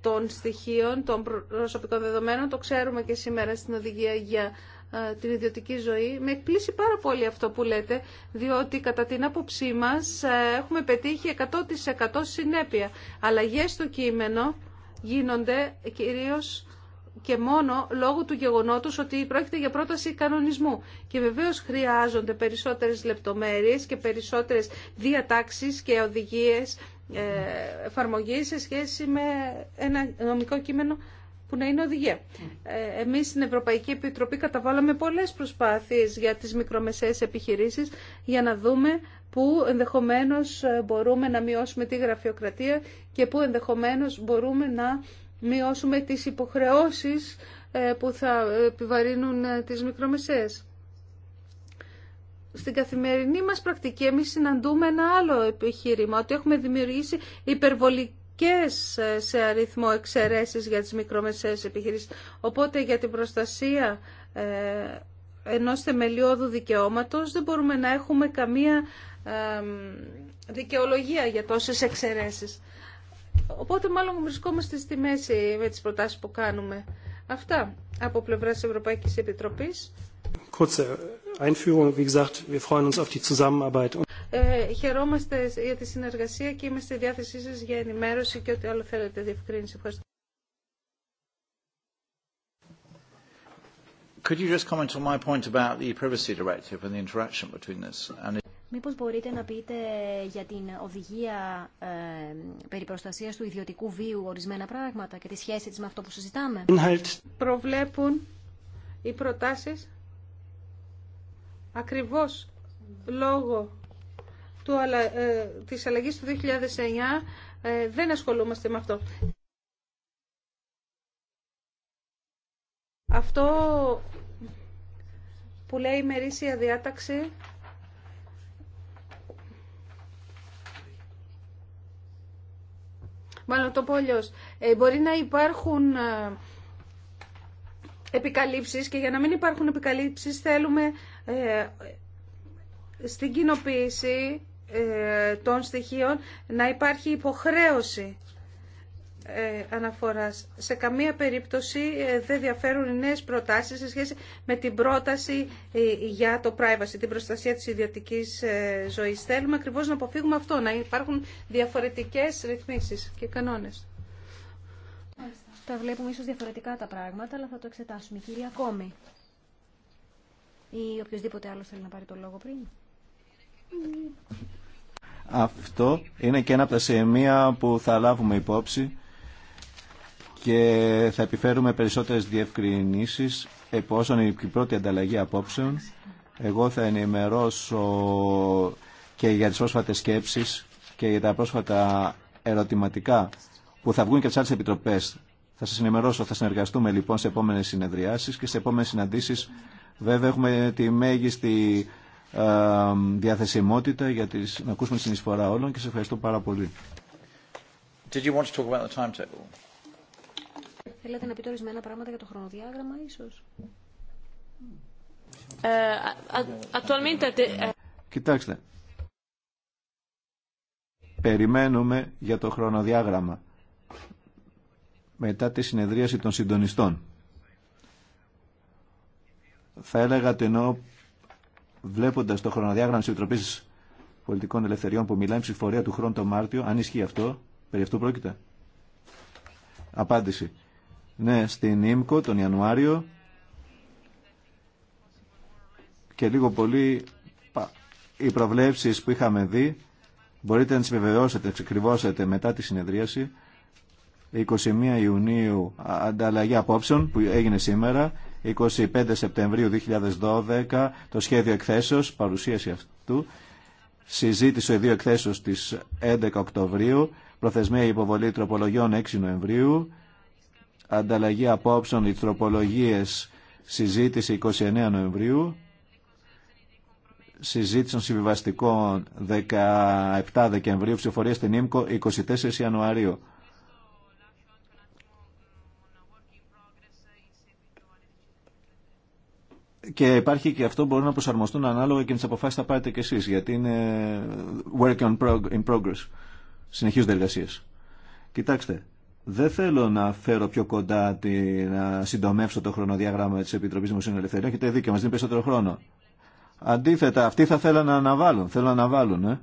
των στοιχείων, των προσωπικών δεδομένων, το ξέρουμε και σήμερα στην οδηγία για την ιδιωτική ζωή. Με εκπλήσει πάρα πολύ αυτό που λέτε, διότι κατά την άποψή μας έχουμε πετύχει 100% συνέπεια. Αλλαγές στο κείμενο γίνονται κυρίως και μόνο λόγω του γεγονότος ότι πρόκειται για πρόταση κανονισμού. Και βεβαίως χρειάζονται περισσότερες λεπτομέρειες και περισσότερες διατάξεις και οδηγίες ε, εφαρμογή σε σχέση με ένα νομικό κείμενο που να είναι οδηγία. Ε, εμείς στην Ευρωπαϊκή Επιτροπή καταβάλαμε πολλές προσπάθειες για τις μικρομεσαίες επιχειρήσεις για να δούμε πού ενδεχομένως ε, μπορούμε να μειώσουμε τη γραφειοκρατία και πού ενδεχομένως μπορούμε να μειώσουμε τις υποχρεώσεις που θα επιβαρύνουν τις μικρομεσαίες στην καθημερινή μας πρακτική εμείς συναντούμε ένα άλλο επιχείρημα, ότι έχουμε δημιουργήσει υπερβολικές ε, σε αριθμό εξαιρέσεις για τις μικρομεσαίες επιχειρήσεις. Οπότε για την προστασία ε, ενός θεμελιώδου δικαιώματος δεν μπορούμε να έχουμε καμία δικαιολογία για τόσες εξαιρέσεις. Οπότε μάλλον βρισκόμαστε στη μέση με τις προτάσεις που κάνουμε. Αυτά από πλευράς Ευρωπαϊκής Επιτροπής χαιρόμαστε για τη συνεργασία και είμαστε στη διάθεσή σας για ενημέρωση και ό,τι άλλο θέλετε διευκρίνηση. Ευχαριστώ. Could Μήπως μπορείτε να πείτε για την οδηγία ε, περί προστασίας του ιδιωτικού βίου ορισμένα πράγματα και τη σχέση της με αυτό που συζητάμε. Προβλέπουν οι προτάσεις ακριβώς λόγω του, αλλά, ε, της αλλαγής του 2009 ε, δεν ασχολούμαστε με αυτό. Αυτό που λέει η μερίσια διάταξη μάλλον το πω ε, μπορεί να υπάρχουν επικαλύψεις και για να μην υπάρχουν επικαλύψεις θέλουμε ε, στην κοινοποίηση ε, των στοιχείων να υπάρχει υποχρέωση ε, αναφοράς. Σε καμία περίπτωση δεν διαφέρουν οι νέες προτάσεις σε σχέση με την πρόταση για το privacy, την προστασία της ιδιωτικής ζωής. Θέλουμε ακριβώς να αποφύγουμε αυτό, να υπάρχουν διαφορετικές ρυθμίσεις και κανόνες. Τα βλέπουμε ίσως διαφορετικά τα πράγματα, αλλά θα το εξετάσουμε. Κύριε, Κόμη ή οποιοδήποτε άλλο θέλει να πάρει το λόγο πριν. Αυτό είναι και ένα από τα σημεία που θα λάβουμε υπόψη και θα επιφέρουμε περισσότερες διευκρινήσεις επί η πρώτη ανταλλαγή απόψεων. Εγώ θα ενημερώσω και για τις πρόσφατες σκέψεις και για τα πρόσφατα ερωτηματικά που θα βγουν και τις άλλες επιτροπές. Θα σας ενημερώσω, θα συνεργαστούμε λοιπόν σε επόμενες συνεδριάσεις και σε επόμενες συναντήσεις Βέβαια έχουμε τη μέγιστη ε, διαθεσιμότητα για να ακούσουμε τη συνεισφορά όλων και σε ευχαριστώ πάρα πολύ. να πείτε ορισμένα πράγματα για το χρονοδιάγραμμα ίσως. Ε, ε, Κοιτάξτε. Περιμένουμε για το χρονοδιάγραμμα μετά τη συνεδρίαση των συντονιστών θα έλεγα ότι ενώ βλέποντας το χρονοδιάγραμμα τη Επιτροπής Πολιτικών Ελευθεριών που μιλάει ψηφορία του χρόνου το Μάρτιο, αν ισχύει αυτό, περί αυτού πρόκειται. Απάντηση. Ναι, στην ΙΜΚΟ τον Ιανουάριο και λίγο πολύ οι προβλέψεις που είχαμε δει μπορείτε να τις επιβεβαιώσετε, ξεκριβώσετε μετά τη συνεδρίαση 21 Ιουνίου ανταλλαγή απόψεων που έγινε σήμερα 25 Σεπτεμβρίου 2012 το σχέδιο εκθέσεως, παρουσίαση αυτού, συζήτηση ο δύο εκθέσεως της 11 Οκτωβρίου, προθεσμία υποβολή τροπολογιών 6 Νοεμβρίου, ανταλλαγή απόψεων οι τροπολογίες συζήτηση 29 Νοεμβρίου, συζήτηση των συμβιβαστικών 17 Δεκεμβρίου, ψηφορία στην ΙΜΚΟ 24 Ιανουαρίου. Και υπάρχει και αυτό μπορεί να προσαρμοστούν ανάλογα και τι αποφάσει θα πάρετε κι εσεί, γιατί είναι work in progress. Συνεχίζονται εργασίε. Κοιτάξτε, δεν θέλω να φέρω πιο κοντά, τη, να συντομεύσω το χρονοδιάγραμμα τη Επιτροπή Δημοσίων Ελευθεριών. Έχετε δίκιο, μα δίνει περισσότερο χρόνο. Αντίθετα, αυτοί θα θέλουν να αναβάλουν. Θέλουν να αναβάλουν, ε.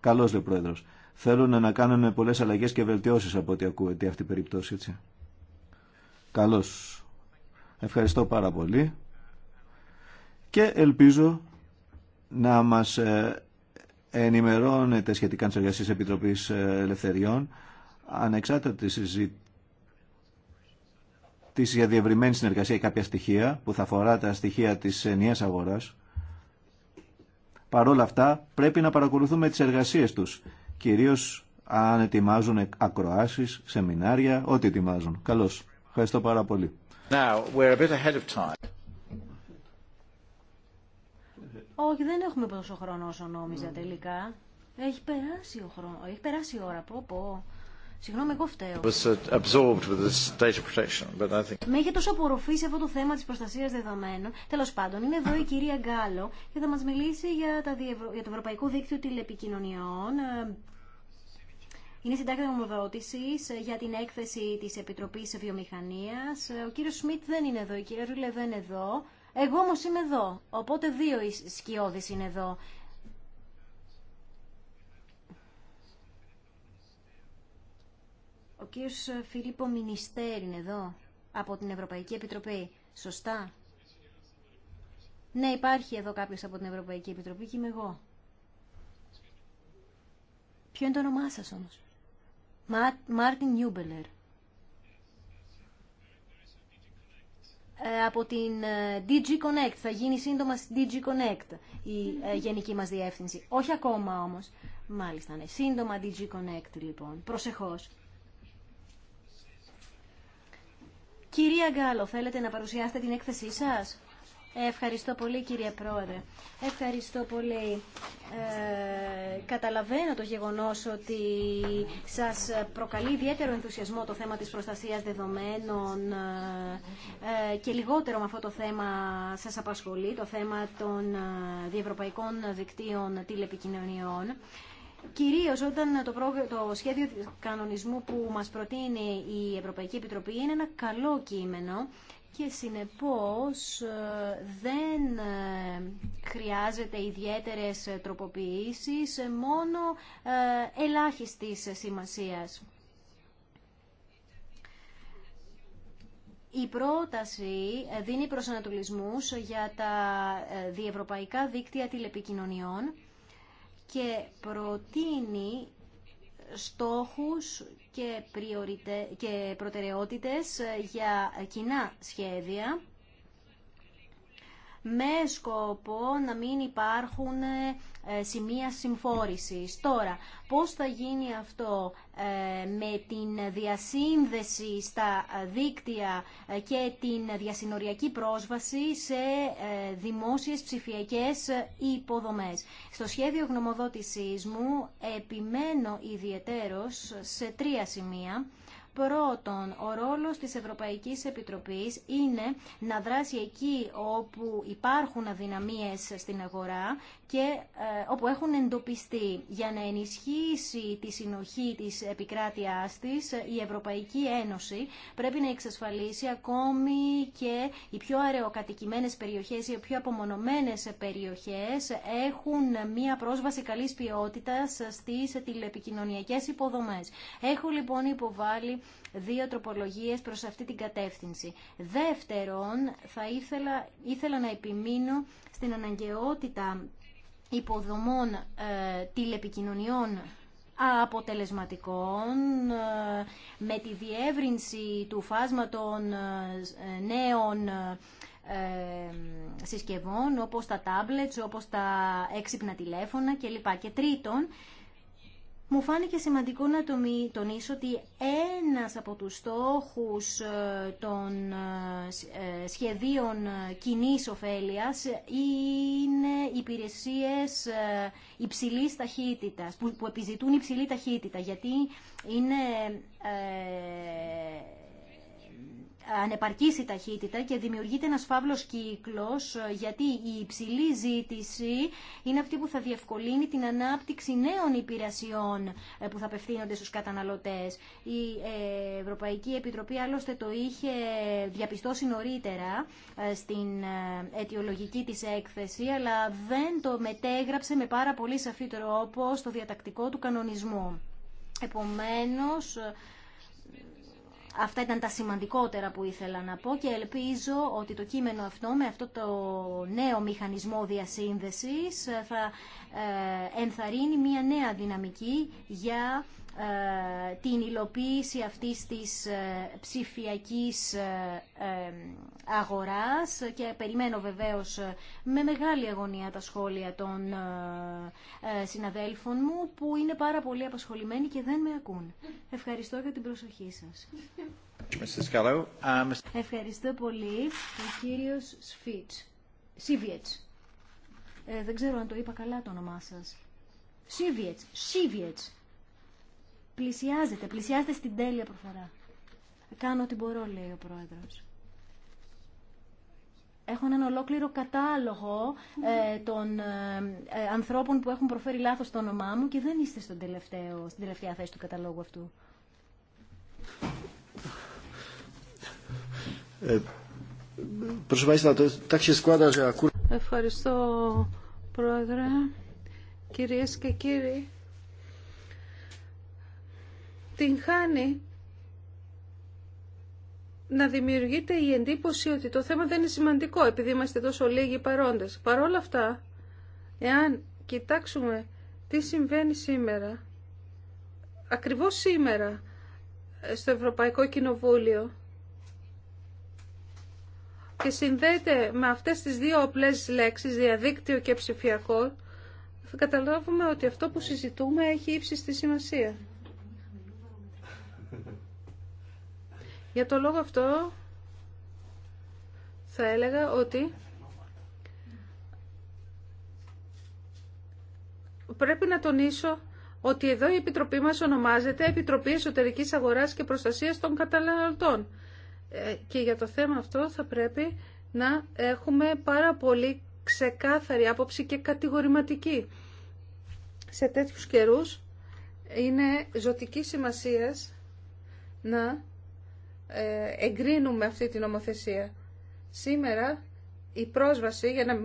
Καλώ λέει ο Πρόεδρο. Θέλουν να κάνουν πολλέ αλλαγέ και βελτιώσει από ό,τι ακούεται αυτή η περίπτωση, έτσι. Καλώ. Ευχαριστώ πάρα πολύ και ελπίζω να μας ε, ενημερώνετε σχετικά με εργασίας Επιτροπής ε, Ελευθεριών ανεξάρτητα της συζήτηση για διευρυμένη συνεργασία ή κάποια στοιχεία που θα αφορά τα στοιχεία της ενιαίας αγοράς όλα αυτά πρέπει να παρακολουθούμε τις εργασίες τους κυρίως αν ετοιμάζουν ακροάσεις, σεμινάρια, ό,τι ετοιμάζουν. Καλώς. Ευχαριστώ πάρα πολύ. Όχι, δεν έχουμε τόσο χρόνο όσο νόμιζα ναι. τελικά. Έχει περάσει, ο χρόνο, έχει περάσει η ώρα, πω Συγγνώμη, εγώ φταίω. Uh, Με είχε τόσο απορροφήσει αυτό το θέμα τη προστασία δεδομένων. Τέλο πάντων, είναι εδώ η κυρία Γκάλο και θα μα μιλήσει για, τα για το Ευρωπαϊκό Δίκτυο Τηλεπικοινωνιών. Ε, είναι συντάκτη νομοδότηση ε, για την έκθεση τη Επιτροπή Βιομηχανία. Ε, ο κύριο Σμιτ δεν είναι εδώ, η κυρία Ρούλε δεν είναι εδώ. Εγώ όμω είμαι εδώ, οπότε δύο σκιώδεις είναι εδώ. Ο κύριος Φιλίππο Μινιστέρ είναι εδώ, από την Ευρωπαϊκή Επιτροπή. Σωστά. Ναι, υπάρχει εδώ κάποιος από την Ευρωπαϊκή Επιτροπή και είμαι εγώ. Ποιο είναι το όνομά σας όμως. Μάρτιν Νιούμπελερ. Ε, από την ε, DG Connect. Θα γίνει σύντομα DG Connect η ε, γενική μας διεύθυνση. Όχι ακόμα όμως. Μάλιστα, ναι. Σύντομα DG Connect, λοιπόν. Προσεχώς. Κυρία Γκάλο, θέλετε να παρουσιάσετε την έκθεσή σας. Ευχαριστώ πολύ κύριε Πρόεδρε. Ευχαριστώ πολύ. Ε, καταλαβαίνω το γεγονός ότι σας προκαλεί ιδιαίτερο ενθουσιασμό το θέμα της προστασίας δεδομένων ε, και λιγότερο με αυτό το θέμα σας απασχολεί, το θέμα των ε, διευρωπαϊκών δικτύων τηλεπικοινωνιών. Κυρίως όταν το, το σχέδιο κανονισμού που μας προτείνει η Ευρωπαϊκή Επιτροπή είναι ένα καλό κείμενο και συνεπώς ε, δεν ε, χρειάζεται ιδιαίτερες ε, τροποποιήσεις, μόνο ελάχιστης σημασίας. Η πρόταση δίνει προσανατολισμούς για τα διευρωπαϊκά δίκτυα τηλεπικοινωνιών και προτείνει στόχους και προτεραιότητες για κοινά σχέδια με σκοπό να μην υπάρχουν ε, ε, σημεία συμφόρησης. Τώρα, πώς θα γίνει αυτό ε, με την διασύνδεση στα δίκτυα και την διασυνοριακή πρόσβαση σε δημόσιες ψηφιακές υποδομές. Στο σχέδιο γνωμοδότησής μου επιμένω ιδιαιτέρως σε τρία σημεία Πρώτον, ο ρόλος της Ευρωπαϊκής Επιτροπής είναι να δράσει εκεί όπου υπάρχουν αδυναμίες στην αγορά και ε, όπου έχουν εντοπιστεί. Για να ενισχύσει τη συνοχή της επικράτειάς της, ε, η Ευρωπαϊκή Ένωση πρέπει να εξασφαλίσει ακόμη και οι πιο αραιοκατοικημένες περιοχές, οι πιο απομονωμένες περιοχές έχουν μία πρόσβαση καλής ποιότητας στις τηλεπικοινωνιακές υποδομές. Έχω λοιπόν υποβάλει δύο τροπολογίες προς αυτή την κατεύθυνση. Δεύτερον, θα ήθελα, ήθελα να επιμείνω στην αναγκαιότητα υποδομών ε, τηλεπικοινωνιών αποτελεσματικών ε, με τη διεύρυνση του φάσματων ε, νέων ε, συσκευών όπως τα tablets, όπως τα έξυπνα τηλέφωνα κλπ. Και τρίτον, μου φάνηκε σημαντικό να τονίσω ότι ένας από τους στόχους ε, των ε, ε, σχεδίων κοινή ωφέλεια είναι υπηρεσίες υψηλής ταχύτητας, που επιζητούν υψηλή ταχύτητα, γιατί είναι ανεπαρκής η ταχύτητα και δημιουργείται ένας φαύλος κύκλος ε, γιατί η υψηλή ζήτηση είναι αυτή που θα διευκολύνει την ανάπτυξη νέων υπηρεσιών ε, που θα απευθύνονται στους καταναλωτές. Η ε, Ευρωπαϊκή Επιτροπή άλλωστε το είχε διαπιστώσει νωρίτερα στην αιτιολογική της έκθεση αλλά δεν το μετέγραψε με πάρα πολύ σαφή τρόπο στο διατακτικό του κανονισμού. Επομένως, Αυτά ήταν τα σημαντικότερα που ήθελα να πω και ελπίζω ότι το κείμενο αυτό με αυτό το νέο μηχανισμό διασύνδεσης θα ε, ενθαρρύνει μια νέα δυναμική για ε, την υλοποίηση αυτής της ε, ψηφιακής ε, αγοράς και περιμένω βεβαίως με μεγάλη αγωνία τα σχόλια των συναδέλφων μου που είναι πάρα πολύ απασχολημένοι και δεν με ακούν. Ευχαριστώ για την προσοχή σας. Uh, Ευχαριστώ πολύ. Ο κύριος Σφίτς. Σίβιετς. δεν ξέρω αν το είπα καλά το όνομά σας. Σίβιετς. Σίβιετς. Πλησιάζεται, πλησιάζεται στην τέλεια προφορά. Κάνω ό,τι μπορώ, λέει ο πρόεδρος. Έχω έναν ολόκληρο κατάλογο ε, των ε, ε, ανθρώπων που έχουν προφέρει λάθος το όνομά μου και δεν είστε στον τελευταίο, στην τελευταία θέση του καταλόγου αυτού. Ευχαριστώ, πρόεδρε. Κυρίες και κύριοι, την χάνει να δημιουργείται η εντύπωση ότι το θέμα δεν είναι σημαντικό επειδή είμαστε τόσο λίγοι παρόντες. Παρ' όλα αυτά, εάν κοιτάξουμε τι συμβαίνει σήμερα, ακριβώς σήμερα στο Ευρωπαϊκό Κοινοβούλιο και συνδέεται με αυτές τις δύο απλές λέξεις, διαδίκτυο και ψηφιακό, θα καταλάβουμε ότι αυτό που συζητούμε έχει ύψιστη σημασία. Για το λόγο αυτό θα έλεγα ότι πρέπει να τονίσω ότι εδώ η Επιτροπή μας ονομάζεται Επιτροπή Εσωτερικής Αγοράς και Προστασίας των Καταναλωτών. Ε, και για το θέμα αυτό θα πρέπει να έχουμε πάρα πολύ ξεκάθαρη άποψη και κατηγορηματική. Σε τέτοιους καιρούς είναι ζωτική σημασίας να ε, εγκρίνουμε αυτή την νομοθεσία. Σήμερα η πρόσβαση, για να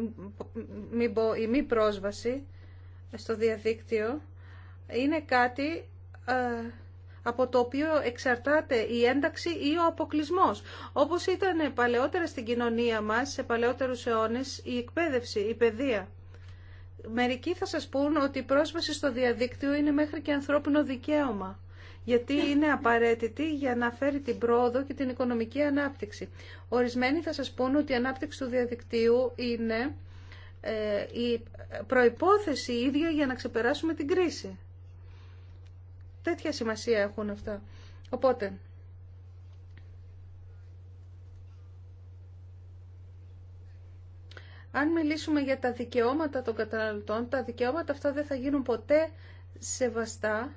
μην πω η μη πρόσβαση στο διαδίκτυο, είναι κάτι ε, από το οποίο εξαρτάται η ένταξη ή ο αποκλεισμό. Όπως ήταν παλαιότερα στην κοινωνία μας, σε παλαιότερους αιώνες, η εκπαίδευση, η παιδεία. Μερικοί θα σας πούν ότι η πρόσβαση στο διαδίκτυο είναι μέχρι και ανθρώπινο δικαίωμα γιατί είναι απαραίτητη για να φέρει την πρόοδο και την οικονομική ανάπτυξη. Ορισμένοι θα σας πούν ότι η ανάπτυξη του διαδικτύου είναι ε, η προϋπόθεση ίδια για να ξεπεράσουμε την κρίση. Τέτοια σημασία έχουν αυτά. Οπότε, αν μιλήσουμε για τα δικαιώματα των καταναλωτών, τα δικαιώματα αυτά δεν θα γίνουν ποτέ σεβαστά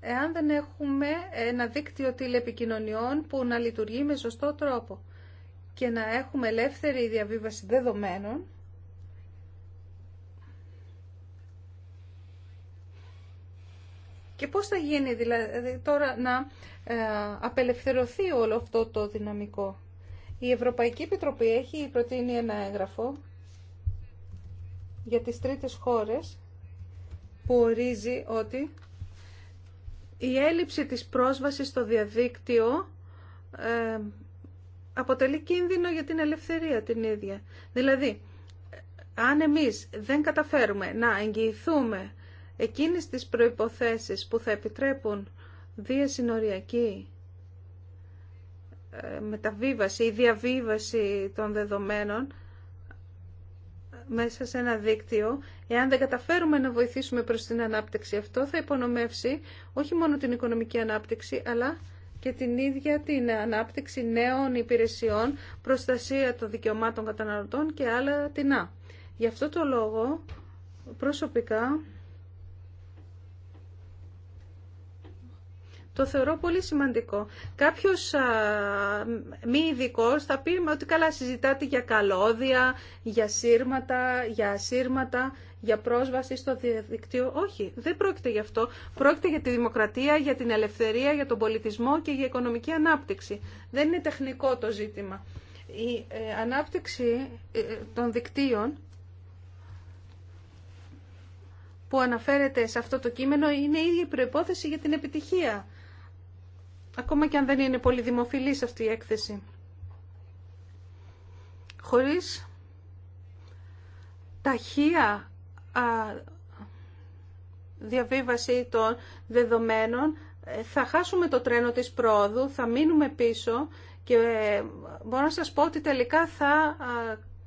εάν δεν έχουμε ένα δίκτυο τηλεπικοινωνιών που να λειτουργεί με σωστό τρόπο και να έχουμε ελεύθερη διαβίβαση δεδομένων, Και πώς θα γίνει δηλαδή τώρα να ε, απελευθερωθεί όλο αυτό το δυναμικό. Η Ευρωπαϊκή Επιτροπή έχει προτείνει ένα έγγραφο για τις τρίτες χώρες που ορίζει ότι η έλλειψη της πρόσβασης στο διαδίκτυο ε, αποτελεί κίνδυνο για την ελευθερία την ίδια. Δηλαδή, αν εμείς δεν καταφέρουμε να εγγυηθούμε εκείνες τις προϋποθέσεις που θα επιτρέπουν διασυνοριακή ε, μεταβίβαση ή διαβίβαση των δεδομένων μέσα σε ένα δίκτυο, Εάν δεν καταφέρουμε να βοηθήσουμε προς την ανάπτυξη αυτό θα υπονομεύσει όχι μόνο την οικονομική ανάπτυξη αλλά και την ίδια την ανάπτυξη νέων υπηρεσιών, προστασία των δικαιωμάτων καταναλωτών και άλλα τεινά. Γι' αυτό το λόγο προσωπικά Το θεωρώ πολύ σημαντικό. Κάποιος μη ειδικό θα πει ότι καλά συζητάτε για καλώδια, για σύρματα, για ασύρματα για πρόσβαση στο διαδικτύο. Όχι, δεν πρόκειται γι' αυτό. Πρόκειται για τη δημοκρατία, για την ελευθερία, για τον πολιτισμό και για οικονομική ανάπτυξη. Δεν είναι τεχνικό το ζήτημα. Η ε, ανάπτυξη ε, των δικτύων που αναφέρεται σε αυτό το κείμενο είναι η ίδια προϋπόθεση για την επιτυχία. Ακόμα και αν δεν είναι πολύ δημοφιλής αυτή η έκθεση. Χωρίς ταχεία διαβίβαση των δεδομένων ε, θα χάσουμε το τρένο της πρόοδου, θα μείνουμε πίσω και ε, μπορώ να σας πω ότι τελικά θα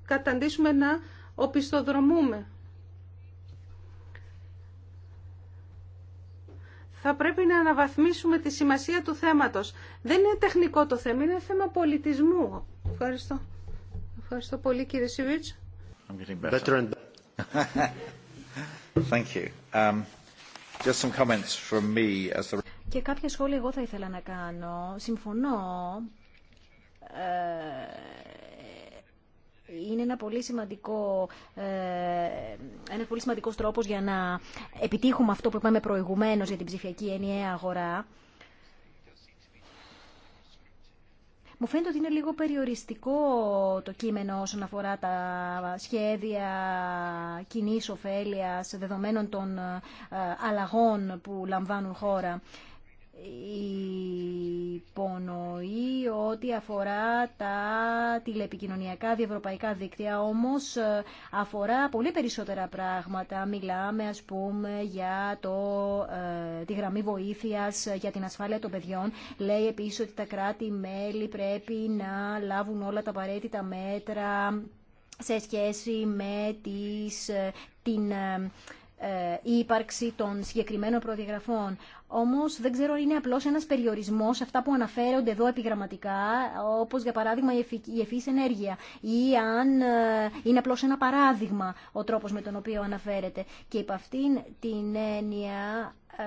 καταντήσουμε να οπισθοδρομούμε. Θα πρέπει να αναβαθμίσουμε τη σημασία του θέματος. Δεν είναι τεχνικό το θέμα, είναι θέμα πολιτισμού. Ευχαριστώ. Ευχαριστώ πολύ κύριε Σιβίτς. Thank you. Um, just some comments from me as the... Και κάποια σχόλια εγώ θα ήθελα να κάνω. Συμφωνώ. Ε, είναι ένα πολύ σημαντικό, ε, ένας πολύ σημαντικός τρόπος για να επιτύχουμε αυτό που είπαμε προηγουμένως για την ψηφιακή ενιαία αγορά. Μου φαίνεται ότι είναι λίγο περιοριστικό το κείμενο όσον αφορά τα σχέδια κοινή ωφέλεια δεδομένων των ε, αλλαγών που λαμβάνουν χώρα υπονοεί ό,τι αφορά τα τηλεπικοινωνιακά διευρωπαϊκά δίκτυα, όμως ε, αφορά πολύ περισσότερα πράγματα. Μιλάμε, ας πούμε, για το, ε, τη γραμμή βοήθειας για την ασφάλεια των παιδιών. Λέει επίσης ότι τα κράτη-μέλη πρέπει να λάβουν όλα τα απαραίτητα μέτρα σε σχέση με τις, ε, την ύπαρξη των συγκεκριμένων προδιαγραφών όμως δεν ξέρω αν είναι απλώς ένας περιορισμός αυτά που αναφέρονται εδώ επιγραμματικά, όπως για παράδειγμα η ευφυή ενέργεια ή αν ε, είναι απλώς ένα παράδειγμα ο τρόπος με τον οποίο αναφέρεται. Και υπ' αυτήν την έννοια... Ε,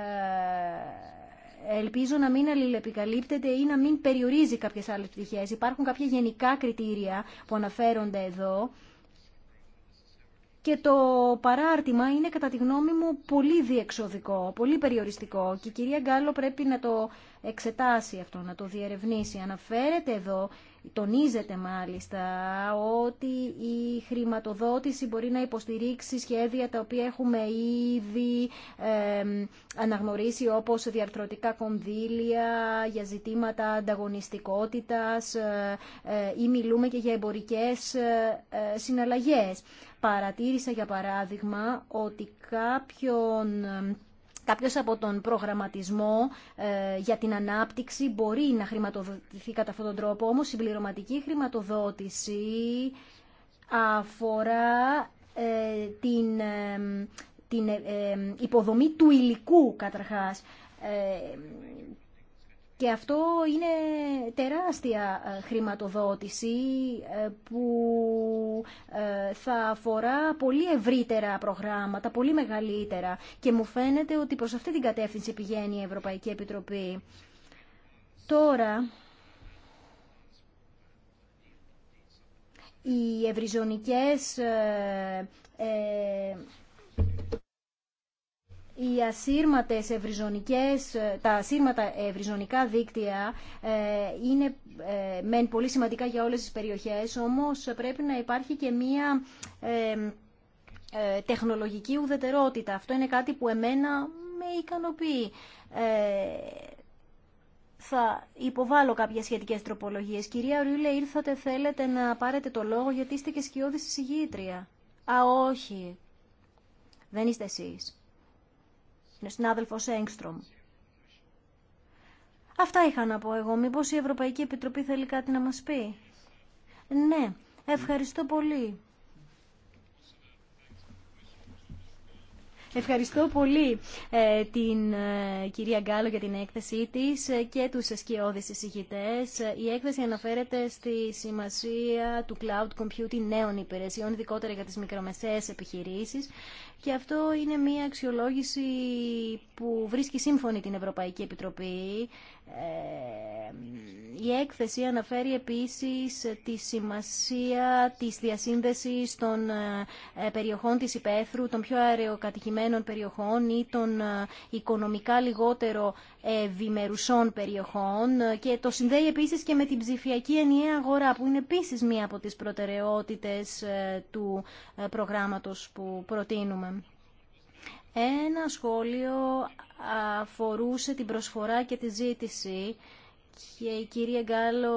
ελπίζω να μην αλληλεπικαλύπτεται ή να μην περιορίζει κάποιες άλλες πτυχές. Υπάρχουν κάποια γενικά κριτήρια που αναφέρονται εδώ και το παράρτημα είναι κατά τη γνώμη μου πολύ διεξοδικό, πολύ περιοριστικό και η κυρία Γκάλο πρέπει να το εξετάσει αυτό, να το διερευνήσει. Αναφέρεται εδώ Τονίζεται μάλιστα ότι η χρηματοδότηση μπορεί να υποστηρίξει σχέδια τα οποία έχουμε ήδη αναγνωρίσει όπως διαρθρωτικά κονδύλια για ζητήματα ανταγωνιστικότητας ε, ε, ή μιλούμε και για εμπορικές ε, συναλλαγές. Παρατήρησα για παράδειγμα ότι κάποιον κάποιος από τον προγραμματισμό ε, για την ανάπτυξη μπορεί να χρηματοδοτηθεί κατά αυτόν τον τρόπο, όμως η πληρωματική χρηματοδότηση αφορά ε, την, ε, την υποδομή του υλικού καταρχάς και αυτό είναι τεράστια ε, χρηματοδότηση ε, που ε, θα αφορά πολύ ευρύτερα προγράμματα, πολύ μεγαλύτερα. Και μου φαίνεται ότι προς αυτή την κατεύθυνση πηγαίνει η Ευρωπαϊκή Επιτροπή. Τώρα, οι ευρυζωνικές οι ασύρματες ευρυζωνικές, τα ασύρματα ευρυζωνικά δίκτυα ε, είναι ε, μεν πολύ σημαντικά για όλες τις περιοχές, όμως πρέπει να υπάρχει και μία ε, τεχνολογική ουδετερότητα. Αυτό είναι κάτι που εμένα με ικανοποιεί. Θα υποβάλω κάποιες σχετικές τροπολογίες. Κυρία Ρούλε, ήρθατε, θέλετε να πάρετε το λόγο, γιατί είστε και σκιώδης Α, όχι. Δεν είστε εσείς συνάδελφος Έγκστρομ. Αυτά είχα να πω εγώ. Μήπως η Ευρωπαϊκή Επιτροπή θέλει κάτι να μας πει. Ναι, ευχαριστώ πολύ. Ευχαριστώ πολύ ε, την ε, κυρία Γκάλο για την έκθεσή της ε, και τους σκιώδεις εισηγητές. Η έκθεση αναφέρεται στη σημασία του cloud computing νέων υπηρεσιών, ειδικότερα για τις μικρομεσαίες επιχειρήσεις. Και αυτό είναι μια αξιολόγηση που βρίσκει σύμφωνη την Ευρωπαϊκή Επιτροπή ε, η έκθεση αναφέρει επίσης τη σημασία της διασύνδεσης των ε, περιοχών της υπαίθρου, των πιο αεροκατοικημένων περιοχών ή των ε, οικονομικά λιγότερο ευημερουσών περιοχών και το συνδέει επίσης και με την ψηφιακή ενιαία αγορά που είναι επίσης μία από τις προτεραιότητες του προγράμματος που προτείνουμε. Ένα σχόλιο αφορούσε την προσφορά και τη ζήτηση και η κυρία Γκάλο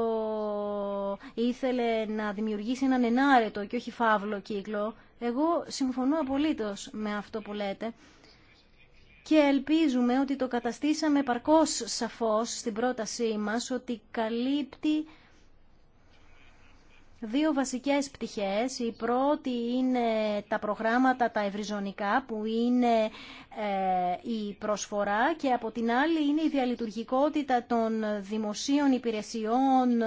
ήθελε να δημιουργήσει έναν ενάρετο και όχι φαύλο κύκλο. Εγώ συμφωνώ απολύτως με αυτό που λέτε και ελπίζουμε ότι το καταστήσαμε παρκώς σαφώς στην πρότασή μας ότι καλύπτει δύο βασικές πτυχές. Η πρώτη είναι τα προγράμματα τα ευρυζωνικά που είναι ε, η προσφορά και από την άλλη είναι η διαλειτουργικότητα των δημοσίων υπηρεσιών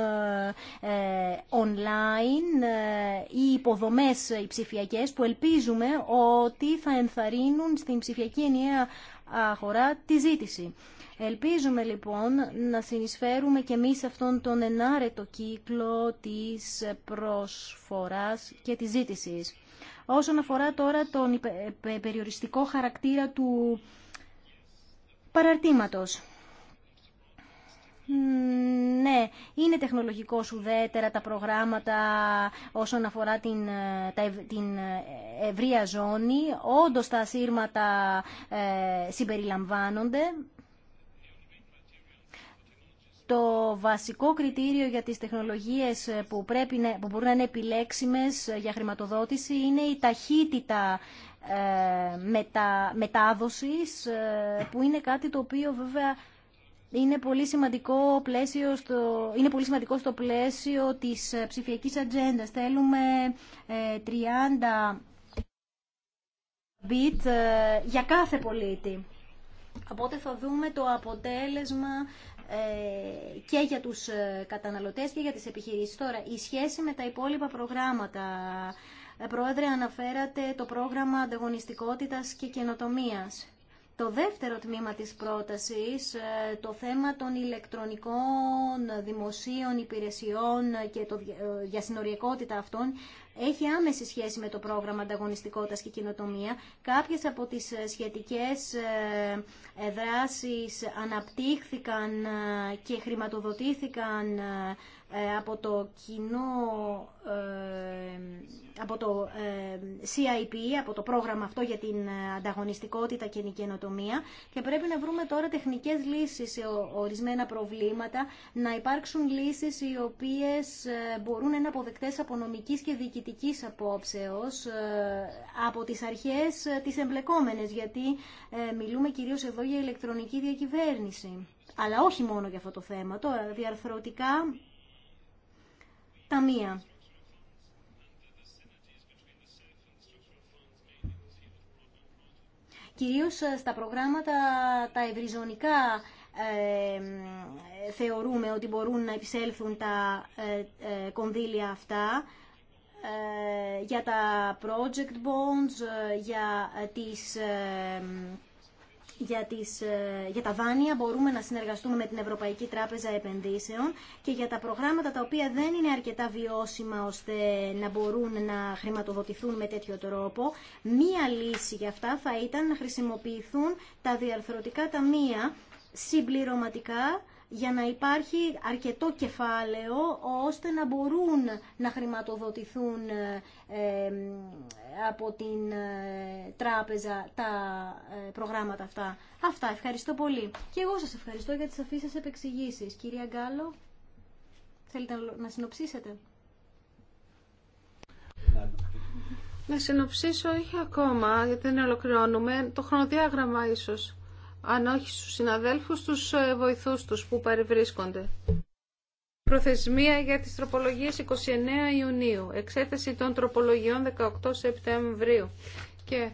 ε, online ε, ή υποδομές οι ψηφιακές που ελπίζουμε ότι θα ενθαρρύνουν στην ψηφιακή ενιαία αγορά τη ζήτηση. Ελπίζουμε λοιπόν να συνεισφέρουμε και εμείς αυτόν τον ενάρετο κύκλο της προσφοράς και της ζήτησης. Όσον αφορά τώρα τον περιοριστικό χαρακτήρα του παραρτήματος. Ναι, είναι τεχνολογικό ουδέτερα τα προγράμματα όσον αφορά την, τα, την ευρεία ζώνη. Όντως τα ασύρματα ε, συμπεριλαμβάνονται το βασικό κριτήριο για τις τεχνολογίες που, πρέπει να, που μπορούν να είναι επιλέξιμες για χρηματοδότηση είναι η ταχύτητα ε, μετάδοσης, ε, που είναι κάτι το οποίο βέβαια είναι πολύ, σημαντικό πλαίσιο στο, είναι πολύ στο πλαίσιο της ψηφιακής ατζέντα. Θέλουμε 30 ε, bit ε, για κάθε πολίτη. Οπότε θα δούμε το αποτέλεσμα και για τους ε, καταναλωτές και για τις επιχειρήσεις. Τώρα, η σχέση με τα υπόλοιπα προγράμματα. Ε, Πρόεδρε, αναφέρατε το πρόγραμμα ανταγωνιστικότητας και καινοτομίας. Το δεύτερο τμήμα της πρότασης, ε, το θέμα των ηλεκτρονικών δημοσίων υπηρεσιών και το διασυνοριακότητα αυτών, έχει άμεση σχέση με το πρόγραμμα ανταγωνιστικότητα και κοινοτομία. Κάποιες από τις ε, σχετικές ε, ε, δράσεις αναπτύχθηκαν και χρηματοδοτήθηκαν ε, από το κοινό, ε, από το ε, CIP, από το πρόγραμμα αυτό για την ανταγωνιστικότητα και την καινοτομία και πρέπει να βρούμε τώρα τεχνικές λύσεις σε ορισμένα προβλήματα, να υπάρξουν λύσεις οι οποίες μπορούν να είναι αποδεκτές από νομικής και διοικητικής απόψεως από τις αρχές τις εμπλεκόμενες, γιατί μιλούμε κυρίως εδώ για ηλεκτρονική διακυβέρνηση. Αλλά όχι μόνο για αυτό το θέμα. Τώρα, διαρθρωτικά ταμεία. Κυρίως ε, στα προγράμματα τα ευρυζωνικά ε, θεωρούμε ότι μπορούν να επισέλθουν τα ε, κονδύλια αυτά για τα project bonds, για τις για, τις, ε, για τα δάνεια μπορούμε να συνεργαστούμε με την Ευρωπαϊκή Τράπεζα Επενδύσεων και για τα προγράμματα τα οποία δεν είναι αρκετά βιώσιμα ώστε να μπορούν να χρηματοδοτηθούν με τέτοιο τρόπο. Μία λύση για αυτά θα ήταν να χρησιμοποιηθούν τα διαρθρωτικά ταμεία συμπληρωματικά για να υπάρχει αρκετό κεφάλαιο ώστε να μπορούν να χρηματοδοτηθούν ε, από την ε, τράπεζα τα ε, προγράμματα αυτά. Αυτά, ευχαριστώ πολύ. Και εγώ σας ευχαριστώ για τις αφήσεις σας Κυρία Γκάλο, θέλετε να συνοψίσετε. Να συνοψίσω όχι ακόμα, γιατί δεν ολοκληρώνουμε, το χρονοδιάγραμμα ίσως αν όχι στους συναδέλφους, τους ε, βοηθούς τους που παρευρίσκονται. Προθεσμία για τις τροπολογίες 29 Ιουνίου, εξέταση των τροπολογιών 18 Σεπτεμβρίου και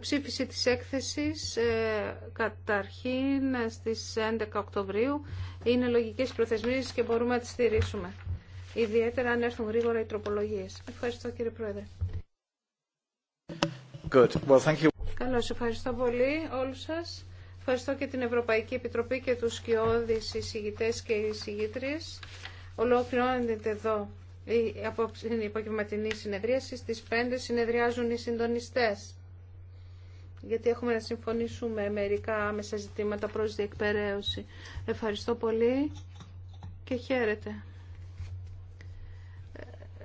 ψήφιση της έκθεσης ε, καταρχήν ε, στις 11 Οκτωβρίου. Είναι λογικές προθεσμίες και μπορούμε να τις στηρίσουμε. Ιδιαίτερα αν έρθουν γρήγορα οι τροπολογίες. Ευχαριστώ κύριε Πρόεδρε. Good. Well, thank you. Καλώ. ευχαριστώ πολύ όλου σα. Ευχαριστώ και την Ευρωπαϊκή Επιτροπή και του σκιώδει εισηγητέ και εισηγήτριε. Ολοκληρώνεται εδώ η απόψηνη υπογευματινή συνεδρίαση. Στις 5 συνεδριάζουν οι συντονιστέ. Γιατί έχουμε να συμφωνήσουμε μερικά άμεσα ζητήματα προς διεκπαιρέωση. Ευχαριστώ πολύ και χαίρετε.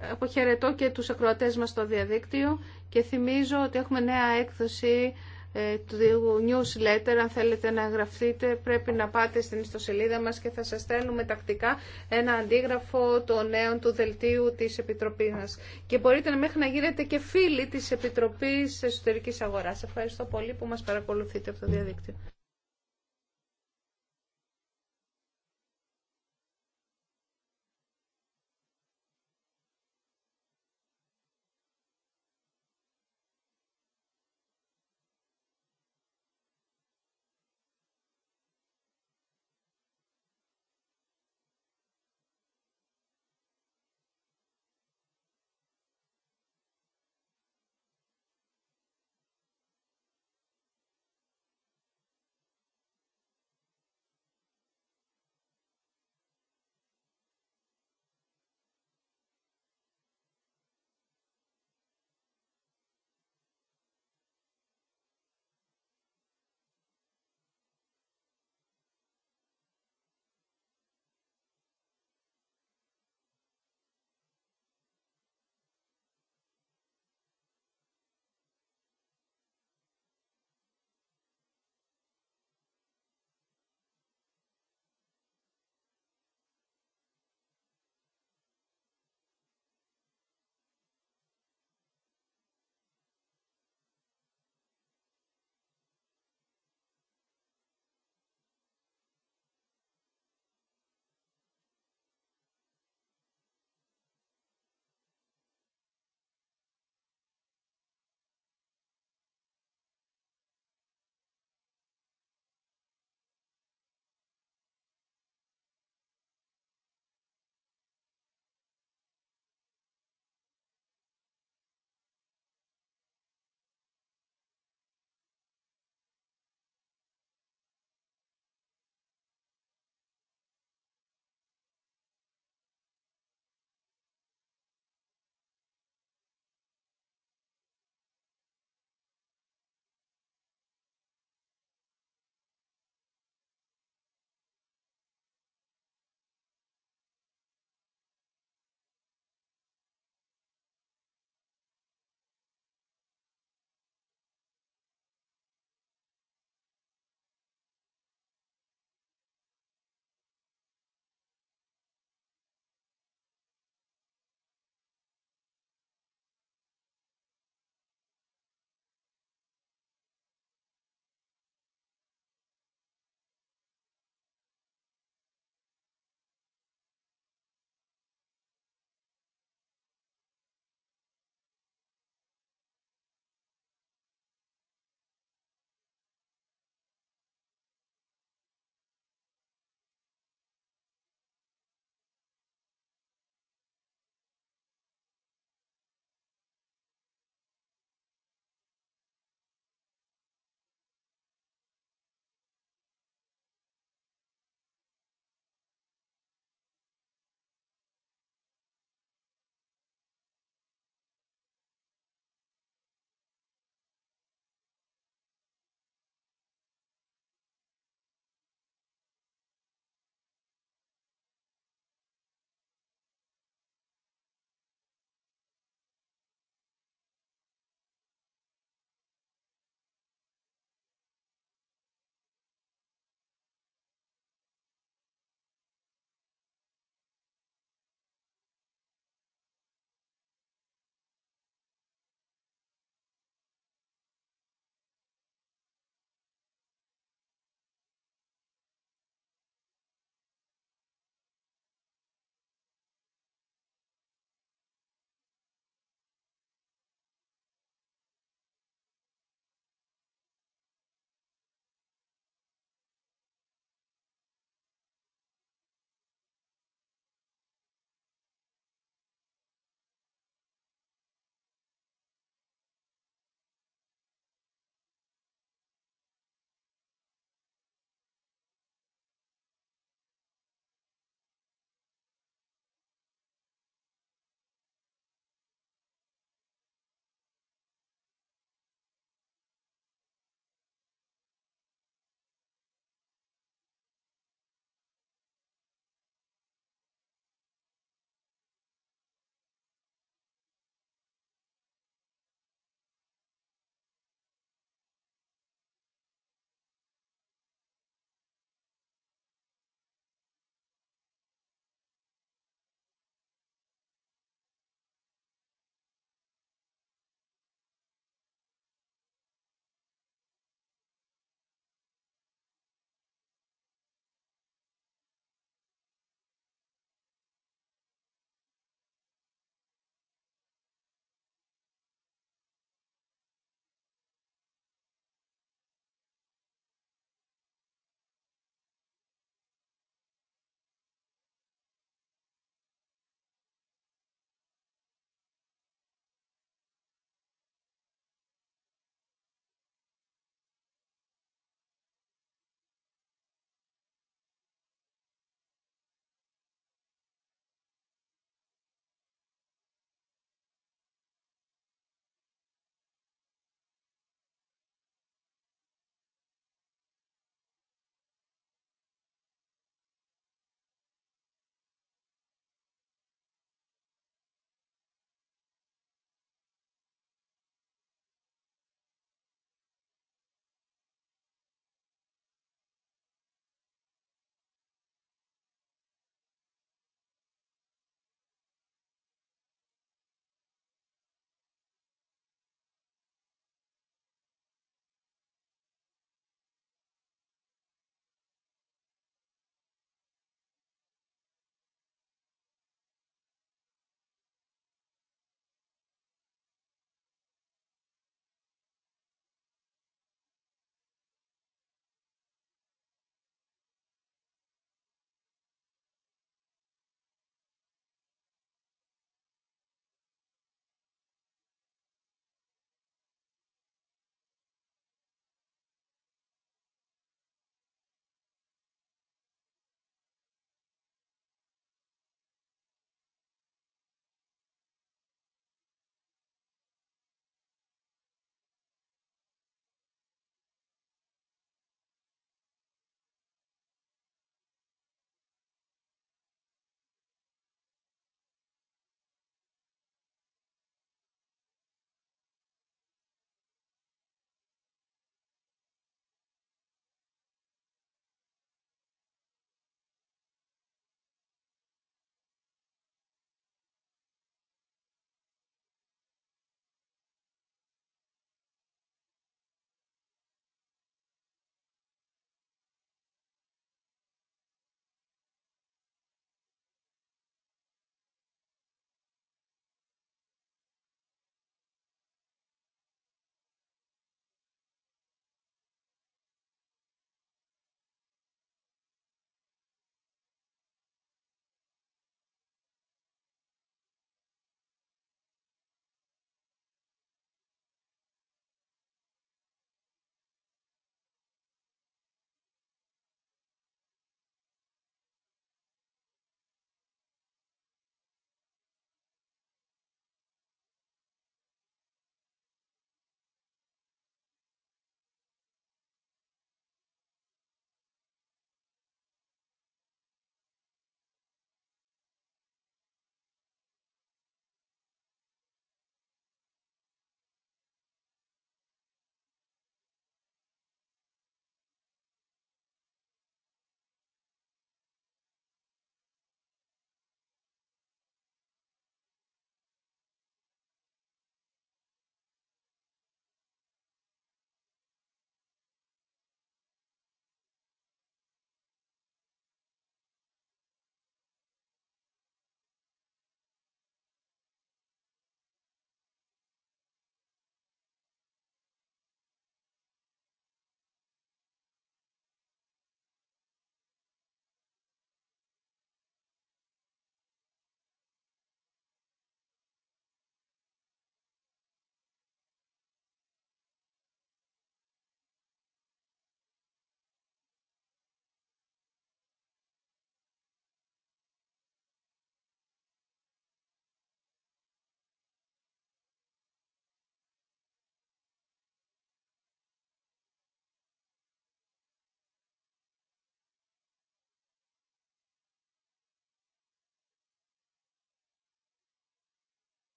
Ε, αποχαιρετώ και τους ακροατές μας στο διαδίκτυο και θυμίζω ότι έχουμε νέα έκδοση ε, του newsletter. Αν θέλετε να εγγραφείτε πρέπει να πάτε στην ιστοσελίδα μας και θα σας στέλνουμε τακτικά ένα αντίγραφο των νέων του δελτίου της Επιτροπής μας. Και μπορείτε μέχρι να γίνετε και φίλοι της Επιτροπής Εσωτερικής Αγοράς. Ευχαριστώ πολύ που μας παρακολουθείτε από το διαδίκτυο.